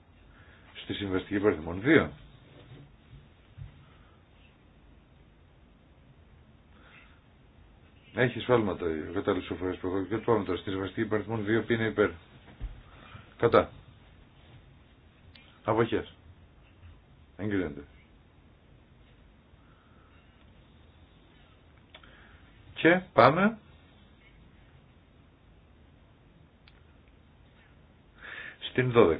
στη Συμβαστική Παριθμών 2. Έχει σφάλματα η κατάλληλη που έχω Και το πάμε τώρα. Στη συμβαστική υπαριθμών 2 είναι υπέρ. Κατά. Αποχέ. Εγκρίνεται. Και πάμε. Στην 12.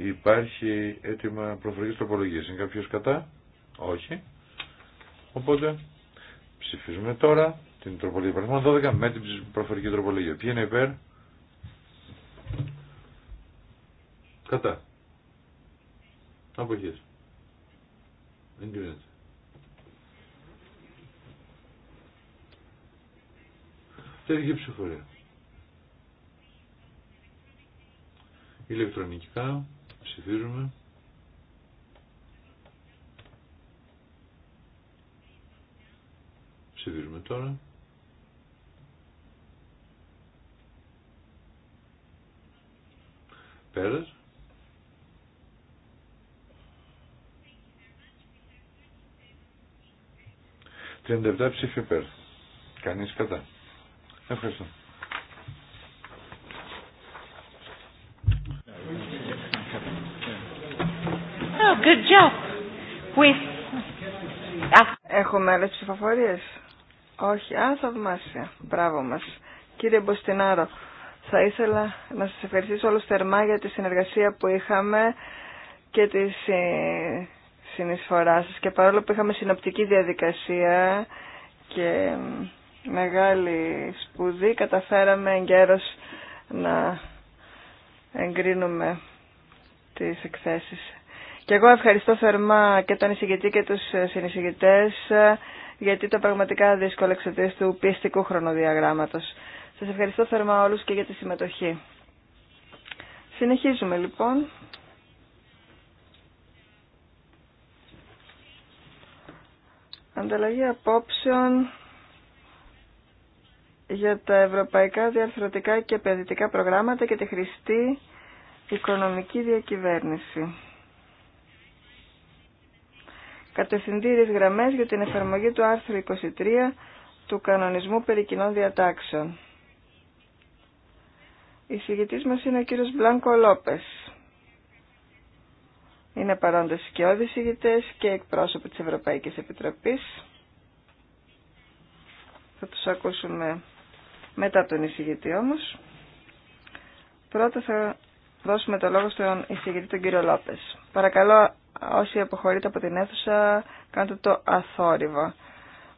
Υπάρχει έτοιμα προφορική τροπολογία; Είναι κάποιο κατά? Όχι. Οπότε ψηφίζουμε τώρα την τροπολογία παραθμών 12 με την προφορική τροπολογία. Ποιοι είναι υπέρ? Κατά. Δεν κρίνεται. Τελική ψηφορία. Ηλεκτρονικά ψηφίζουμε. Ψηφίζουμε τώρα. Πέρας. Τριάντα ψήφια πέρα. Κανείς κατά. Ευχαριστώ. good job with... Έχουμε άλλες Όχι, α, θαυμάσια. Μπράβο μας. Κύριε Μποστινάρο, θα ήθελα να σας ευχαριστήσω όλους θερμά για τη συνεργασία που είχαμε και τη συνεισφορά σας. Και παρόλο που είχαμε συνοπτική διαδικασία και μεγάλη σπουδή, καταφέραμε εγκαίρως να εγκρίνουμε τις εκθέσεις. Και εγώ ευχαριστώ θερμά και τον εισηγητή και τους συνεισηγητές ε, γιατί ήταν πραγματικά δύσκολο του πιεστικού χρονοδιαγράμματος. Σας ευχαριστώ θερμά όλους και για τη συμμετοχή. Συνεχίζουμε λοιπόν. Ανταλλαγή απόψεων για τα ευρωπαϊκά διαρθρωτικά και επενδυτικά προγράμματα και τη χρηστή οικονομική διακυβέρνηση. Κατευθυντήριε γραμμές για την εφαρμογή του άρθρου 23 του Κανονισμού περί κοινών διατάξεων. Η συγγετής μας είναι ο κύριος Μπλάνκο Λόπες. Είναι παρόντες και συγητές και εκπρόσωποι της Ευρωπαϊκής Επιτροπής. Θα τους ακούσουμε μετά τον εισηγητή όμως. Πρώτα θα δώσουμε το λόγο στον εισηγητή τον κύριο Λόπες. Παρακαλώ Όσοι αποχωρείτε από την αίθουσα, κάντε το αθόρυβο.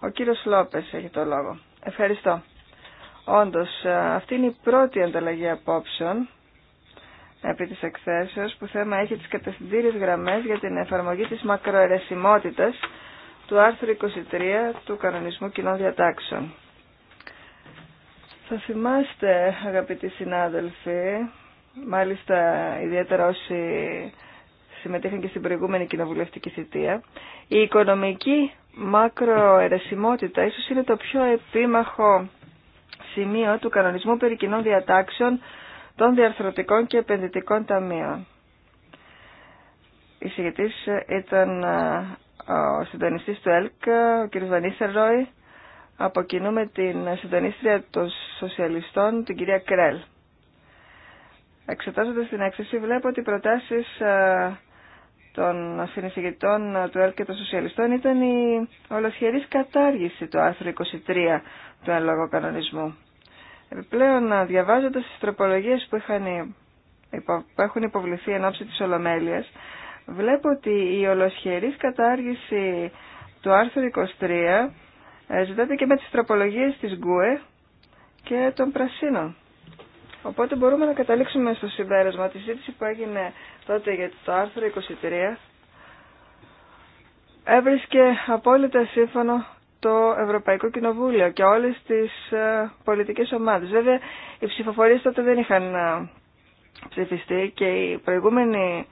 Ο κύριος Λόπες έχει το λόγο. Ευχαριστώ. Όντως, ε, αυτή είναι η πρώτη ανταλλαγή απόψεων επί της εκθέσεως που θέμα έχει τις κατευθυντήριες γραμμές για την εφαρμογή της μακροαιρεσιμότητας του άρθρου 23 του Κανονισμού Κοινών Διατάξεων. Θα θυμάστε αγαπητοί συνάδελφοι, μάλιστα ιδιαίτερα όσοι συμμετείχαν και στην προηγούμενη κοινοβουλευτική θητεία, η οικονομική μακροαιρεσιμότητα ίσως είναι το πιο επίμαχο σημείο του κανονισμού περί κοινών διατάξεων των διαρθρωτικών και επενδυτικών ταμείων. Η συγκεκριτής ήταν ο συντονιστής του ΕΛΚ, ο κ. Βανίστερ Ρόι, από κοινού με την συντονίστρια των σοσιαλιστών, την κυρία Κρέλ. Εξετάζοντας την έκθεση βλέπω ότι οι προτάσεις των συνεισηγητών του ΕΛΚ και των Σοσιαλιστών ήταν η ολοσχερής κατάργηση του άρθρου 23 του ΕΛΟΓΟ κανονισμού. Επιπλέον, διαβάζοντας τις τροπολογίες που, έχουν υποβληθεί εν ώψη της Ολομέλειας, βλέπω ότι η ολοσχερής κατάργηση του άρθρου 23 ε, ζητάται και με τις τροπολογίες της ΓΚΟΕ και των Πρασίνων. Οπότε μπορούμε να καταλήξουμε στο συμπέρασμα ότι ζήτηση που έγινε τότε για το άρθρο 23 έβρισκε απόλυτα σύμφωνο το Ευρωπαϊκό Κοινοβούλιο και όλες τις ε, πολιτικές ομάδες. Βέβαια, οι ψηφοφορίες τότε δεν είχαν ε, ψηφιστεί και οι προηγούμενοι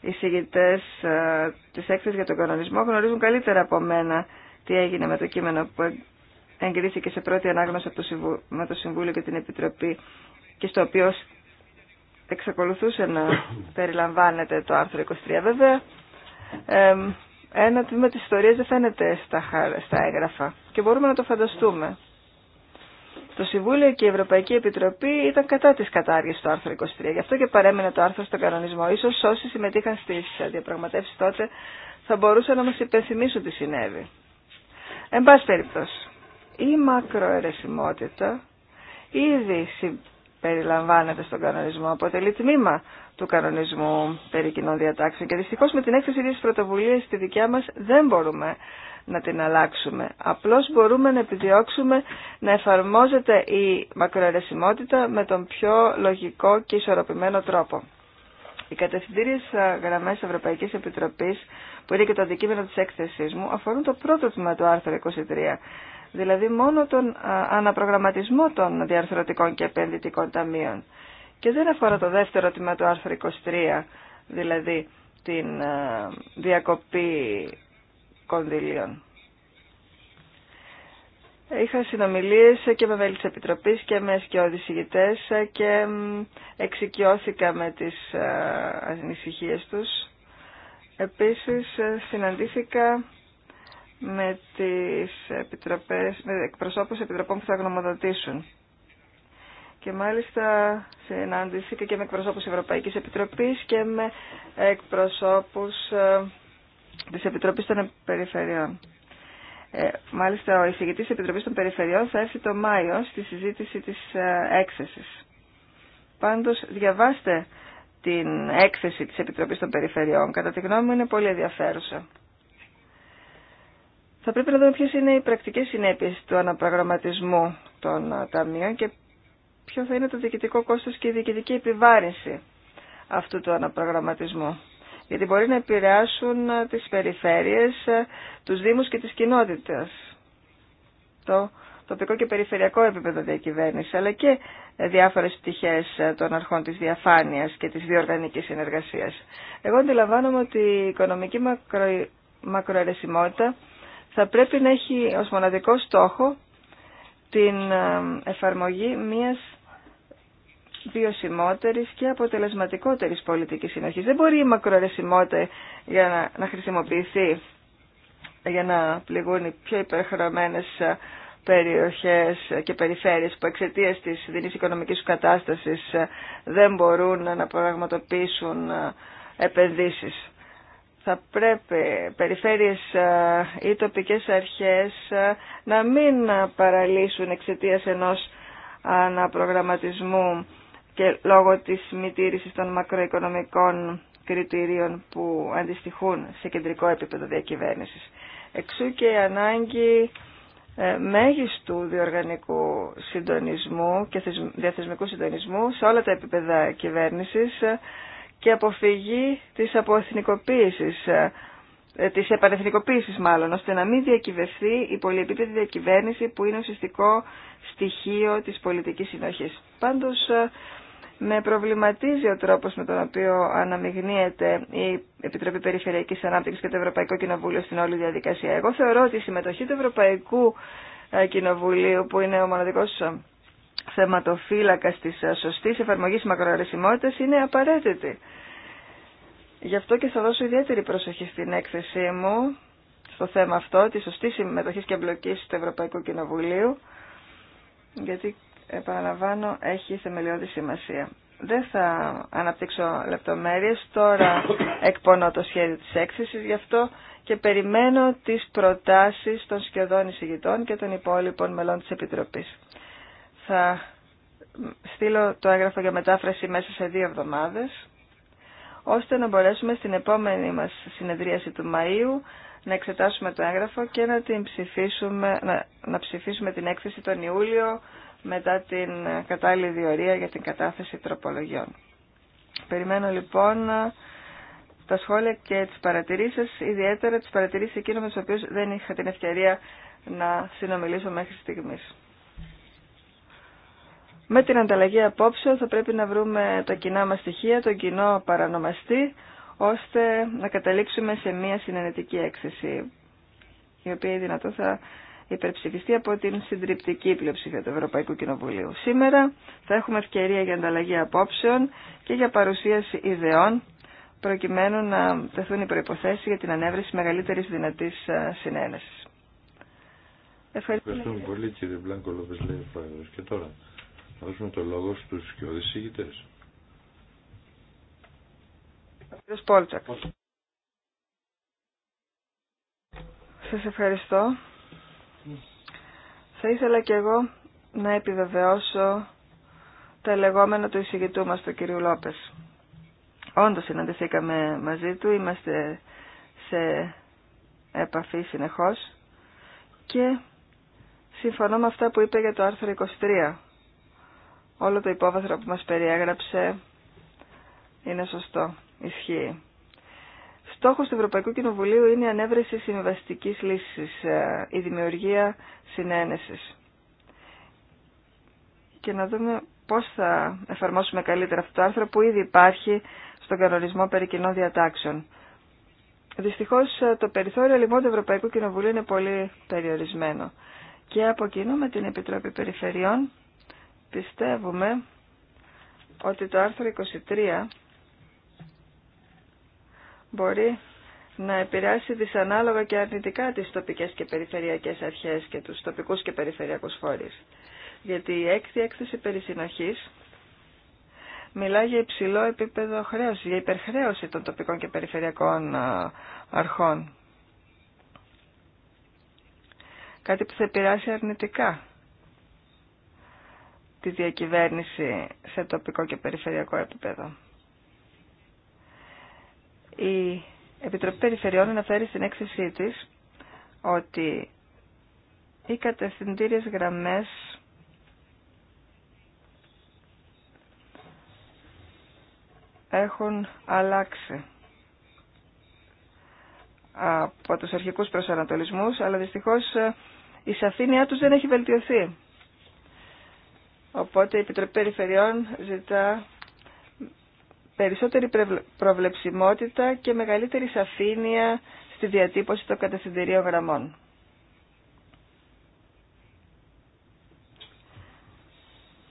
εισηγητές ε, της έκθεσης για τον κανονισμό γνωρίζουν καλύτερα από μένα τι έγινε με το κείμενο που εγκρίθηκε σε πρώτη ανάγνωση από το Συμβούλιο και την Επιτροπή και στο οποίο εξακολουθούσε να περιλαμβάνεται το άρθρο 23. Βέβαια, ένα τμήμα της ιστορίας δεν φαίνεται στα, στα έγγραφα και μπορούμε να το φανταστούμε. Το Συμβούλιο και η Ευρωπαϊκή Επιτροπή ήταν κατά της κατάργησης του άρθρου 23. Γι' αυτό και παρέμεινε το άρθρο στον κανονισμό. Ίσως όσοι συμμετείχαν στις διαπραγματεύσεις τότε θα μπορούσαν να μας υπενθυμίσουν τι συνέβη. Εν πάση περιπτώσει, η μακροαιρεσιμότητα ήδη περιλαμβάνεται στον κανονισμό. Αποτελεί τμήμα του κανονισμού περί κοινών διατάξεων και δυστυχώ με την έκθεση τη πρωτοβουλίας στη δικιά μας δεν μπορούμε να την αλλάξουμε. Απλώς μπορούμε να επιδιώξουμε να εφαρμόζεται η μακροαιρεσιμότητα με τον πιο λογικό και ισορροπημένο τρόπο. Οι κατευθυντήριε γραμμέ Ευρωπαϊκή Επιτροπή, που είναι και το αντικείμενο τη έκθεσή μου, αφορούν το πρώτο τμήμα του άρθρου 23 δηλαδή μόνο τον αναπρογραμματισμό των διαρθρωτικών και επενδυτικών ταμείων. Και δεν αφορά το δεύτερο τμήμα του άρθρου 23, δηλαδή την διακοπή κονδυλίων. Είχα συνομιλίες και με μέλη της Επιτροπής και με σκιώδης ηγητές και εξοικειώθηκα με τις ανησυχίες τους. Επίσης συναντήθηκα με τις επιτροπές, με εκπροσώπους επιτροπών που θα γνωμοδοτήσουν. Και μάλιστα συνάντηθηκα και με εκπροσώπους Ευρωπαϊκής Επιτροπής και με εκπροσώπους ε, της Επιτροπής των Περιφερειών. Ε, μάλιστα, ο εισηγητής της Επιτροπής των Περιφερειών θα έρθει το Μάιο στη συζήτηση της ε, έκθεσης. Πάντως, διαβάστε την έκθεση της Επιτροπής των Περιφερειών. Κατά τη γνώμη μου είναι πολύ ενδιαφέρουσα. Θα πρέπει να δούμε ποιες είναι οι πρακτικές συνέπειες του αναπρογραμματισμού των ε, ταμείων και ποιο θα είναι το διοικητικό κόστος και η διοικητική επιβάρυνση αυτού του αναπρογραμματισμού. Γιατί μπορεί να επηρεάσουν ε, τις περιφέρειες, ε, τους δήμους και τις κοινότητες. Το τοπικό και περιφερειακό επίπεδο διακυβέρνηση, αλλά και διάφορες πτυχέ των αρχών της διαφάνειας και της διοργανικής συνεργασίας. Εγώ αντιλαμβάνομαι ότι η οικονομική μακρο... μακροαιρεσιμότητα θα πρέπει να έχει ως μοναδικό στόχο την ε, εφαρμογή μιας βιωσιμότερης και αποτελεσματικότερης πολιτικής συνοχής. Δεν μπορεί η για να, χρησιμοποιηθεί για να πληγούν οι πιο υπερχρωμένες ε, περιοχές και περιφέρειες που εξαιτία της δινής οικονομικής κατάστασης ε, δεν μπορούν να πραγματοποιήσουν επενδύσεις θα πρέπει περιφέρειες ε, ή τοπικές αρχές ε, να μην παραλύσουν εξαιτίας ενός αναπρογραμματισμού και λόγω της μη των μακροοικονομικών κριτηρίων που αντιστοιχούν σε κεντρικό επίπεδο διακυβέρνησης. Εξού και η ανάγκη ε, μέγιστου διοργανικού συντονισμού και διαθεσμικού συντονισμού σε όλα τα επίπεδα κυβέρνησης και αποφυγή της αποεθνικοποίησης, ε, ε, της επανεθνικοποίησης μάλλον, ώστε να μην διακυβευτεί η πολυεπίπεδη διακυβέρνηση που είναι ουσιαστικό στοιχείο της πολιτικής συνοχής. Πάντως, ε, με προβληματίζει ο τρόπος με τον οποίο αναμειγνύεται η Επιτροπή Περιφερειακής Ανάπτυξης και το Ευρωπαϊκό Κοινοβούλιο στην όλη διαδικασία. Εγώ θεωρώ ότι η συμμετοχή του Ευρωπαϊκού Κοινοβουλίου, που είναι ο μοναδικός Θεματοφύλακα τη ε, σωστή εφαρμογή μακροαρισιμότητα είναι απαραίτητη. Γι' αυτό και θα δώσω ιδιαίτερη προσοχή στην έκθεσή μου στο θέμα αυτό, τη σωστή συμμετοχή και εμπλοκή του Ευρωπαϊκού Κοινοβουλίου, γιατί, επαναλαμβάνω, έχει θεμελιώδη σημασία. Δεν θα αναπτύξω λεπτομέρειες, τώρα εκπονώ το σχέδιο της έκθεσης, γι' αυτό και περιμένω τις προτάσεις των σχεδόν εισηγητών και των υπόλοιπων μελών της Επιτροπής. Θα στείλω το έγγραφο για μετάφραση μέσα σε δύο εβδομάδες, ώστε να μπορέσουμε στην επόμενη μας συνεδρίαση του Μαΐου να εξετάσουμε το έγγραφο και να, την ψηφίσουμε, να, να την έκθεση τον Ιούλιο μετά την κατάλληλη διορία για την κατάθεση τροπολογιών. Περιμένω λοιπόν τα σχόλια και τις παρατηρήσεις ιδιαίτερα τις παρατηρήσεις εκείνων με τις οποίες δεν είχα την ευκαιρία να συνομιλήσω μέχρι στιγμής. Με την ανταλλαγή απόψεων θα πρέπει να βρούμε τα κοινά μας στοιχεία, τον κοινό παρανομαστή, ώστε να καταλήξουμε σε μια συνενετική έκθεση, η οποία δυνατό θα υπερψηφιστεί από την συντριπτική πλειοψηφία του Ευρωπαϊκού Κοινοβουλίου. Σήμερα θα έχουμε ευκαιρία για ανταλλαγή απόψεων και για παρουσίαση ιδεών, προκειμένου να τεθούν οι προϋποθέσεις για την ανέβρεση μεγαλύτερης δυνατής συνένεσης. Ευχαριστούμε πολύ κύριε Μπλάνκο Και τώρα θα δώσουμε το λόγο στους και Πόλτσακ. Σας ευχαριστώ. Θα ήθελα και εγώ να επιβεβαιώσω τα λεγόμενα του εισηγητού μας, του κυρίου Λόπες. Όντως συναντηθήκαμε μαζί του, είμαστε σε επαφή συνεχώς και συμφωνώ με αυτά που είπε για το άρθρο 23 όλο το υπόβαθρο που μας περιέγραψε είναι σωστό, ισχύει. Στόχος του Ευρωπαϊκού Κοινοβουλίου είναι η ανέβρεση συμβαστικής λύσης, ε, η δημιουργία συνένεσης. Και να δούμε πώς θα εφαρμόσουμε καλύτερα αυτό το άρθρο που ήδη υπάρχει στον κανονισμό περί κοινών διατάξεων. Δυστυχώς ε, το περιθώριο λοιπόν του Ευρωπαϊκού Κοινοβουλίου είναι πολύ περιορισμένο. Και από με την Επιτροπή Περιφερειών πιστεύουμε ότι το άρθρο 23 μπορεί να επηρεάσει δυσανάλογα και αρνητικά τις τοπικές και περιφερειακές αρχές και τους τοπικούς και περιφερειακούς φόρους. Γιατί η έκτη έκθεση περί συνοχής μιλά για υψηλό επίπεδο χρέωση, για υπερχρέωση των τοπικών και περιφερειακών αρχών. Κάτι που θα επηρεάσει αρνητικά τη διακυβέρνηση σε τοπικό και περιφερειακό επίπεδο. Η Επιτροπή Περιφερειών αναφέρει στην έκθεσή της ότι οι κατευθυντήριες γραμμές έχουν αλλάξει από τους αρχικούς προσανατολισμούς, αλλά δυστυχώς η σαφήνειά τους δεν έχει βελτιωθεί. Οπότε η Επιτροπή Περιφερειών ζητά περισσότερη προβλεψιμότητα και μεγαλύτερη σαφήνεια στη διατύπωση των κατευθυντηρίων γραμμών.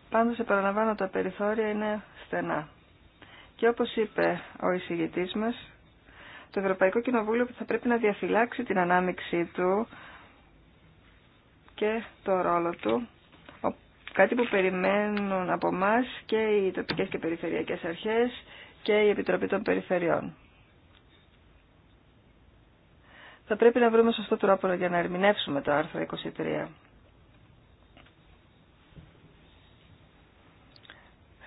Πάντως, επαναλαμβάνω, τα περιθώρια είναι στενά. Και όπως είπε ο εισηγητής μας, το Ευρωπαϊκό Κοινοβούλιο θα πρέπει να διαφυλάξει την ανάμειξή του και το ρόλο του Κάτι που περιμένουν από εμά και οι τοπικές και περιφερειακές αρχές και η Επιτροπή των Περιφερειών. Θα πρέπει να βρούμε σωστό τρόπο για να ερμηνεύσουμε το άρθρο 23.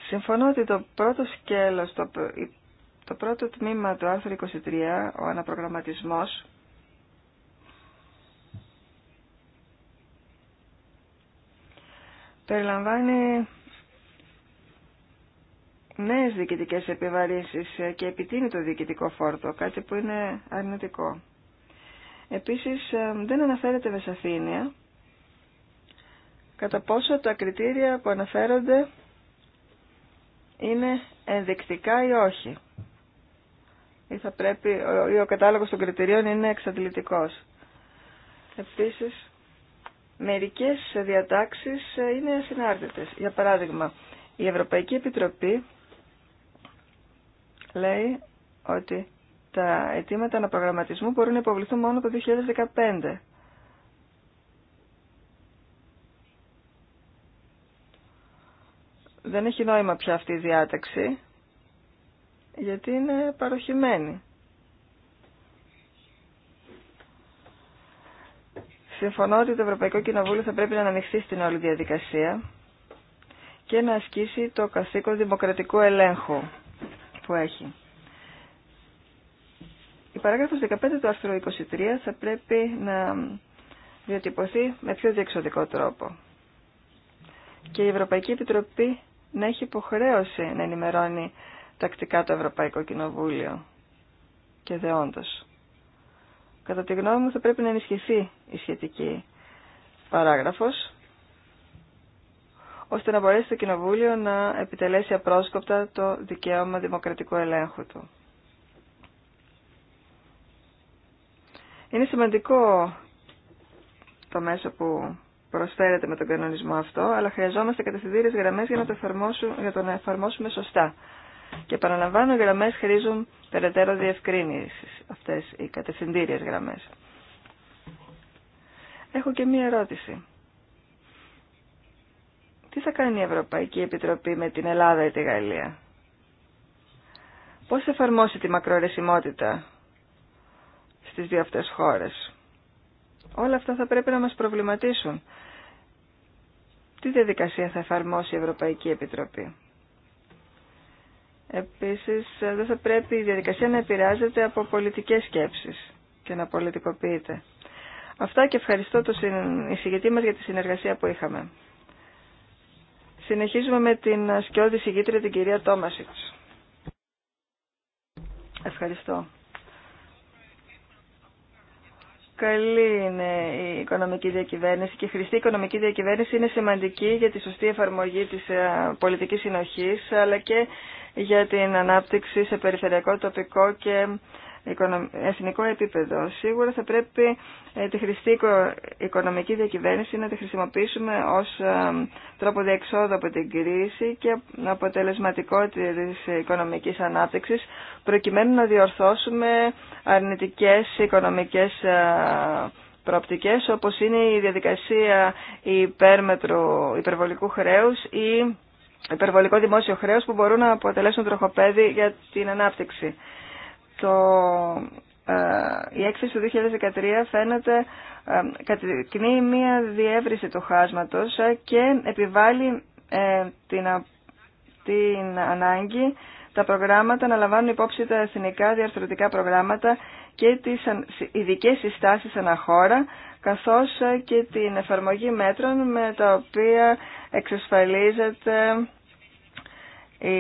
Συμφωνώ ότι το πρώτο σκέλος, το, το πρώτο τμήμα του άρθρου 23, ο αναπρογραμματισμός, περιλαμβάνει νέες διοικητικές επιβαρύνσεις και επιτείνει το διοικητικό φόρτο, κάτι που είναι αρνητικό. Επίσης, ε, δεν αναφέρεται με σαφήνεια κατά πόσο τα κριτήρια που αναφέρονται είναι ενδεικτικά ή όχι. Ή, θα πρέπει, ο κατάλογος των κριτηρίων είναι εξαντλητικός. Επίσης, μερικές διατάξεις ε, είναι ασυνάρτητες. Για παράδειγμα, η Ευρωπαϊκή Επιτροπή λέει ότι τα αιτήματα αναπρογραμματισμού μπορούν να υποβληθούν μόνο το 2015. Δεν έχει νόημα πια αυτή η διάταξη, γιατί είναι παροχημένη. Συμφωνώ ότι το Ευρωπαϊκό Κοινοβούλιο θα πρέπει να ανοιχθεί στην όλη διαδικασία και να ασκήσει το καθήκον δημοκρατικού ελέγχου που έχει. Η παράγραφος 15 του άρθρου 23 θα πρέπει να διατυπωθεί με πιο διεξοδικό τρόπο. Και η Ευρωπαϊκή Επιτροπή να έχει υποχρέωση να ενημερώνει τακτικά το Ευρωπαϊκό Κοινοβούλιο και δεόντως. Κατά τη γνώμη μου θα πρέπει να ενισχυθεί η σχετική παράγραφος, ώστε να μπορέσει το Κοινοβούλιο να επιτελέσει απρόσκοπτα το δικαίωμα δημοκρατικού ελέγχου του. Είναι σημαντικό το μέσο που προσφέρεται με τον κανονισμό αυτό, αλλά χρειαζόμαστε κατευθυντήριες γραμμές για να το, εφαρμόσουμε, για το εφαρμόσουμε σωστά. Και παραλαμβάνω, οι γραμμές χρήζουν περαιτέρω διευκρίνησης αυτές οι κατευθυντήριες γραμμές. Έχω και μία ερώτηση. Τι θα κάνει η Ευρωπαϊκή Επιτροπή με την Ελλάδα ή τη Γαλλία. Πώς θα εφαρμόσει τη μακρορεσιμότητα στις δύο αυτές χώρες. Όλα αυτά θα πρέπει να μας προβληματίσουν. Τι διαδικασία θα εφαρμόσει η Ευρωπαϊκή Επιτροπή. Επίσης, δεν θα πρέπει η διαδικασία να επηρεάζεται από πολιτικές σκέψεις και να πολιτικοποιείται. Αυτά και ευχαριστώ τον εισηγητή μας για τη συνεργασία που είχαμε. Συνεχίζουμε με την σκιώδη συγγήτρια την κυρία Τόμασιτς. Ευχαριστώ. Καλή είναι η οικονομική διακυβέρνηση και η χρηστή οικονομική διακυβέρνηση είναι σημαντική για τη σωστή εφαρμογή της ε, πολιτικής συνοχής αλλά και για την ανάπτυξη σε περιφερειακό, τοπικό και εθνικό επίπεδο. Σίγουρα θα πρέπει ε, τη χρηστή οικονομική διακυβέρνηση να τη χρησιμοποιήσουμε ως ε, τρόπο διεξόδου από την κρίση και αποτελεσματικότητα της οικονομικής ανάπτυξης προκειμένου να διορθώσουμε αρνητικές οικονομικές ε, προοπτικές όπως είναι η διαδικασία υπερβολικού χρέους ή υπερβολικό δημόσιο χρέος που μπορούν να αποτελέσουν τροχοπέδι για την ανάπτυξη. Το, ε, η έκθεση του 2013 φαίνεται ε, κατηκνύει μία διεύρυνση του χάσματος ε, και επιβάλλει ε, την, την ανάγκη τα προγράμματα να λαμβάνουν υπόψη τα εθνικά διαρθρωτικά προγράμματα και τις ειδικέ συστάσεις αναχώρα, καθώς και την εφαρμογή μέτρων με τα οποία εξασφαλίζεται η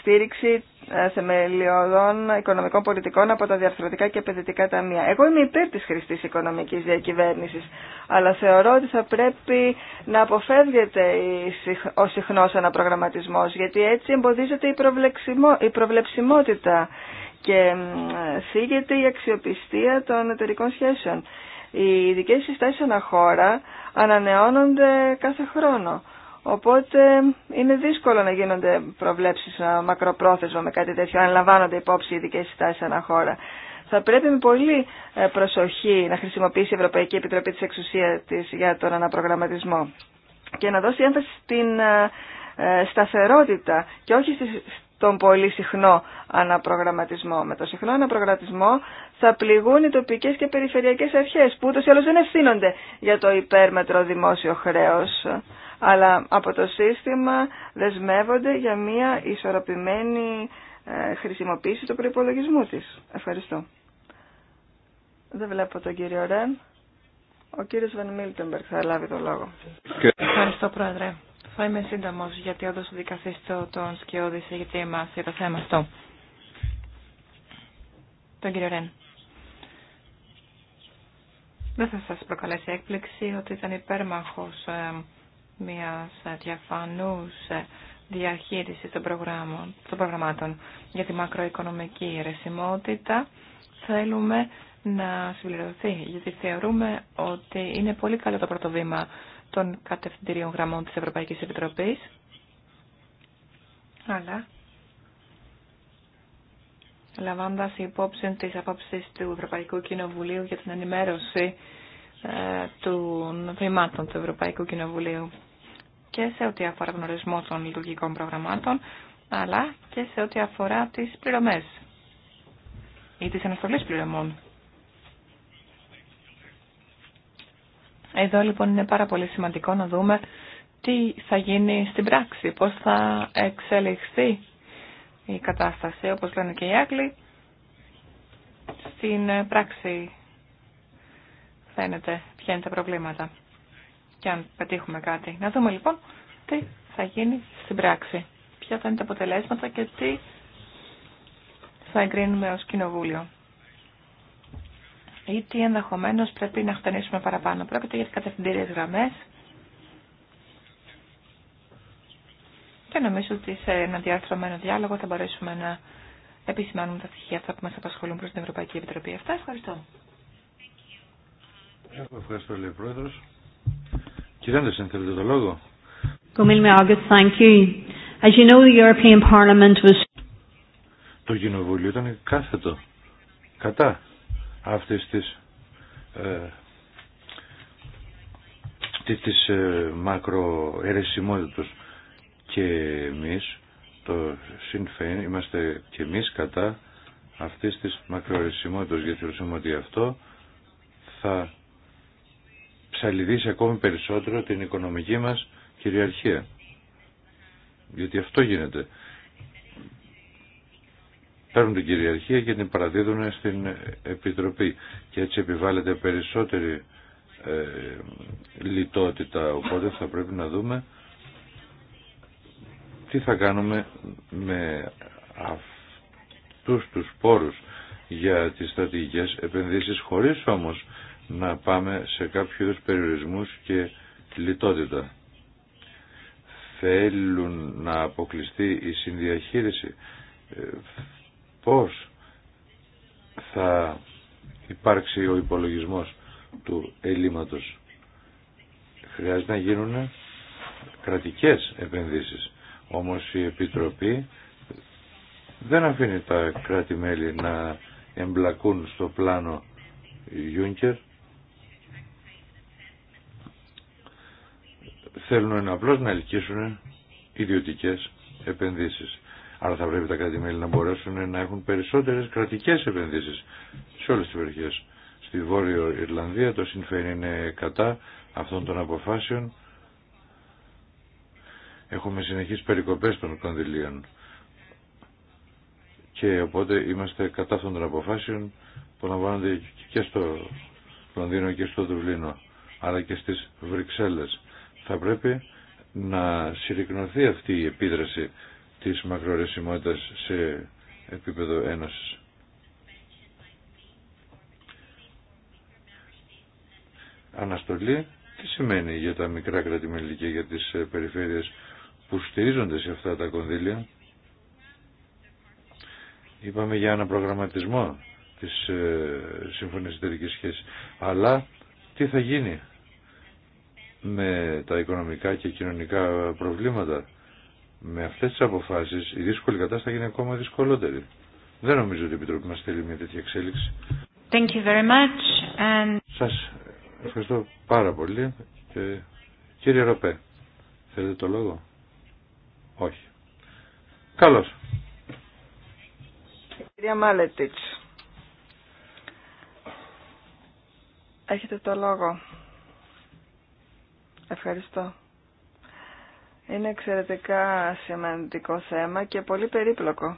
στήριξη ε, θεμελιωδών οικονομικών πολιτικών από τα διαρθρωτικά και επενδυτικά ταμεία. Εγώ είμαι υπέρ της χρηστής οικονομικής διακυβέρνησης, αλλά θεωρώ ότι θα πρέπει να αποφεύγεται ο συχνός αναπρογραμματισμός, γιατί έτσι εμποδίζεται η προβλεψιμότητα και θίγεται η αξιοπιστία των εταιρικών σχέσεων. Οι ειδικέ συστάσεις αναχώρα ανανεώνονται κάθε χρόνο. Οπότε είναι δύσκολο να γίνονται προβλέψεις μακροπρόθεσμα με κάτι τέτοιο, αν λαμβάνονται υπόψη οι ειδικές συστάσεις αναχώρα. Θα πρέπει με πολύ ε, προσοχή να χρησιμοποιήσει η Ευρωπαϊκή Επιτροπή της Εξουσία της για τον αναπρογραμματισμό και να δώσει έμφαση στην ε, ε, σταθερότητα και όχι στον πολύ συχνό αναπρογραμματισμό. Με το συχνό αναπρογραμματισμό θα πληγούν οι τοπικές και περιφερειακές αρχές που ούτως ή άλλως δεν ευθύνονται για το υπέρμετρο δημόσιο χρέος αλλά από το σύστημα δεσμεύονται για μια ισορροπημένη ε, χρησιμοποίηση του προϋπολογισμού της. Ευχαριστώ. Δεν βλέπω τον κύριο Ρεν. Ο κύριος Βαν Μίλτεμπερκ θα λάβει το λόγο. Ευχαριστώ πρόεδρε. Θα είμαι σύντομο γιατί όντω ο δικαστή τον σκιώδησε γιατί μα για το θέμα αυτό. Τον κύριο Ρεν. Δεν θα σας προκαλέσει έκπληξη ότι ήταν υπέρμαχος ε, μιας διαφανούς ε, διαχείρισης των, των προγραμμάτων για τη μακροοικονομική ρεσιμότητα. Θέλουμε να συμπληρωθεί, γιατί θεωρούμε ότι είναι πολύ καλό το πρώτο βήμα των κατευθυντηρίων γραμμών της Ευρωπαϊκής Επιτροπής, αλλά Λαμβάνοντα υπόψη τις απόψεις του Ευρωπαϊκού Κοινοβουλίου για την ενημέρωση ε, των βήματων του Ευρωπαϊκού Κοινοβουλίου και σε ό,τι αφορά τον ορισμό των λειτουργικών προγραμμάτων, αλλά και σε ό,τι αφορά τις πληρωμές ή τις αναστολές πληρωμών. Εδώ λοιπόν είναι πάρα πολύ σημαντικό να δούμε τι θα γίνει στην πράξη, πώς θα εξελιχθεί η κατάσταση, όπως λένε και οι Άγγλοι, στην ε, πράξη φαίνεται ποια είναι τα προβλήματα και αν πετύχουμε κάτι. Να δούμε λοιπόν τι θα γίνει στην πράξη, ποια θα είναι τα αποτελέσματα και τι θα εγκρίνουμε ως κοινοβούλιο ή τι ενδεχομένω πρέπει να χτενίσουμε παραπάνω. Πρόκειται για τι κατευθυντήριε γραμμέ και νομίζω ότι σε ένα διαρθρωμένο διάλογο θα μπορέσουμε να επισημάνουμε τα στοιχεία αυτά που μας απασχολούν προς την Ευρωπαϊκή Επιτροπή. Αυτά ευχαριστώ. ευχαριστώ, λέει ο Πρόεδρος. Κύριε Άντερσεν, θέλετε το λόγο. Το Κοινοβούλιο ήταν κάθετο κατά αυτής της ε, ε μακροαιρεσιμότητας και εμείς το ΣΥΝΦΕΝ είμαστε και εμείς κατά αυτής της μακροαρισιμότητας γιατί θεωρούμε ότι αυτό θα ψαλιδίσει ακόμη περισσότερο την οικονομική μας κυριαρχία. Γιατί αυτό γίνεται. Παίρνουν την κυριαρχία και την παραδίδουν στην Επιτροπή και έτσι επιβάλλεται περισσότερη ε, λιτότητα. Οπότε θα πρέπει να δούμε τι θα κάνουμε με αυτούς τους πόρους για τις στρατηγικές επενδύσεις χωρίς όμως να πάμε σε κάποιους περιορισμούς και λιτότητα. Θέλουν να αποκλειστεί η συνδιαχείριση. Ε, πώς θα υπάρξει ο υπολογισμός του ελλείμματος. Χρειάζεται να γίνουν κρατικές επενδύσεις όμως η Επιτροπή δεν αφήνει τα κράτη-μέλη να εμπλακούν στο πλάνο Juncker. Θέλουν απλώς να ελκύσουν ιδιωτικές επενδύσεις. Άρα θα πρέπει τα κράτη-μέλη να μπορέσουν να έχουν περισσότερες κρατικές επενδύσεις σε όλες τις περιοχές. Στη Βόρειο Ιρλανδία το συμφέρει είναι κατά αυτών των αποφάσεων Έχουμε συνεχείς περικοπές των κονδυλίων και οπότε είμαστε κατά των αποφάσεων που λαμβάνονται και στο Λονδίνο και στο Δουβλίνο αλλά και στις Βρυξέλλες. Θα πρέπει να συρρυκνωθεί αυτή η επίδραση της μακρορεσιμότητας σε επίπεδο ένωσης. Αναστολή τι σημαίνει για τα μικρά κρατημέλη και για τις ε, περιφέρειες που στηρίζονται σε αυτά τα κονδύλια. Είπαμε για ένα προγραμματισμό της ε, Σύμφωνης Εταιρικής Σχέσης. Αλλά τι θα γίνει με τα οικονομικά και κοινωνικά προβλήματα. Με αυτές τις αποφάσεις η δύσκολη κατάσταση θα γίνει ακόμα δυσκολότερη. Δεν νομίζω ότι η Επιτροπή μας θέλει μια τέτοια εξέλιξη. Thank you very much. And... Σας ευχαριστώ πάρα πολύ. Και... Κύριε Ροπέ, θέλετε το λόγο. Όχι. Καλώ. Κυρία Μάλετιτς. Έχετε το λόγο. Ευχαριστώ. Είναι εξαιρετικά σημαντικό θέμα και πολύ περίπλοκο.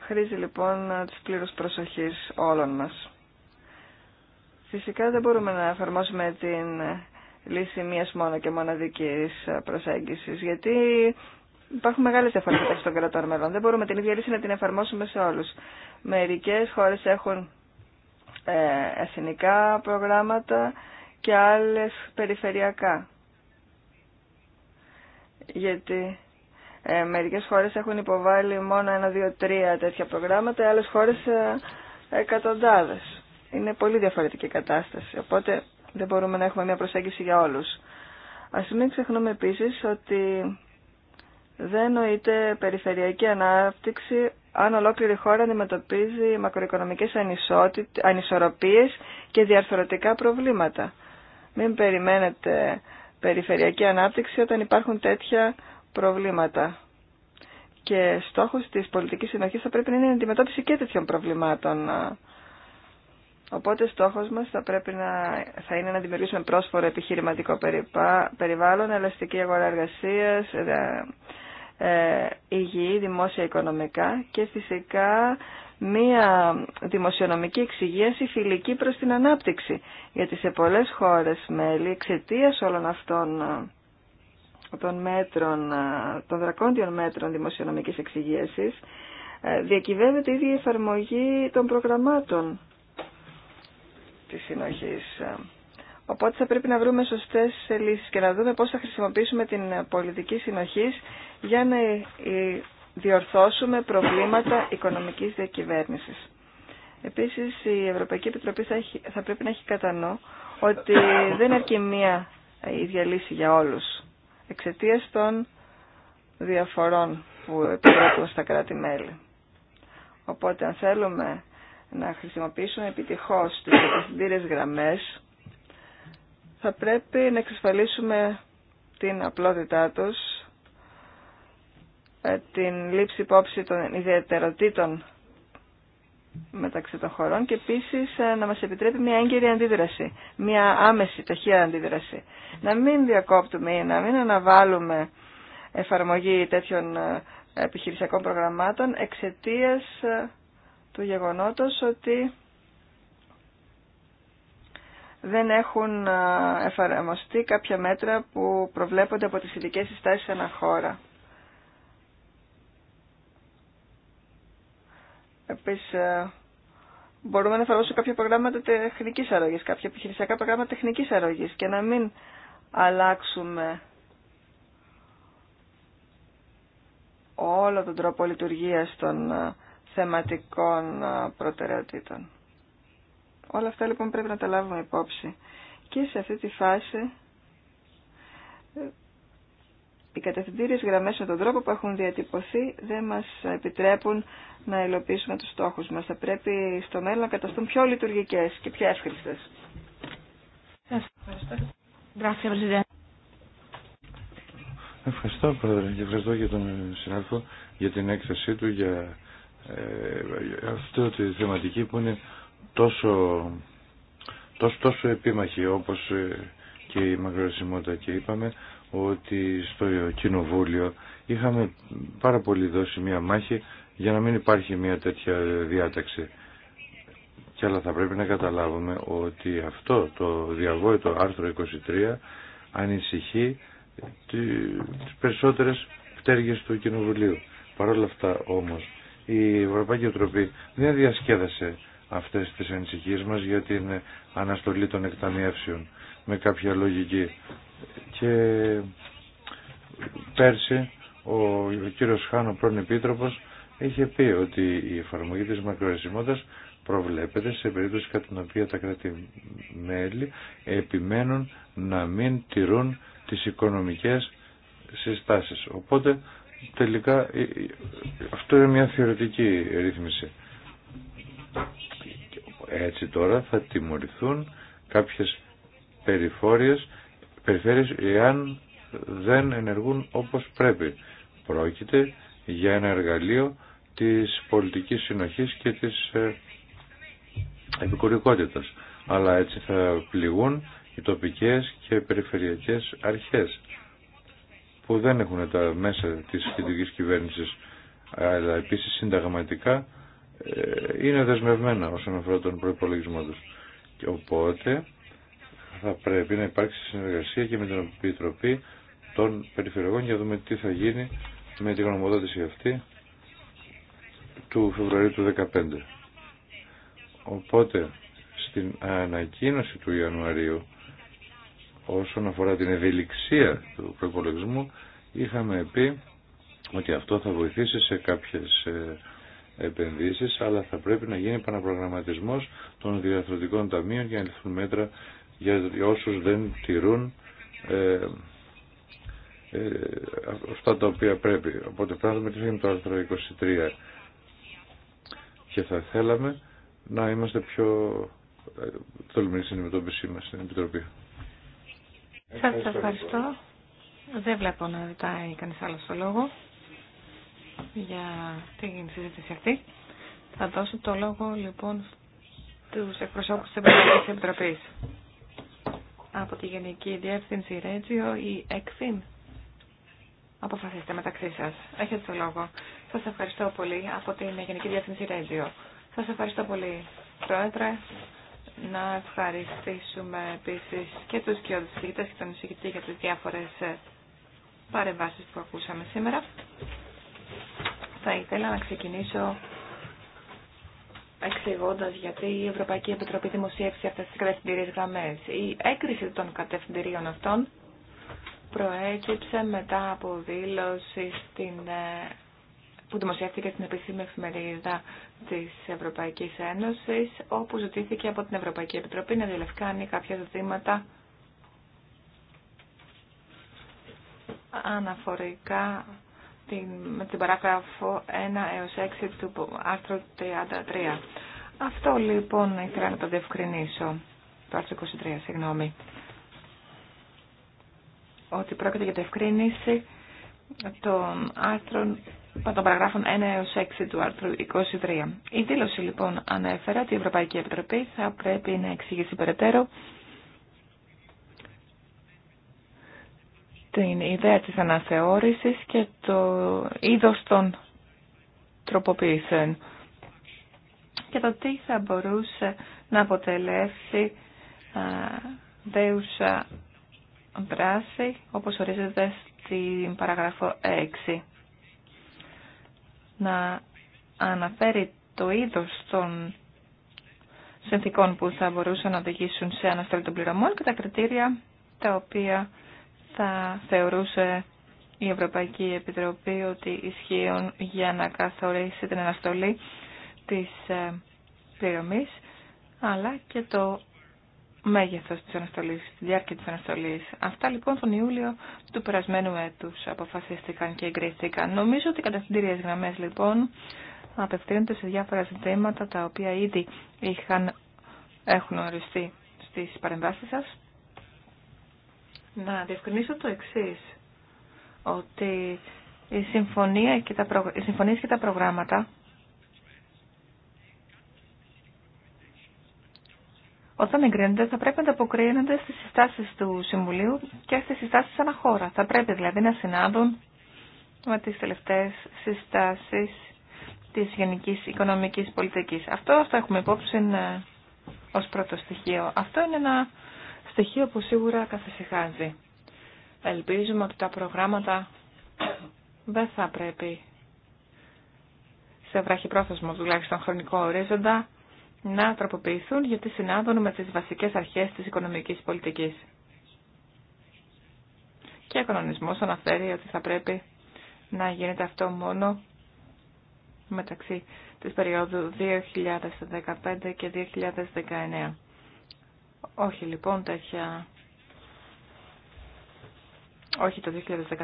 Χρήζει λοιπόν της πλήρους προσοχής όλων μας. Φυσικά δεν μπορούμε να εφαρμόσουμε την λύση μια μόνο και μοναδική προσέγγιση, γιατί υπάρχουν μεγάλε διαφορέ μεταξύ των κρατών μελών. Δεν μπορούμε την ίδια λύση να την εφαρμόσουμε σε όλου. Μερικέ χώρε έχουν ε, εθνικά προγράμματα και αλλε περιφερειακά. Γιατί ε, μερικές χώρες έχουν υποβάλει μόνο ένα, δύο, τρία τέτοια προγράμματα, άλλε χώρε ε, εκατοντάδε. Είναι πολύ διαφορετική κατάσταση. Οπότε δεν μπορούμε να έχουμε μια προσέγγιση για όλους. Ας μην ξεχνούμε επίσης ότι δεν εννοείται περιφερειακή ανάπτυξη αν ολόκληρη η χώρα αντιμετωπίζει μακροοικονομικές ανισορροπίες και διαρθρωτικά προβλήματα. Μην περιμένετε περιφερειακή ανάπτυξη όταν υπάρχουν τέτοια προβλήματα. Και στόχος της πολιτικής συνοχής θα πρέπει να είναι η αντιμετώπιση και τέτοιων προβλημάτων Οπότε στόχος μας θα, πρέπει να, θα είναι να δημιουργήσουμε πρόσφορο επιχειρηματικό περιβάλλον, ελαστική αγορά εργασίας, ε, ε, υγιή, δημόσια οικονομικά και φυσικά μία δημοσιονομική εξυγίαση φιλική προς την ανάπτυξη. Γιατί σε πολλές χώρες μέλη εξαιτία όλων αυτών ε, των μέτρων, ε, των δρακόντιων μέτρων δημοσιονομικής εξυγίασης διακυβεύεται η ίδια εφαρμογή των προγραμμάτων της συνοχής. Οπότε θα πρέπει να βρούμε σωστές λύσεις και να δούμε πώς θα χρησιμοποιήσουμε την πολιτική συνοχής για να ε, διορθώσουμε προβλήματα οικονομικής διακυβέρνησης. Επίσης η Ευρωπαϊκή Επιτροπή θα, θα πρέπει να έχει κατά νου ότι δεν αρκεί μία ίδια λύση για όλους εξαιτίας των διαφορών που επιτρέπουν στα κράτη-μέλη. Οπότε αν θέλουμε να χρησιμοποιήσουμε επιτυχώς τις κατευθυντήρες γραμμές, θα πρέπει να εξασφαλίσουμε την απλότητά τους, ε, την λήψη υπόψη των ιδιαιτεροτήτων μεταξύ των χωρών και επίσης ε, να μας επιτρέπει μια έγκαιρη αντίδραση, μια άμεση, ταχεία αντίδραση. Να μην διακόπτουμε ή να μην αναβάλουμε εφαρμογή τέτοιων ε, επιχειρησιακών προγραμμάτων εξαιτίας του γεγονότος ότι δεν έχουν εφαρμοστεί κάποια μέτρα που προβλέπονται από τις ειδικέ συστάσεις ανά χώρα. Επίσης, μπορούμε να εφαρμόσουμε κάποια προγράμματα τεχνικής αρρωγής, κάποια επιχειρησιακά προγράμματα τεχνικής αρρωγής και να μην αλλάξουμε όλο τον τρόπο λειτουργίας των θεματικών προτεραιοτήτων. Όλα αυτά λοιπόν πρέπει να τα λάβουμε υπόψη. Και σε αυτή τη φάση ε, οι κατευθυντήριες γραμμές με τον τρόπο που έχουν διατυπωθεί δεν μας επιτρέπουν να υλοποιήσουμε τους στόχους μας. Θα πρέπει στο μέλλον να καταστούν πιο λειτουργικές και πιο εύχριστες. Ευχαριστώ. Ευχαριστώ, Πρόεδρε, ευχαριστώ για τον συνάδελφο για την έκθεσή του για ε, αυτή τη θεματική που είναι τόσο, τόσο, τόσο επίμαχη όπως ε, και η μακροεσιμότητα και είπαμε ότι στο κοινοβούλιο είχαμε πάρα πολύ δώσει μία μάχη για να μην υπάρχει μία τέτοια διάταξη. Και αλλά θα πρέπει να καταλάβουμε ότι αυτό το διαβόητο άρθρο 23 ανησυχεί τις περισσότερες πτέρυγες του Κοινοβουλίου. Παρ' όλα αυτά όμως η Ευρωπαϊκή Επιτροπή δεν διασκέδασε αυτές τις ανησυχίες μας για την αναστολή των εκταμιεύσεων με κάποια λογική. Και πέρσι ο κύριος Χάνο πρώην Επίτροπος είχε πει ότι η εφαρμογή της μακροαιρεσιμότητας προβλέπεται σε περίπτωση κατά την οποία τα κράτη-μέλη επιμένουν να μην τηρούν τις οικονομικές συστάσεις. Οπότε τελικά ε, ε, αυτό είναι μια θεωρητική ρύθμιση. Έτσι τώρα θα τιμωρηθούν κάποιες περιφόρειες, περιφέρειες εάν δεν ενεργούν όπως πρέπει. Πρόκειται για ένα εργαλείο της πολιτικής συνοχής και της ε, επικουρικότητας. Αλλά έτσι θα πληγούν οι τοπικές και περιφερειακές αρχές που δεν έχουν τα μέσα της σχετικής κυβέρνησης αλλά επίσης συνταγματικά ε, είναι δεσμευμένα όσον αφορά τον προπολογισμό τους. Και οπότε θα πρέπει να υπάρξει συνεργασία και με την Επιτροπή των Περιφερειακών για να δούμε τι θα γίνει με την γνωμοδότηση αυτή του Φεβρουαρίου του 2015. Οπότε στην ανακοίνωση του Ιανουαρίου όσον αφορά την ευελιξία του προπολογισμού είχαμε πει ότι αυτό θα βοηθήσει σε κάποιες ε, επενδύσεις αλλά θα πρέπει να γίνει επαναπρογραμματισμός των διαθροτικών ταμείων για να ληφθούν μέτρα για όσους δεν τηρούν ε, ε, αυτά τα οποία πρέπει. Οπότε πράγματι τι είναι το άρθρο 23 και θα θέλαμε να είμαστε πιο ε, τολμηροί στην αντιμετώπιση μας στην Επιτροπή. Σα ευχαριστώ. Δεν βλέπω να ζητάει κανεί άλλο το λόγο για την συζήτηση αυτή. Θα δώσω το λόγο λοιπόν στου εκπροσώπου τη Ευρωπαϊκή Επιτροπή. Από τη Γενική Διεύθυνση Ρέτζιο ή ΕΚΦΙΝ. Αποφασίστε μεταξύ σα. Έχετε το λόγο. σα ευχαριστώ πολύ από την Γενική Διεύθυνση Ρέτζιο. σα ευχαριστώ πολύ, Πρόεδρε να ευχαριστήσουμε επίση και τους και και τον εισηγητή για τις διάφορες ε, παρεμβάσει που ακούσαμε σήμερα. Θα ήθελα να ξεκινήσω εξηγώντα γιατί η Ευρωπαϊκή Επιτροπή δημοσίευσε αυτές τις κατευθυντηρίες γραμμέ. Η έγκριση των κατευθυντηρίων αυτών προέκυψε μετά από δήλωση στην ε, που δημοσιεύτηκε στην επίσημη εφημερίδα της Ευρωπαϊκής Ένωσης, όπου ζητήθηκε από την Ευρωπαϊκή Επιτροπή να διελευκάνει κάποια ζητήματα αναφορικά με την παράγραφο 1 έως 6 του άρθρου 33. Αυτό λοιπόν ήθελα να το διευκρινίσω, το άρθρο 23, συγγνώμη, ότι πρόκειται για διευκρίνηση των άρθρων των παραγράφων 1 έως 6 του άρθρου 23. Η δήλωση λοιπόν ανέφερε ότι η Ευρωπαϊκή Επιτροπή θα πρέπει να εξηγήσει περαιτέρω την ιδέα της αναθεώρησης και το είδος των τροποποιήσεων και το τι θα μπορούσε να αποτελέσει δέουσα δράση όπως ορίζεται στην παραγραφό 6 να αναφέρει το είδος των συνθήκων που θα μπορούσαν να οδηγήσουν σε αναστολή των πληρωμών και τα κριτήρια τα οποία θα θεωρούσε η Ευρωπαϊκή Επιτροπή ότι ισχύουν για να καθορίσει την αναστολή της ε, πληρωμής αλλά και το μέγεθο τη αναστολή, τη διάρκεια τη αναστολή. Αυτά λοιπόν τον Ιούλιο του περασμένου έτου αποφασίστηκαν και εγκρίθηκαν. Νομίζω ότι οι κατευθυντήριε γραμμέ λοιπόν απευθύνονται σε διάφορα ζητήματα τα οποία ήδη είχαν, έχουν οριστεί στι παρεμβάσει σα, Να διευκρινίσω το εξή ότι η συμφωνία και τα, προ... οι συμφωνίε και τα προγράμματα όταν εγκρίνονται θα πρέπει να αποκρίνονται στις συστάσεις του Συμβουλίου και στις συστάσεις αναχώρα. Θα πρέπει δηλαδή να συνάδουν με τις τελευταίες συστάσεις της γενικής οικονομικής πολιτικής. Αυτό, θα έχουμε υπόψη ε, ως πρώτο στοιχείο. Αυτό είναι ένα στοιχείο που σίγουρα καθησυχάζει. Ελπίζουμε ότι τα προγράμματα δεν θα πρέπει σε βραχυπρόθεσμο τουλάχιστον χρονικό ορίζοντα να τροποποιηθούν γιατί συνάδουν με τις βασικές αρχές της οικονομικής πολιτικής. Και ο κανονισμός αναφέρει ότι θα πρέπει να γίνεται αυτό μόνο μεταξύ της περίοδου 2015 και 2019. Όχι λοιπόν τέτοια... Όχι το 2014.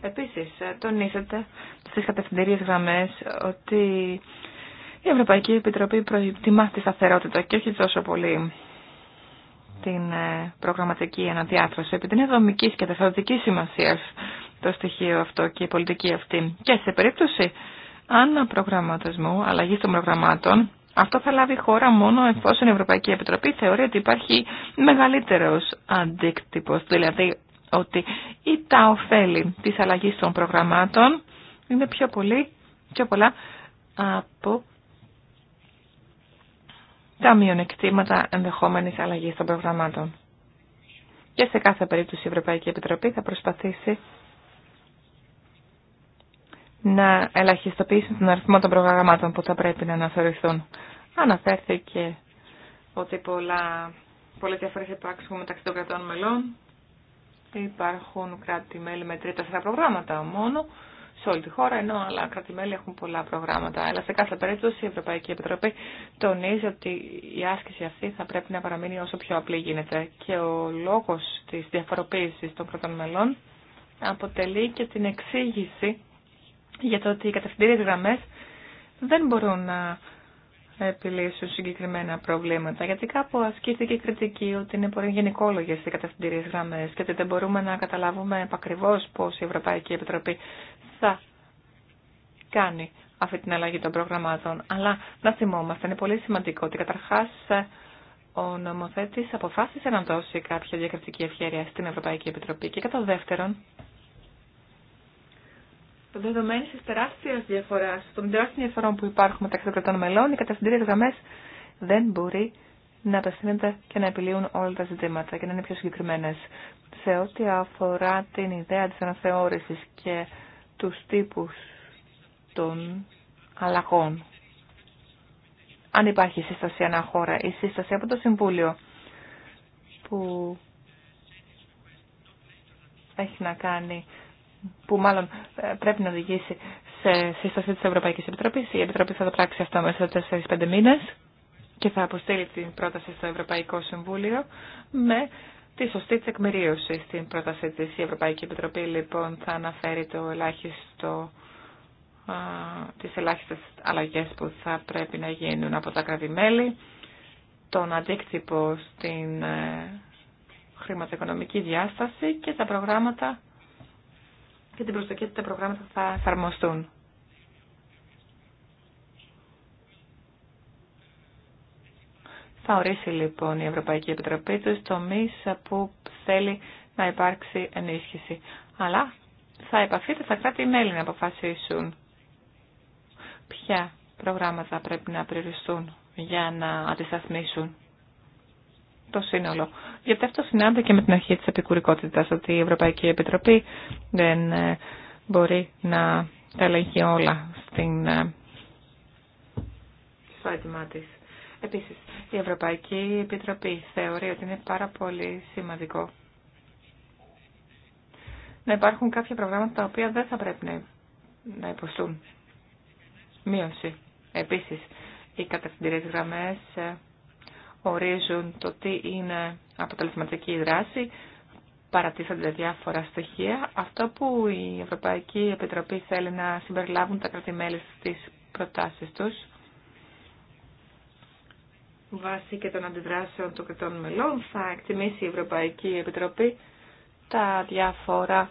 Επίσης, ε, τονίσατε στις κατευθυντήριες γραμμές ότι η Ευρωπαϊκή Επιτροπή προτιμά τη σταθερότητα και όχι τόσο πολύ την ε, προγραμματική αναδιάθρωση, επειδή είναι δομικής και τεθοδικής σημασίας το στοιχείο αυτό και η πολιτική αυτή. Και σε περίπτωση αναπρογραμματισμού, αλλαγή των προγραμμάτων, αυτό θα λάβει χώρα μόνο εφόσον η Ευρωπαϊκή Επιτροπή θεωρεί ότι υπάρχει μεγαλύτερος αντίκτυπος, δηλαδή ότι ή τα ωφέλη της αλλαγής των προγραμμάτων είναι πιο πολύ, πιο πολλά από τα μειονεκτήματα ενδεχόμενης αλλαγής των προγραμμάτων. Και σε κάθε περίπτωση η Ευρωπαϊκή Επιτροπή θα προσπαθήσει να ελαχιστοποιήσει τον αριθμό των προγραμμάτων που θα πρέπει να αναθεωρηθούν. Αναφέρθηκε ότι πολλά, πολλές διαφορές υπάρχουν μεταξύ των κρατών μελών. Υπάρχουν κράτη-μέλη με τρία-τέσσερα προγράμματα μόνο σε όλη τη χώρα, ενώ άλλα κράτη-μέλη έχουν πολλά προγράμματα. Αλλά σε κάθε περίπτωση η Ευρωπαϊκή Επιτροπή τονίζει ότι η άσκηση αυτή θα πρέπει να παραμείνει όσο πιο απλή γίνεται. Και ο λόγος της διαφοροποίηση των κρατών μελών αποτελεί και την εξήγηση για το ότι οι κατευθυντήριε γραμμές δεν μπορούν να επιλύσουν συγκεκριμένα προβλήματα. Γιατί κάπου ασκήθηκε η κριτική ότι είναι πολύ γενικόλογε οι κατευθυντήριε γραμμέ και ότι δεν μπορούμε να καταλάβουμε επακριβώ πώ η Ευρωπαϊκή Επιτροπή θα κάνει αυτή την αλλαγή των προγραμμάτων. Αλλά να θυμόμαστε, είναι πολύ σημαντικό ότι καταρχά ε, ο νομοθέτη αποφάσισε να δώσει κάποια διακριτική ευχαίρεια στην Ευρωπαϊκή Επιτροπή και κατά δεύτερον δεδομένη τη τεράστια διαφορά, των τεράστιων διαφορών που υπάρχουν μεταξύ των κρατών μελών, οι κατευθυντήριε γραμμέ δεν μπορεί να απευθύνεται και να επιλύουν όλα τα ζητήματα και να είναι πιο συγκεκριμένε. Σε ό,τι αφορά την ιδέα τη αναθεώρηση και του τύπου των αλλαγών, αν υπάρχει σύσταση ανά χώρα ή σύσταση από το Συμβούλιο που έχει να κάνει που μάλλον ε, πρέπει να οδηγήσει σε σύσταση της Ευρωπαϊκής Επιτροπής. Η Επιτροπή θα το πράξει αυτό μέσα σε 4-5 μήνες και θα αποστείλει την πρόταση στο Ευρωπαϊκό Συμβούλιο με τη σωστή τεκμηρίωση στην πρόταση της. Η Ευρωπαϊκή Επιτροπή λοιπόν θα αναφέρει το ελάχιστο τις ελάχιστες αλλαγές που θα πρέπει να γίνουν από τα κράτη-μέλη, τον αντίκτυπο στην ε, χρηματοοικονομική διάσταση και τα προγράμματα και την προσδοκία ότι τα προγράμματα θα εφαρμοστούν. Θα ορίσει λοιπόν η Ευρωπαϊκή Επιτροπή του τομεί που θέλει να υπάρξει ενίσχυση. Αλλά θα επαφείτε, στα κράτη-μέλη να αποφασίσουν ποια προγράμματα πρέπει να περιοριστούν για να αντισταθμίσουν το σύνολο. Γιατί αυτό συνάντηκε και με την αρχή της επικουρικότητας, ότι η Ευρωπαϊκή Επιτροπή δεν ε, μπορεί να τα ελέγχει όλα στην, ε, στο έτοιμά τη. Επίσης, η Ευρωπαϊκή Επιτροπή θεωρεί ότι είναι πάρα πολύ σημαντικό να υπάρχουν κάποια προγράμματα τα οποία δεν θα πρέπει να υποστούν μείωση. Επίσης, οι κατευθυντήρες γραμμές ε, ορίζουν το τι είναι αποτελεσματική δράση, παρατίθενται διάφορα στοιχεία. Αυτό που η Ευρωπαϊκή Επιτροπή θέλει να συμπεριλάβουν τα κρατημέλη στις προτάσεις τους, βάσει και των αντιδράσεων των κρατών μελών, θα εκτιμήσει η Ευρωπαϊκή Επιτροπή τα διάφορα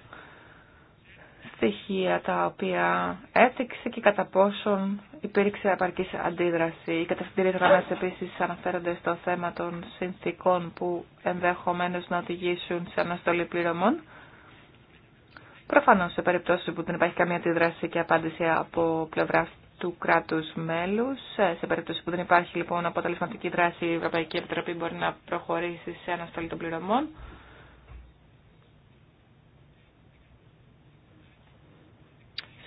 στοιχεία τα οποία έδειξε και κατά πόσον υπήρξε απαρκής αντίδραση. Οι κατευθυντήριες γραμμέ επίση αναφέρονται στο θέμα των συνθήκων που ενδεχομένω να οδηγήσουν σε αναστολή πληρωμών. Προφανώ σε περίπτωση που δεν υπάρχει καμία αντίδραση και απάντηση από πλευρά του κράτου μέλους. Ε, σε περίπτωση που δεν υπάρχει λοιπόν αποτελεσματική δράση η Ευρωπαϊκή Επιτροπή μπορεί να προχωρήσει σε αναστολή των πληρωμών.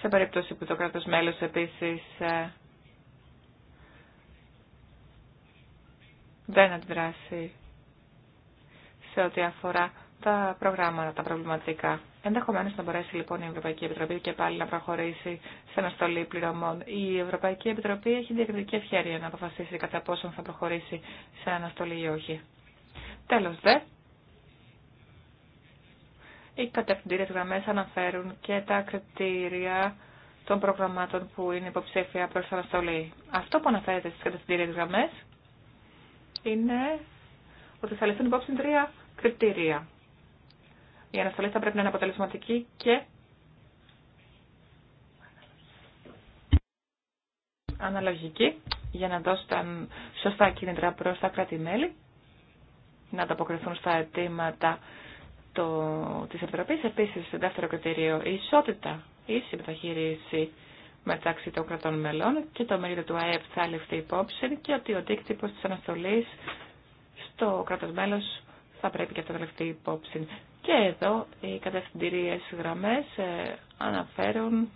σε περίπτωση που το κράτος μέλος επίσης ε, δεν αντιδράσει σε ό,τι αφορά τα προγράμματα, τα προβληματικά. Ενδεχομένως να μπορέσει λοιπόν η Ευρωπαϊκή Επιτροπή και πάλι να προχωρήσει σε αναστολή πληρωμών. Η Ευρωπαϊκή Επιτροπή έχει διακριτική ευχαίρεια να αποφασίσει κατά πόσον θα προχωρήσει σε αναστολή ή όχι. Τέλος δε, οι κατευθυντήριες γραμμές αναφέρουν και τα κριτήρια των προγραμμάτων που είναι υποψήφια προς αναστολή. Αυτό που αναφέρεται στις κατευθυντήριες γραμμές είναι ότι θα ληφθούν υπόψη τρία κριτήρια. Η αναστολή θα πρέπει να είναι αποτελεσματική και αναλογική για να δώσουν σωστά κίνητρα προς τα κράτη-μέλη να ανταποκριθούν στα αιτήματα το, της Επιτροπής. Επίσης, δεύτερο κριτήριο, η ισότητα, η ίση μεταξύ των κρατών μελών και το μερίδιο του ΑΕΠ θα ληφθεί υπόψη και ότι ο δίκτυπος της αναστολής στο κράτος μέλος θα πρέπει και αυτό να ληφθεί υπόψη. Και εδώ οι κατευθυντηρίες γραμμές ε, αναφέρουν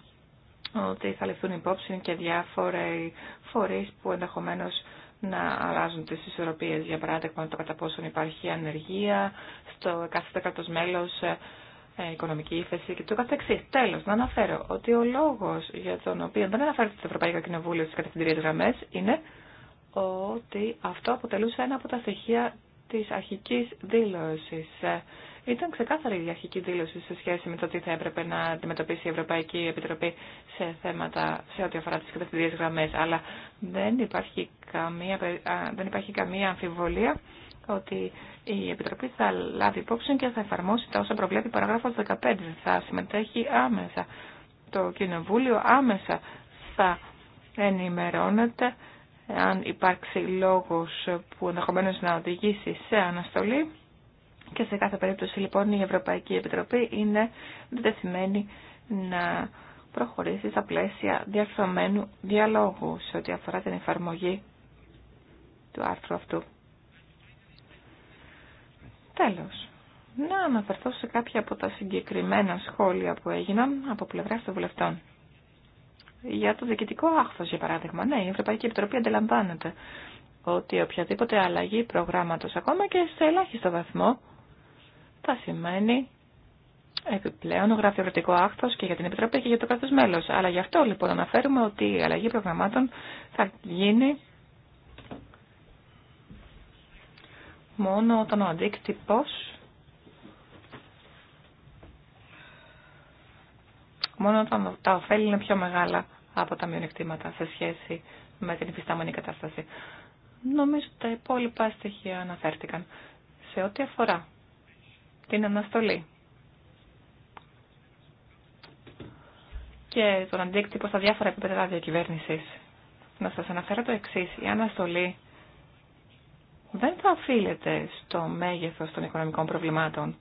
ότι θα ληφθούν υπόψη και διάφοροι φορείς που ενδεχομένως να αλλάζουν τις ισορροπίες, για παράδειγμα, το κατά πόσο υπάρχει ανεργία, στο κάθε κράτος μέλος, ε, ε, οικονομική ύφεση και το καθεξή. Τέλο, να αναφέρω ότι ο λόγο για τον οποίο δεν αναφέρεται το Ευρωπαϊκό Κοινοβούλιο στι κατευθυντήριε γραμμέ είναι ότι αυτό αποτελούσε ένα από τα στοιχεία τη αρχική δήλωση ε, ήταν ξεκάθαρη η αρχική δήλωση σε σχέση με το τι θα έπρεπε να αντιμετωπίσει η Ευρωπαϊκή Επιτροπή σε θέματα σε ό,τι αφορά τις κατευθυντικές γραμμές, αλλά δεν υπάρχει, καμία, δεν υπάρχει καμία αμφιβολία ότι η Επιτροπή θα λάβει υπόψη και θα εφαρμόσει τα όσα προβλέπει παραγράφος 15. Θα συμμετέχει άμεσα το Κοινοβούλιο, άμεσα θα ενημερώνεται αν υπάρξει λόγος που ενδεχομένω να οδηγήσει σε αναστολή και σε κάθε περίπτωση λοιπόν η Ευρωπαϊκή Επιτροπή είναι δεδεθειμένη να προχωρήσει στα πλαίσια διαρθρωμένου διαλόγου σε ό,τι αφορά την εφαρμογή του άρθρου αυτού. Τέλος, να αναφερθώ σε κάποια από τα συγκεκριμένα σχόλια που έγιναν από πλευρά των βουλευτών. Για το διοικητικό άχθος, για παράδειγμα, ναι, η Ευρωπαϊκή Επιτροπή αντιλαμβάνεται ότι οποιαδήποτε αλλαγή προγράμματος, ακόμα και σε ελάχιστο βαθμό, θα σημαίνει επιπλέον γραφειοκρατικό άκτο και για την Επιτροπή και για το κάθε μέλο. Αλλά γι' αυτό λοιπόν αναφέρουμε ότι η αλλαγή προγραμμάτων θα γίνει μόνο όταν ο αντίκτυπο. Μόνο όταν τα ωφέλη είναι πιο μεγάλα από τα μειονεκτήματα σε σχέση με την υφιστάμενη κατάσταση. Νομίζω τα υπόλοιπα στοιχεία αναφέρθηκαν. Σε ό,τι αφορά την αναστολή. Και τον αντίκτυπο στα διάφορα επίπεδα διακυβέρνηση. Να σα αναφέρω το εξή Η αναστολή δεν θα οφείλεται στο μέγεθος των οικονομικών προβλημάτων.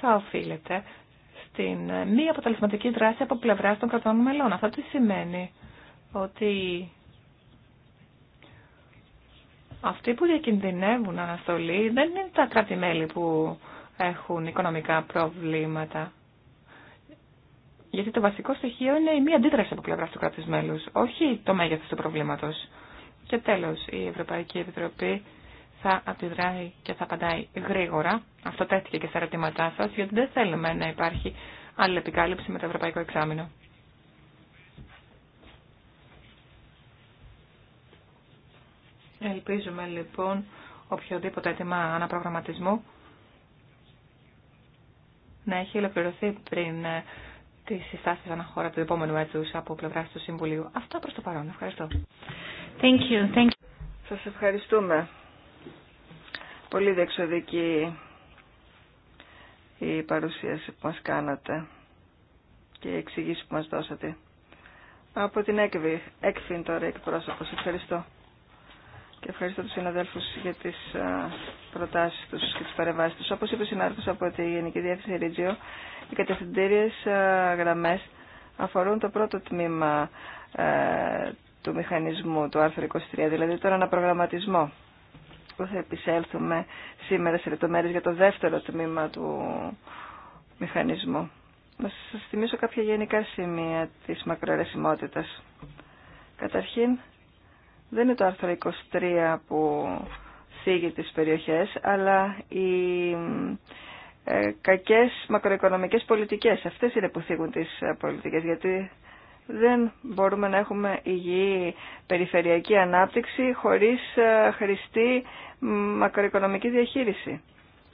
Θα οφείλεται στην μη αποτελεσματική δράση από πλευρά των κρατών μελών. Αυτό τι σημαίνει ότι αυτοί που διακινδυνεύουν αναστολή δεν είναι τα κράτη-μέλη που έχουν οικονομικά προβλήματα. Γιατί το βασικό στοιχείο είναι η μη αντίδραση από πλευρά του κράτου μελους όχι το μέγεθος του προβλήματος. Και τέλος, η Ευρωπαϊκή Επιτροπή θα αντιδράει και θα απαντάει γρήγορα. Αυτό τέθηκε και στα ερωτήματά σα, γιατί δεν θέλουμε να υπάρχει άλλη επικάλυψη με το Ευρωπαϊκό Εξάμεινο. Ελπίζουμε λοιπόν οποιοδήποτε έτοιμα αναπρογραμματισμού να έχει ολοκληρωθεί πριν ε, τι συστάσει αναχώρα του επόμενου έτου από πλευρά του Συμβουλίου. Αυτά προ το παρόν. Ευχαριστώ. Thank you. Thank you. Σα ευχαριστούμε. Πολύ διεξοδική η παρουσίαση που μας κάνατε και η εξηγήση που μας δώσατε. Από την ΕΚΒΗ, ΕΚΦΙΝ τώρα εκπρόσωπος. Ευχαριστώ και ευχαριστώ τους συναδέλφους για τις ε, προτάσεις τους και τις παρεμβάσεις τους. Όπως είπε ο συνάδελφος από τη Γενική Διεύθυνση Ρίτζιο, οι κατευθυντήριες ε, γραμμές αφορούν το πρώτο τμήμα ε, του μηχανισμού του άρθρου 23, δηλαδή τον αναπρογραμματισμό. Που θα επισέλθουμε σήμερα σε λεπτομέρειες για το δεύτερο τμήμα του μηχανισμού. Να σας θυμίσω κάποια γενικά σημεία της μακροαιρεσιμότητας. Καταρχήν, δεν είναι το άρθρο 23 που θίγει τις περιοχές, αλλά οι ε, κακές μακροοικονομικές πολιτικές. Αυτές είναι που θίγουν τις ε, πολιτικές, γιατί δεν μπορούμε να έχουμε υγιή περιφερειακή ανάπτυξη χωρίς ε, χρηστή μακροοικονομική διαχείριση.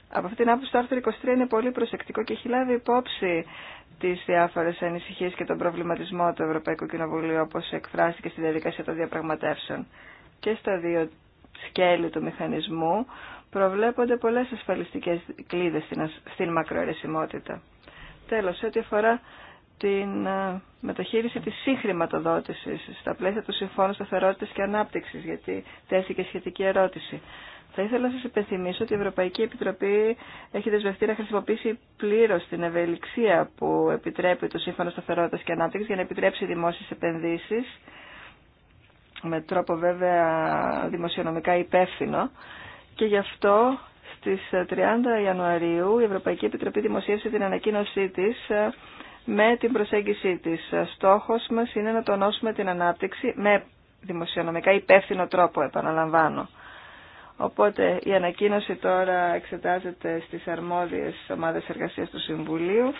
Από αυτήν την άποψη το άρθρο 23 είναι πολύ προσεκτικό και έχει λάβει υπόψη τις διάφορες ανησυχίες και τον προβληματισμό του Ευρωπαϊκού Κοινοβουλίου όπως εκφράστηκε στη διαδικασία των διαπραγματεύσεων. Και στα δύο σκέλη του μηχανισμού προβλέπονται πολλές ασφαλιστικές κλίδες στην μακροαιρεσιμότητα. Τέλος, ό,τι αφορά την ε, μεταχείριση της σύγχρηματοδότησης στα πλαίσια του Συμφώνου Σταθερότητας και Ανάπτυξης, γιατί τέθηκε σχετική ερώτηση. Θα ήθελα να σα υπενθυμίσω ότι η Ευρωπαϊκή Επιτροπή έχει δεσμευτεί να χρησιμοποιήσει πλήρως την ευελιξία που επιτρέπει το Σύμφωνο Σταθερότητα και ανάπτυξη για να επιτρέψει δημόσιες επενδύσεις με τρόπο βέβαια δημοσιονομικά υπεύθυνο και γι' αυτό στις 30 Ιανουαρίου η Ευρωπαϊκή Επιτροπή δημοσίευσε την ανακοίνωσή της ε, με την προσέγγιση της. Ε, στόχος μας είναι να τονώσουμε την ανάπτυξη με δημοσιονομικά υπεύθυνο τρόπο, επαναλαμβάνω. Οπότε η ανακοίνωση τώρα εξετάζεται στις αρμόδιες ομάδες εργασίας του Συμβουλίου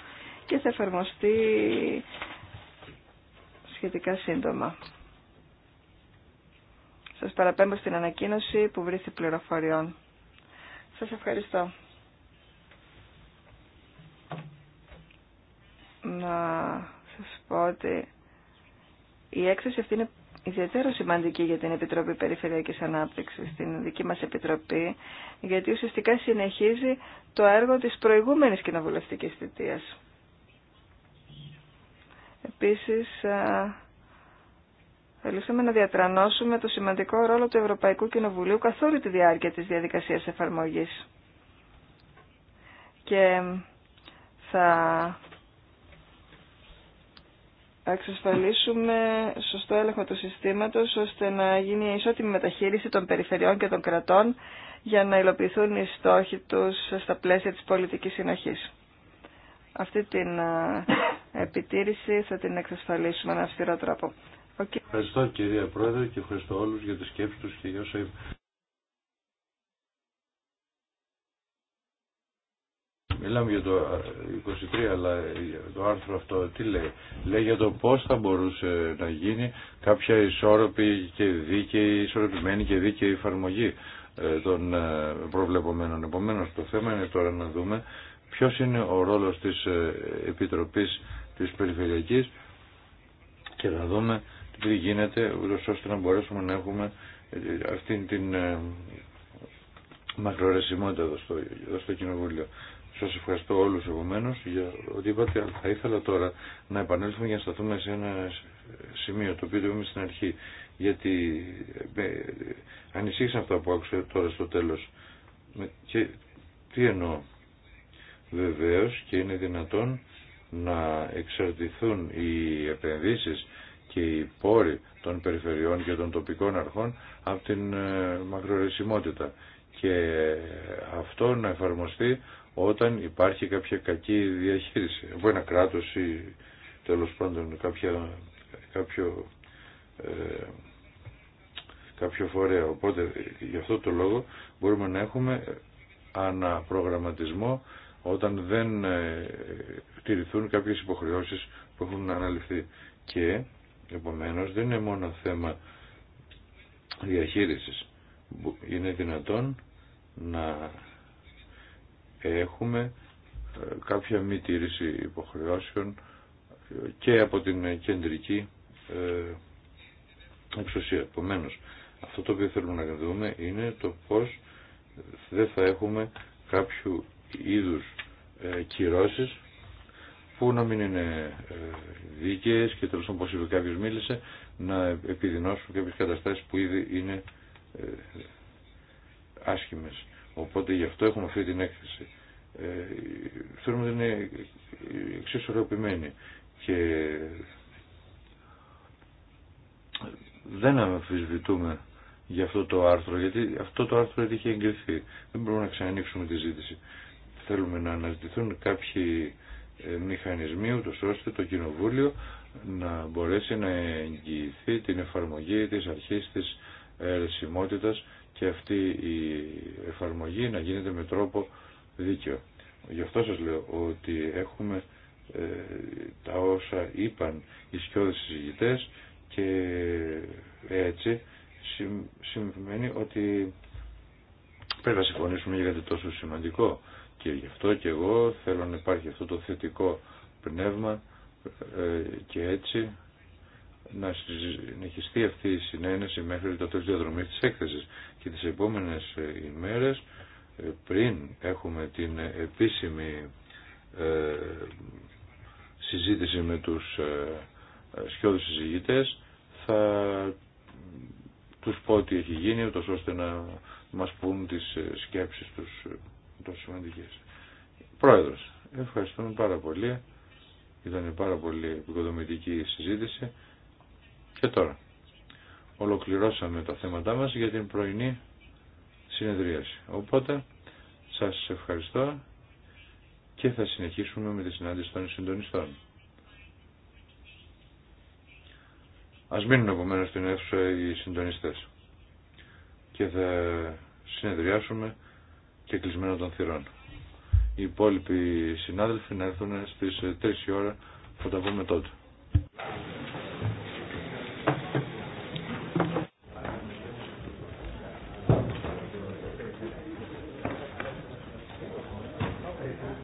και θα εφαρμοστεί σχετικά σύντομα. Σας παραπέμπω στην ανακοίνωση που βρήθη πληροφοριών. Σας ευχαριστώ. Να σας πω ότι η έκθεση αυτή είναι ιδιαίτερα σημαντική για την Επιτροπή Περιφερειακής Ανάπτυξης, την δική μας Επιτροπή, γιατί ουσιαστικά συνεχίζει το έργο της προηγούμενης κοινοβουλευτικής θητείας. Επίσης, θέλουμε να διατρανώσουμε το σημαντικό ρόλο του Ευρωπαϊκού Κοινοβουλίου καθ' όλη τη διάρκεια της διαδικασίας εφαρμογής. Και θα εξασφαλίσουμε σωστό έλεγχο του συστήματος ώστε να γίνει ισότιμη μεταχείριση των περιφερειών και των κρατών για να υλοποιηθούν οι στόχοι τους στα πλαίσια της πολιτικής συνοχής. Αυτή την επιτήρηση θα την εξασφαλίσουμε με αυστηρό τρόπο. Ευχαριστώ κυρία Πρόεδρε και ευχαριστώ όλους για τις σκέψεις τους και μιλάμε για το 23, αλλά το άρθρο αυτό τι λέει. Λέει για το πώς θα μπορούσε να γίνει κάποια ισόρροπη και δίκαιη, ισορροπημένη και δίκαιη εφαρμογή ε, των ε, προβλεπομένων Επομένως το θέμα είναι τώρα να δούμε ποιος είναι ο ρόλος της ε, Επιτροπής της Περιφερειακής και να δούμε τι γίνεται ώστε να μπορέσουμε να έχουμε αυτήν την μακρορεσιμότητα εδώ εδώ στο Κοινοβούλιο. Σας ευχαριστώ όλους επομένως για ότι είπατε, θα ήθελα τώρα να επανέλθουμε για να σταθούμε σε ένα σημείο το οποίο το είπαμε στην αρχή. Γιατί με, ανησύχησαν αυτά που άκουσα τώρα στο τέλος. Και τι εννοώ. Βεβαίως και είναι δυνατόν να εξαρτηθούν οι επενδύσεις και οι πόροι των περιφερειών και των τοπικών αρχών από την ε, μακρορεσιμότητα και αυτό να εφαρμοστεί όταν υπάρχει κάποια κακή διαχείριση από ένα κράτος ή τέλος πάντων κάποια, κάποιο, ε, κάποιο φορέα. Οπότε γι' αυτό το λόγο μπορούμε να έχουμε αναπρογραμματισμό όταν δεν ε, τηρηθούν κάποιες υποχρεώσεις που έχουν αναλυθεί. Και επομένως δεν είναι μόνο θέμα διαχείρισης. Είναι δυνατόν να έχουμε ε, κάποια μη τήρηση υποχρεώσεων ε, και από την κεντρική ε, εξουσία. Επομένω, αυτό το οποίο θέλουμε να δούμε είναι το πώς δεν θα έχουμε κάποιου είδους κυρώσεις που να μην είναι δίκαιες και τέλος όπως είπε κάποιος μίλησε να επιδεινώσουν κάποιες καταστάσεις που ήδη είναι άσχημες. Οπότε γι' αυτό έχουμε αυτή την έκθεση. Ε, να ότι είναι εξισορροπημένη και δεν αμφισβητούμε για αυτό το άρθρο, γιατί αυτό το άρθρο είχε εγκριθεί. Δεν μπορούμε να ξανανοίξουμε τη ζήτηση. Θέλουμε να αναζητηθούν κάποιοι ε, μηχανισμοί, ούτως ώστε το Κοινοβούλιο να μπορέσει να εγγυηθεί την εφαρμογή της αρχής της αιρεσιμότητας και αυτή η εφαρμογή να γίνεται με τρόπο δίκαιο. Γι' αυτό σας λέω ότι έχουμε ε, τα όσα είπαν οι σκιώδες συζητητές και ε, έτσι σημαίνει ότι πρέπει να συμφωνήσουμε για τόσο σημαντικό και γι' αυτό και εγώ θέλω να υπάρχει αυτό το θετικό πνεύμα ε, και έτσι να συνεχιστεί αυτή η συνένεση μέχρι το τέλος διαδρομής της έκθεσης και τις επόμενες ε, ημέρες ε, πριν έχουμε την επίσημη ε, συζήτηση με τους ε, συζητητές θα τους πω τι έχει γίνει ώστε να μας πούν τις σκέψεις τους τόσο σημαντικές. Πρόεδρος, ευχαριστούμε πάρα πολύ. Ήταν πάρα πολύ επικοδομητική η συζήτηση. Και τώρα, ολοκληρώσαμε τα θέματά μας για την πρωινή συνεδρίαση. Οπότε, σας ευχαριστώ και θα συνεχίσουμε με τη συνάντηση των συντονιστών. Ας μείνουν επομένως στην αίθουσα οι συντονιστές και θα συνεδριάσουμε και κλεισμένο των θυρών. Οι υπόλοιποι συνάδελφοι να έρθουν στις 3 η ώρα θα τα πούμε τότε.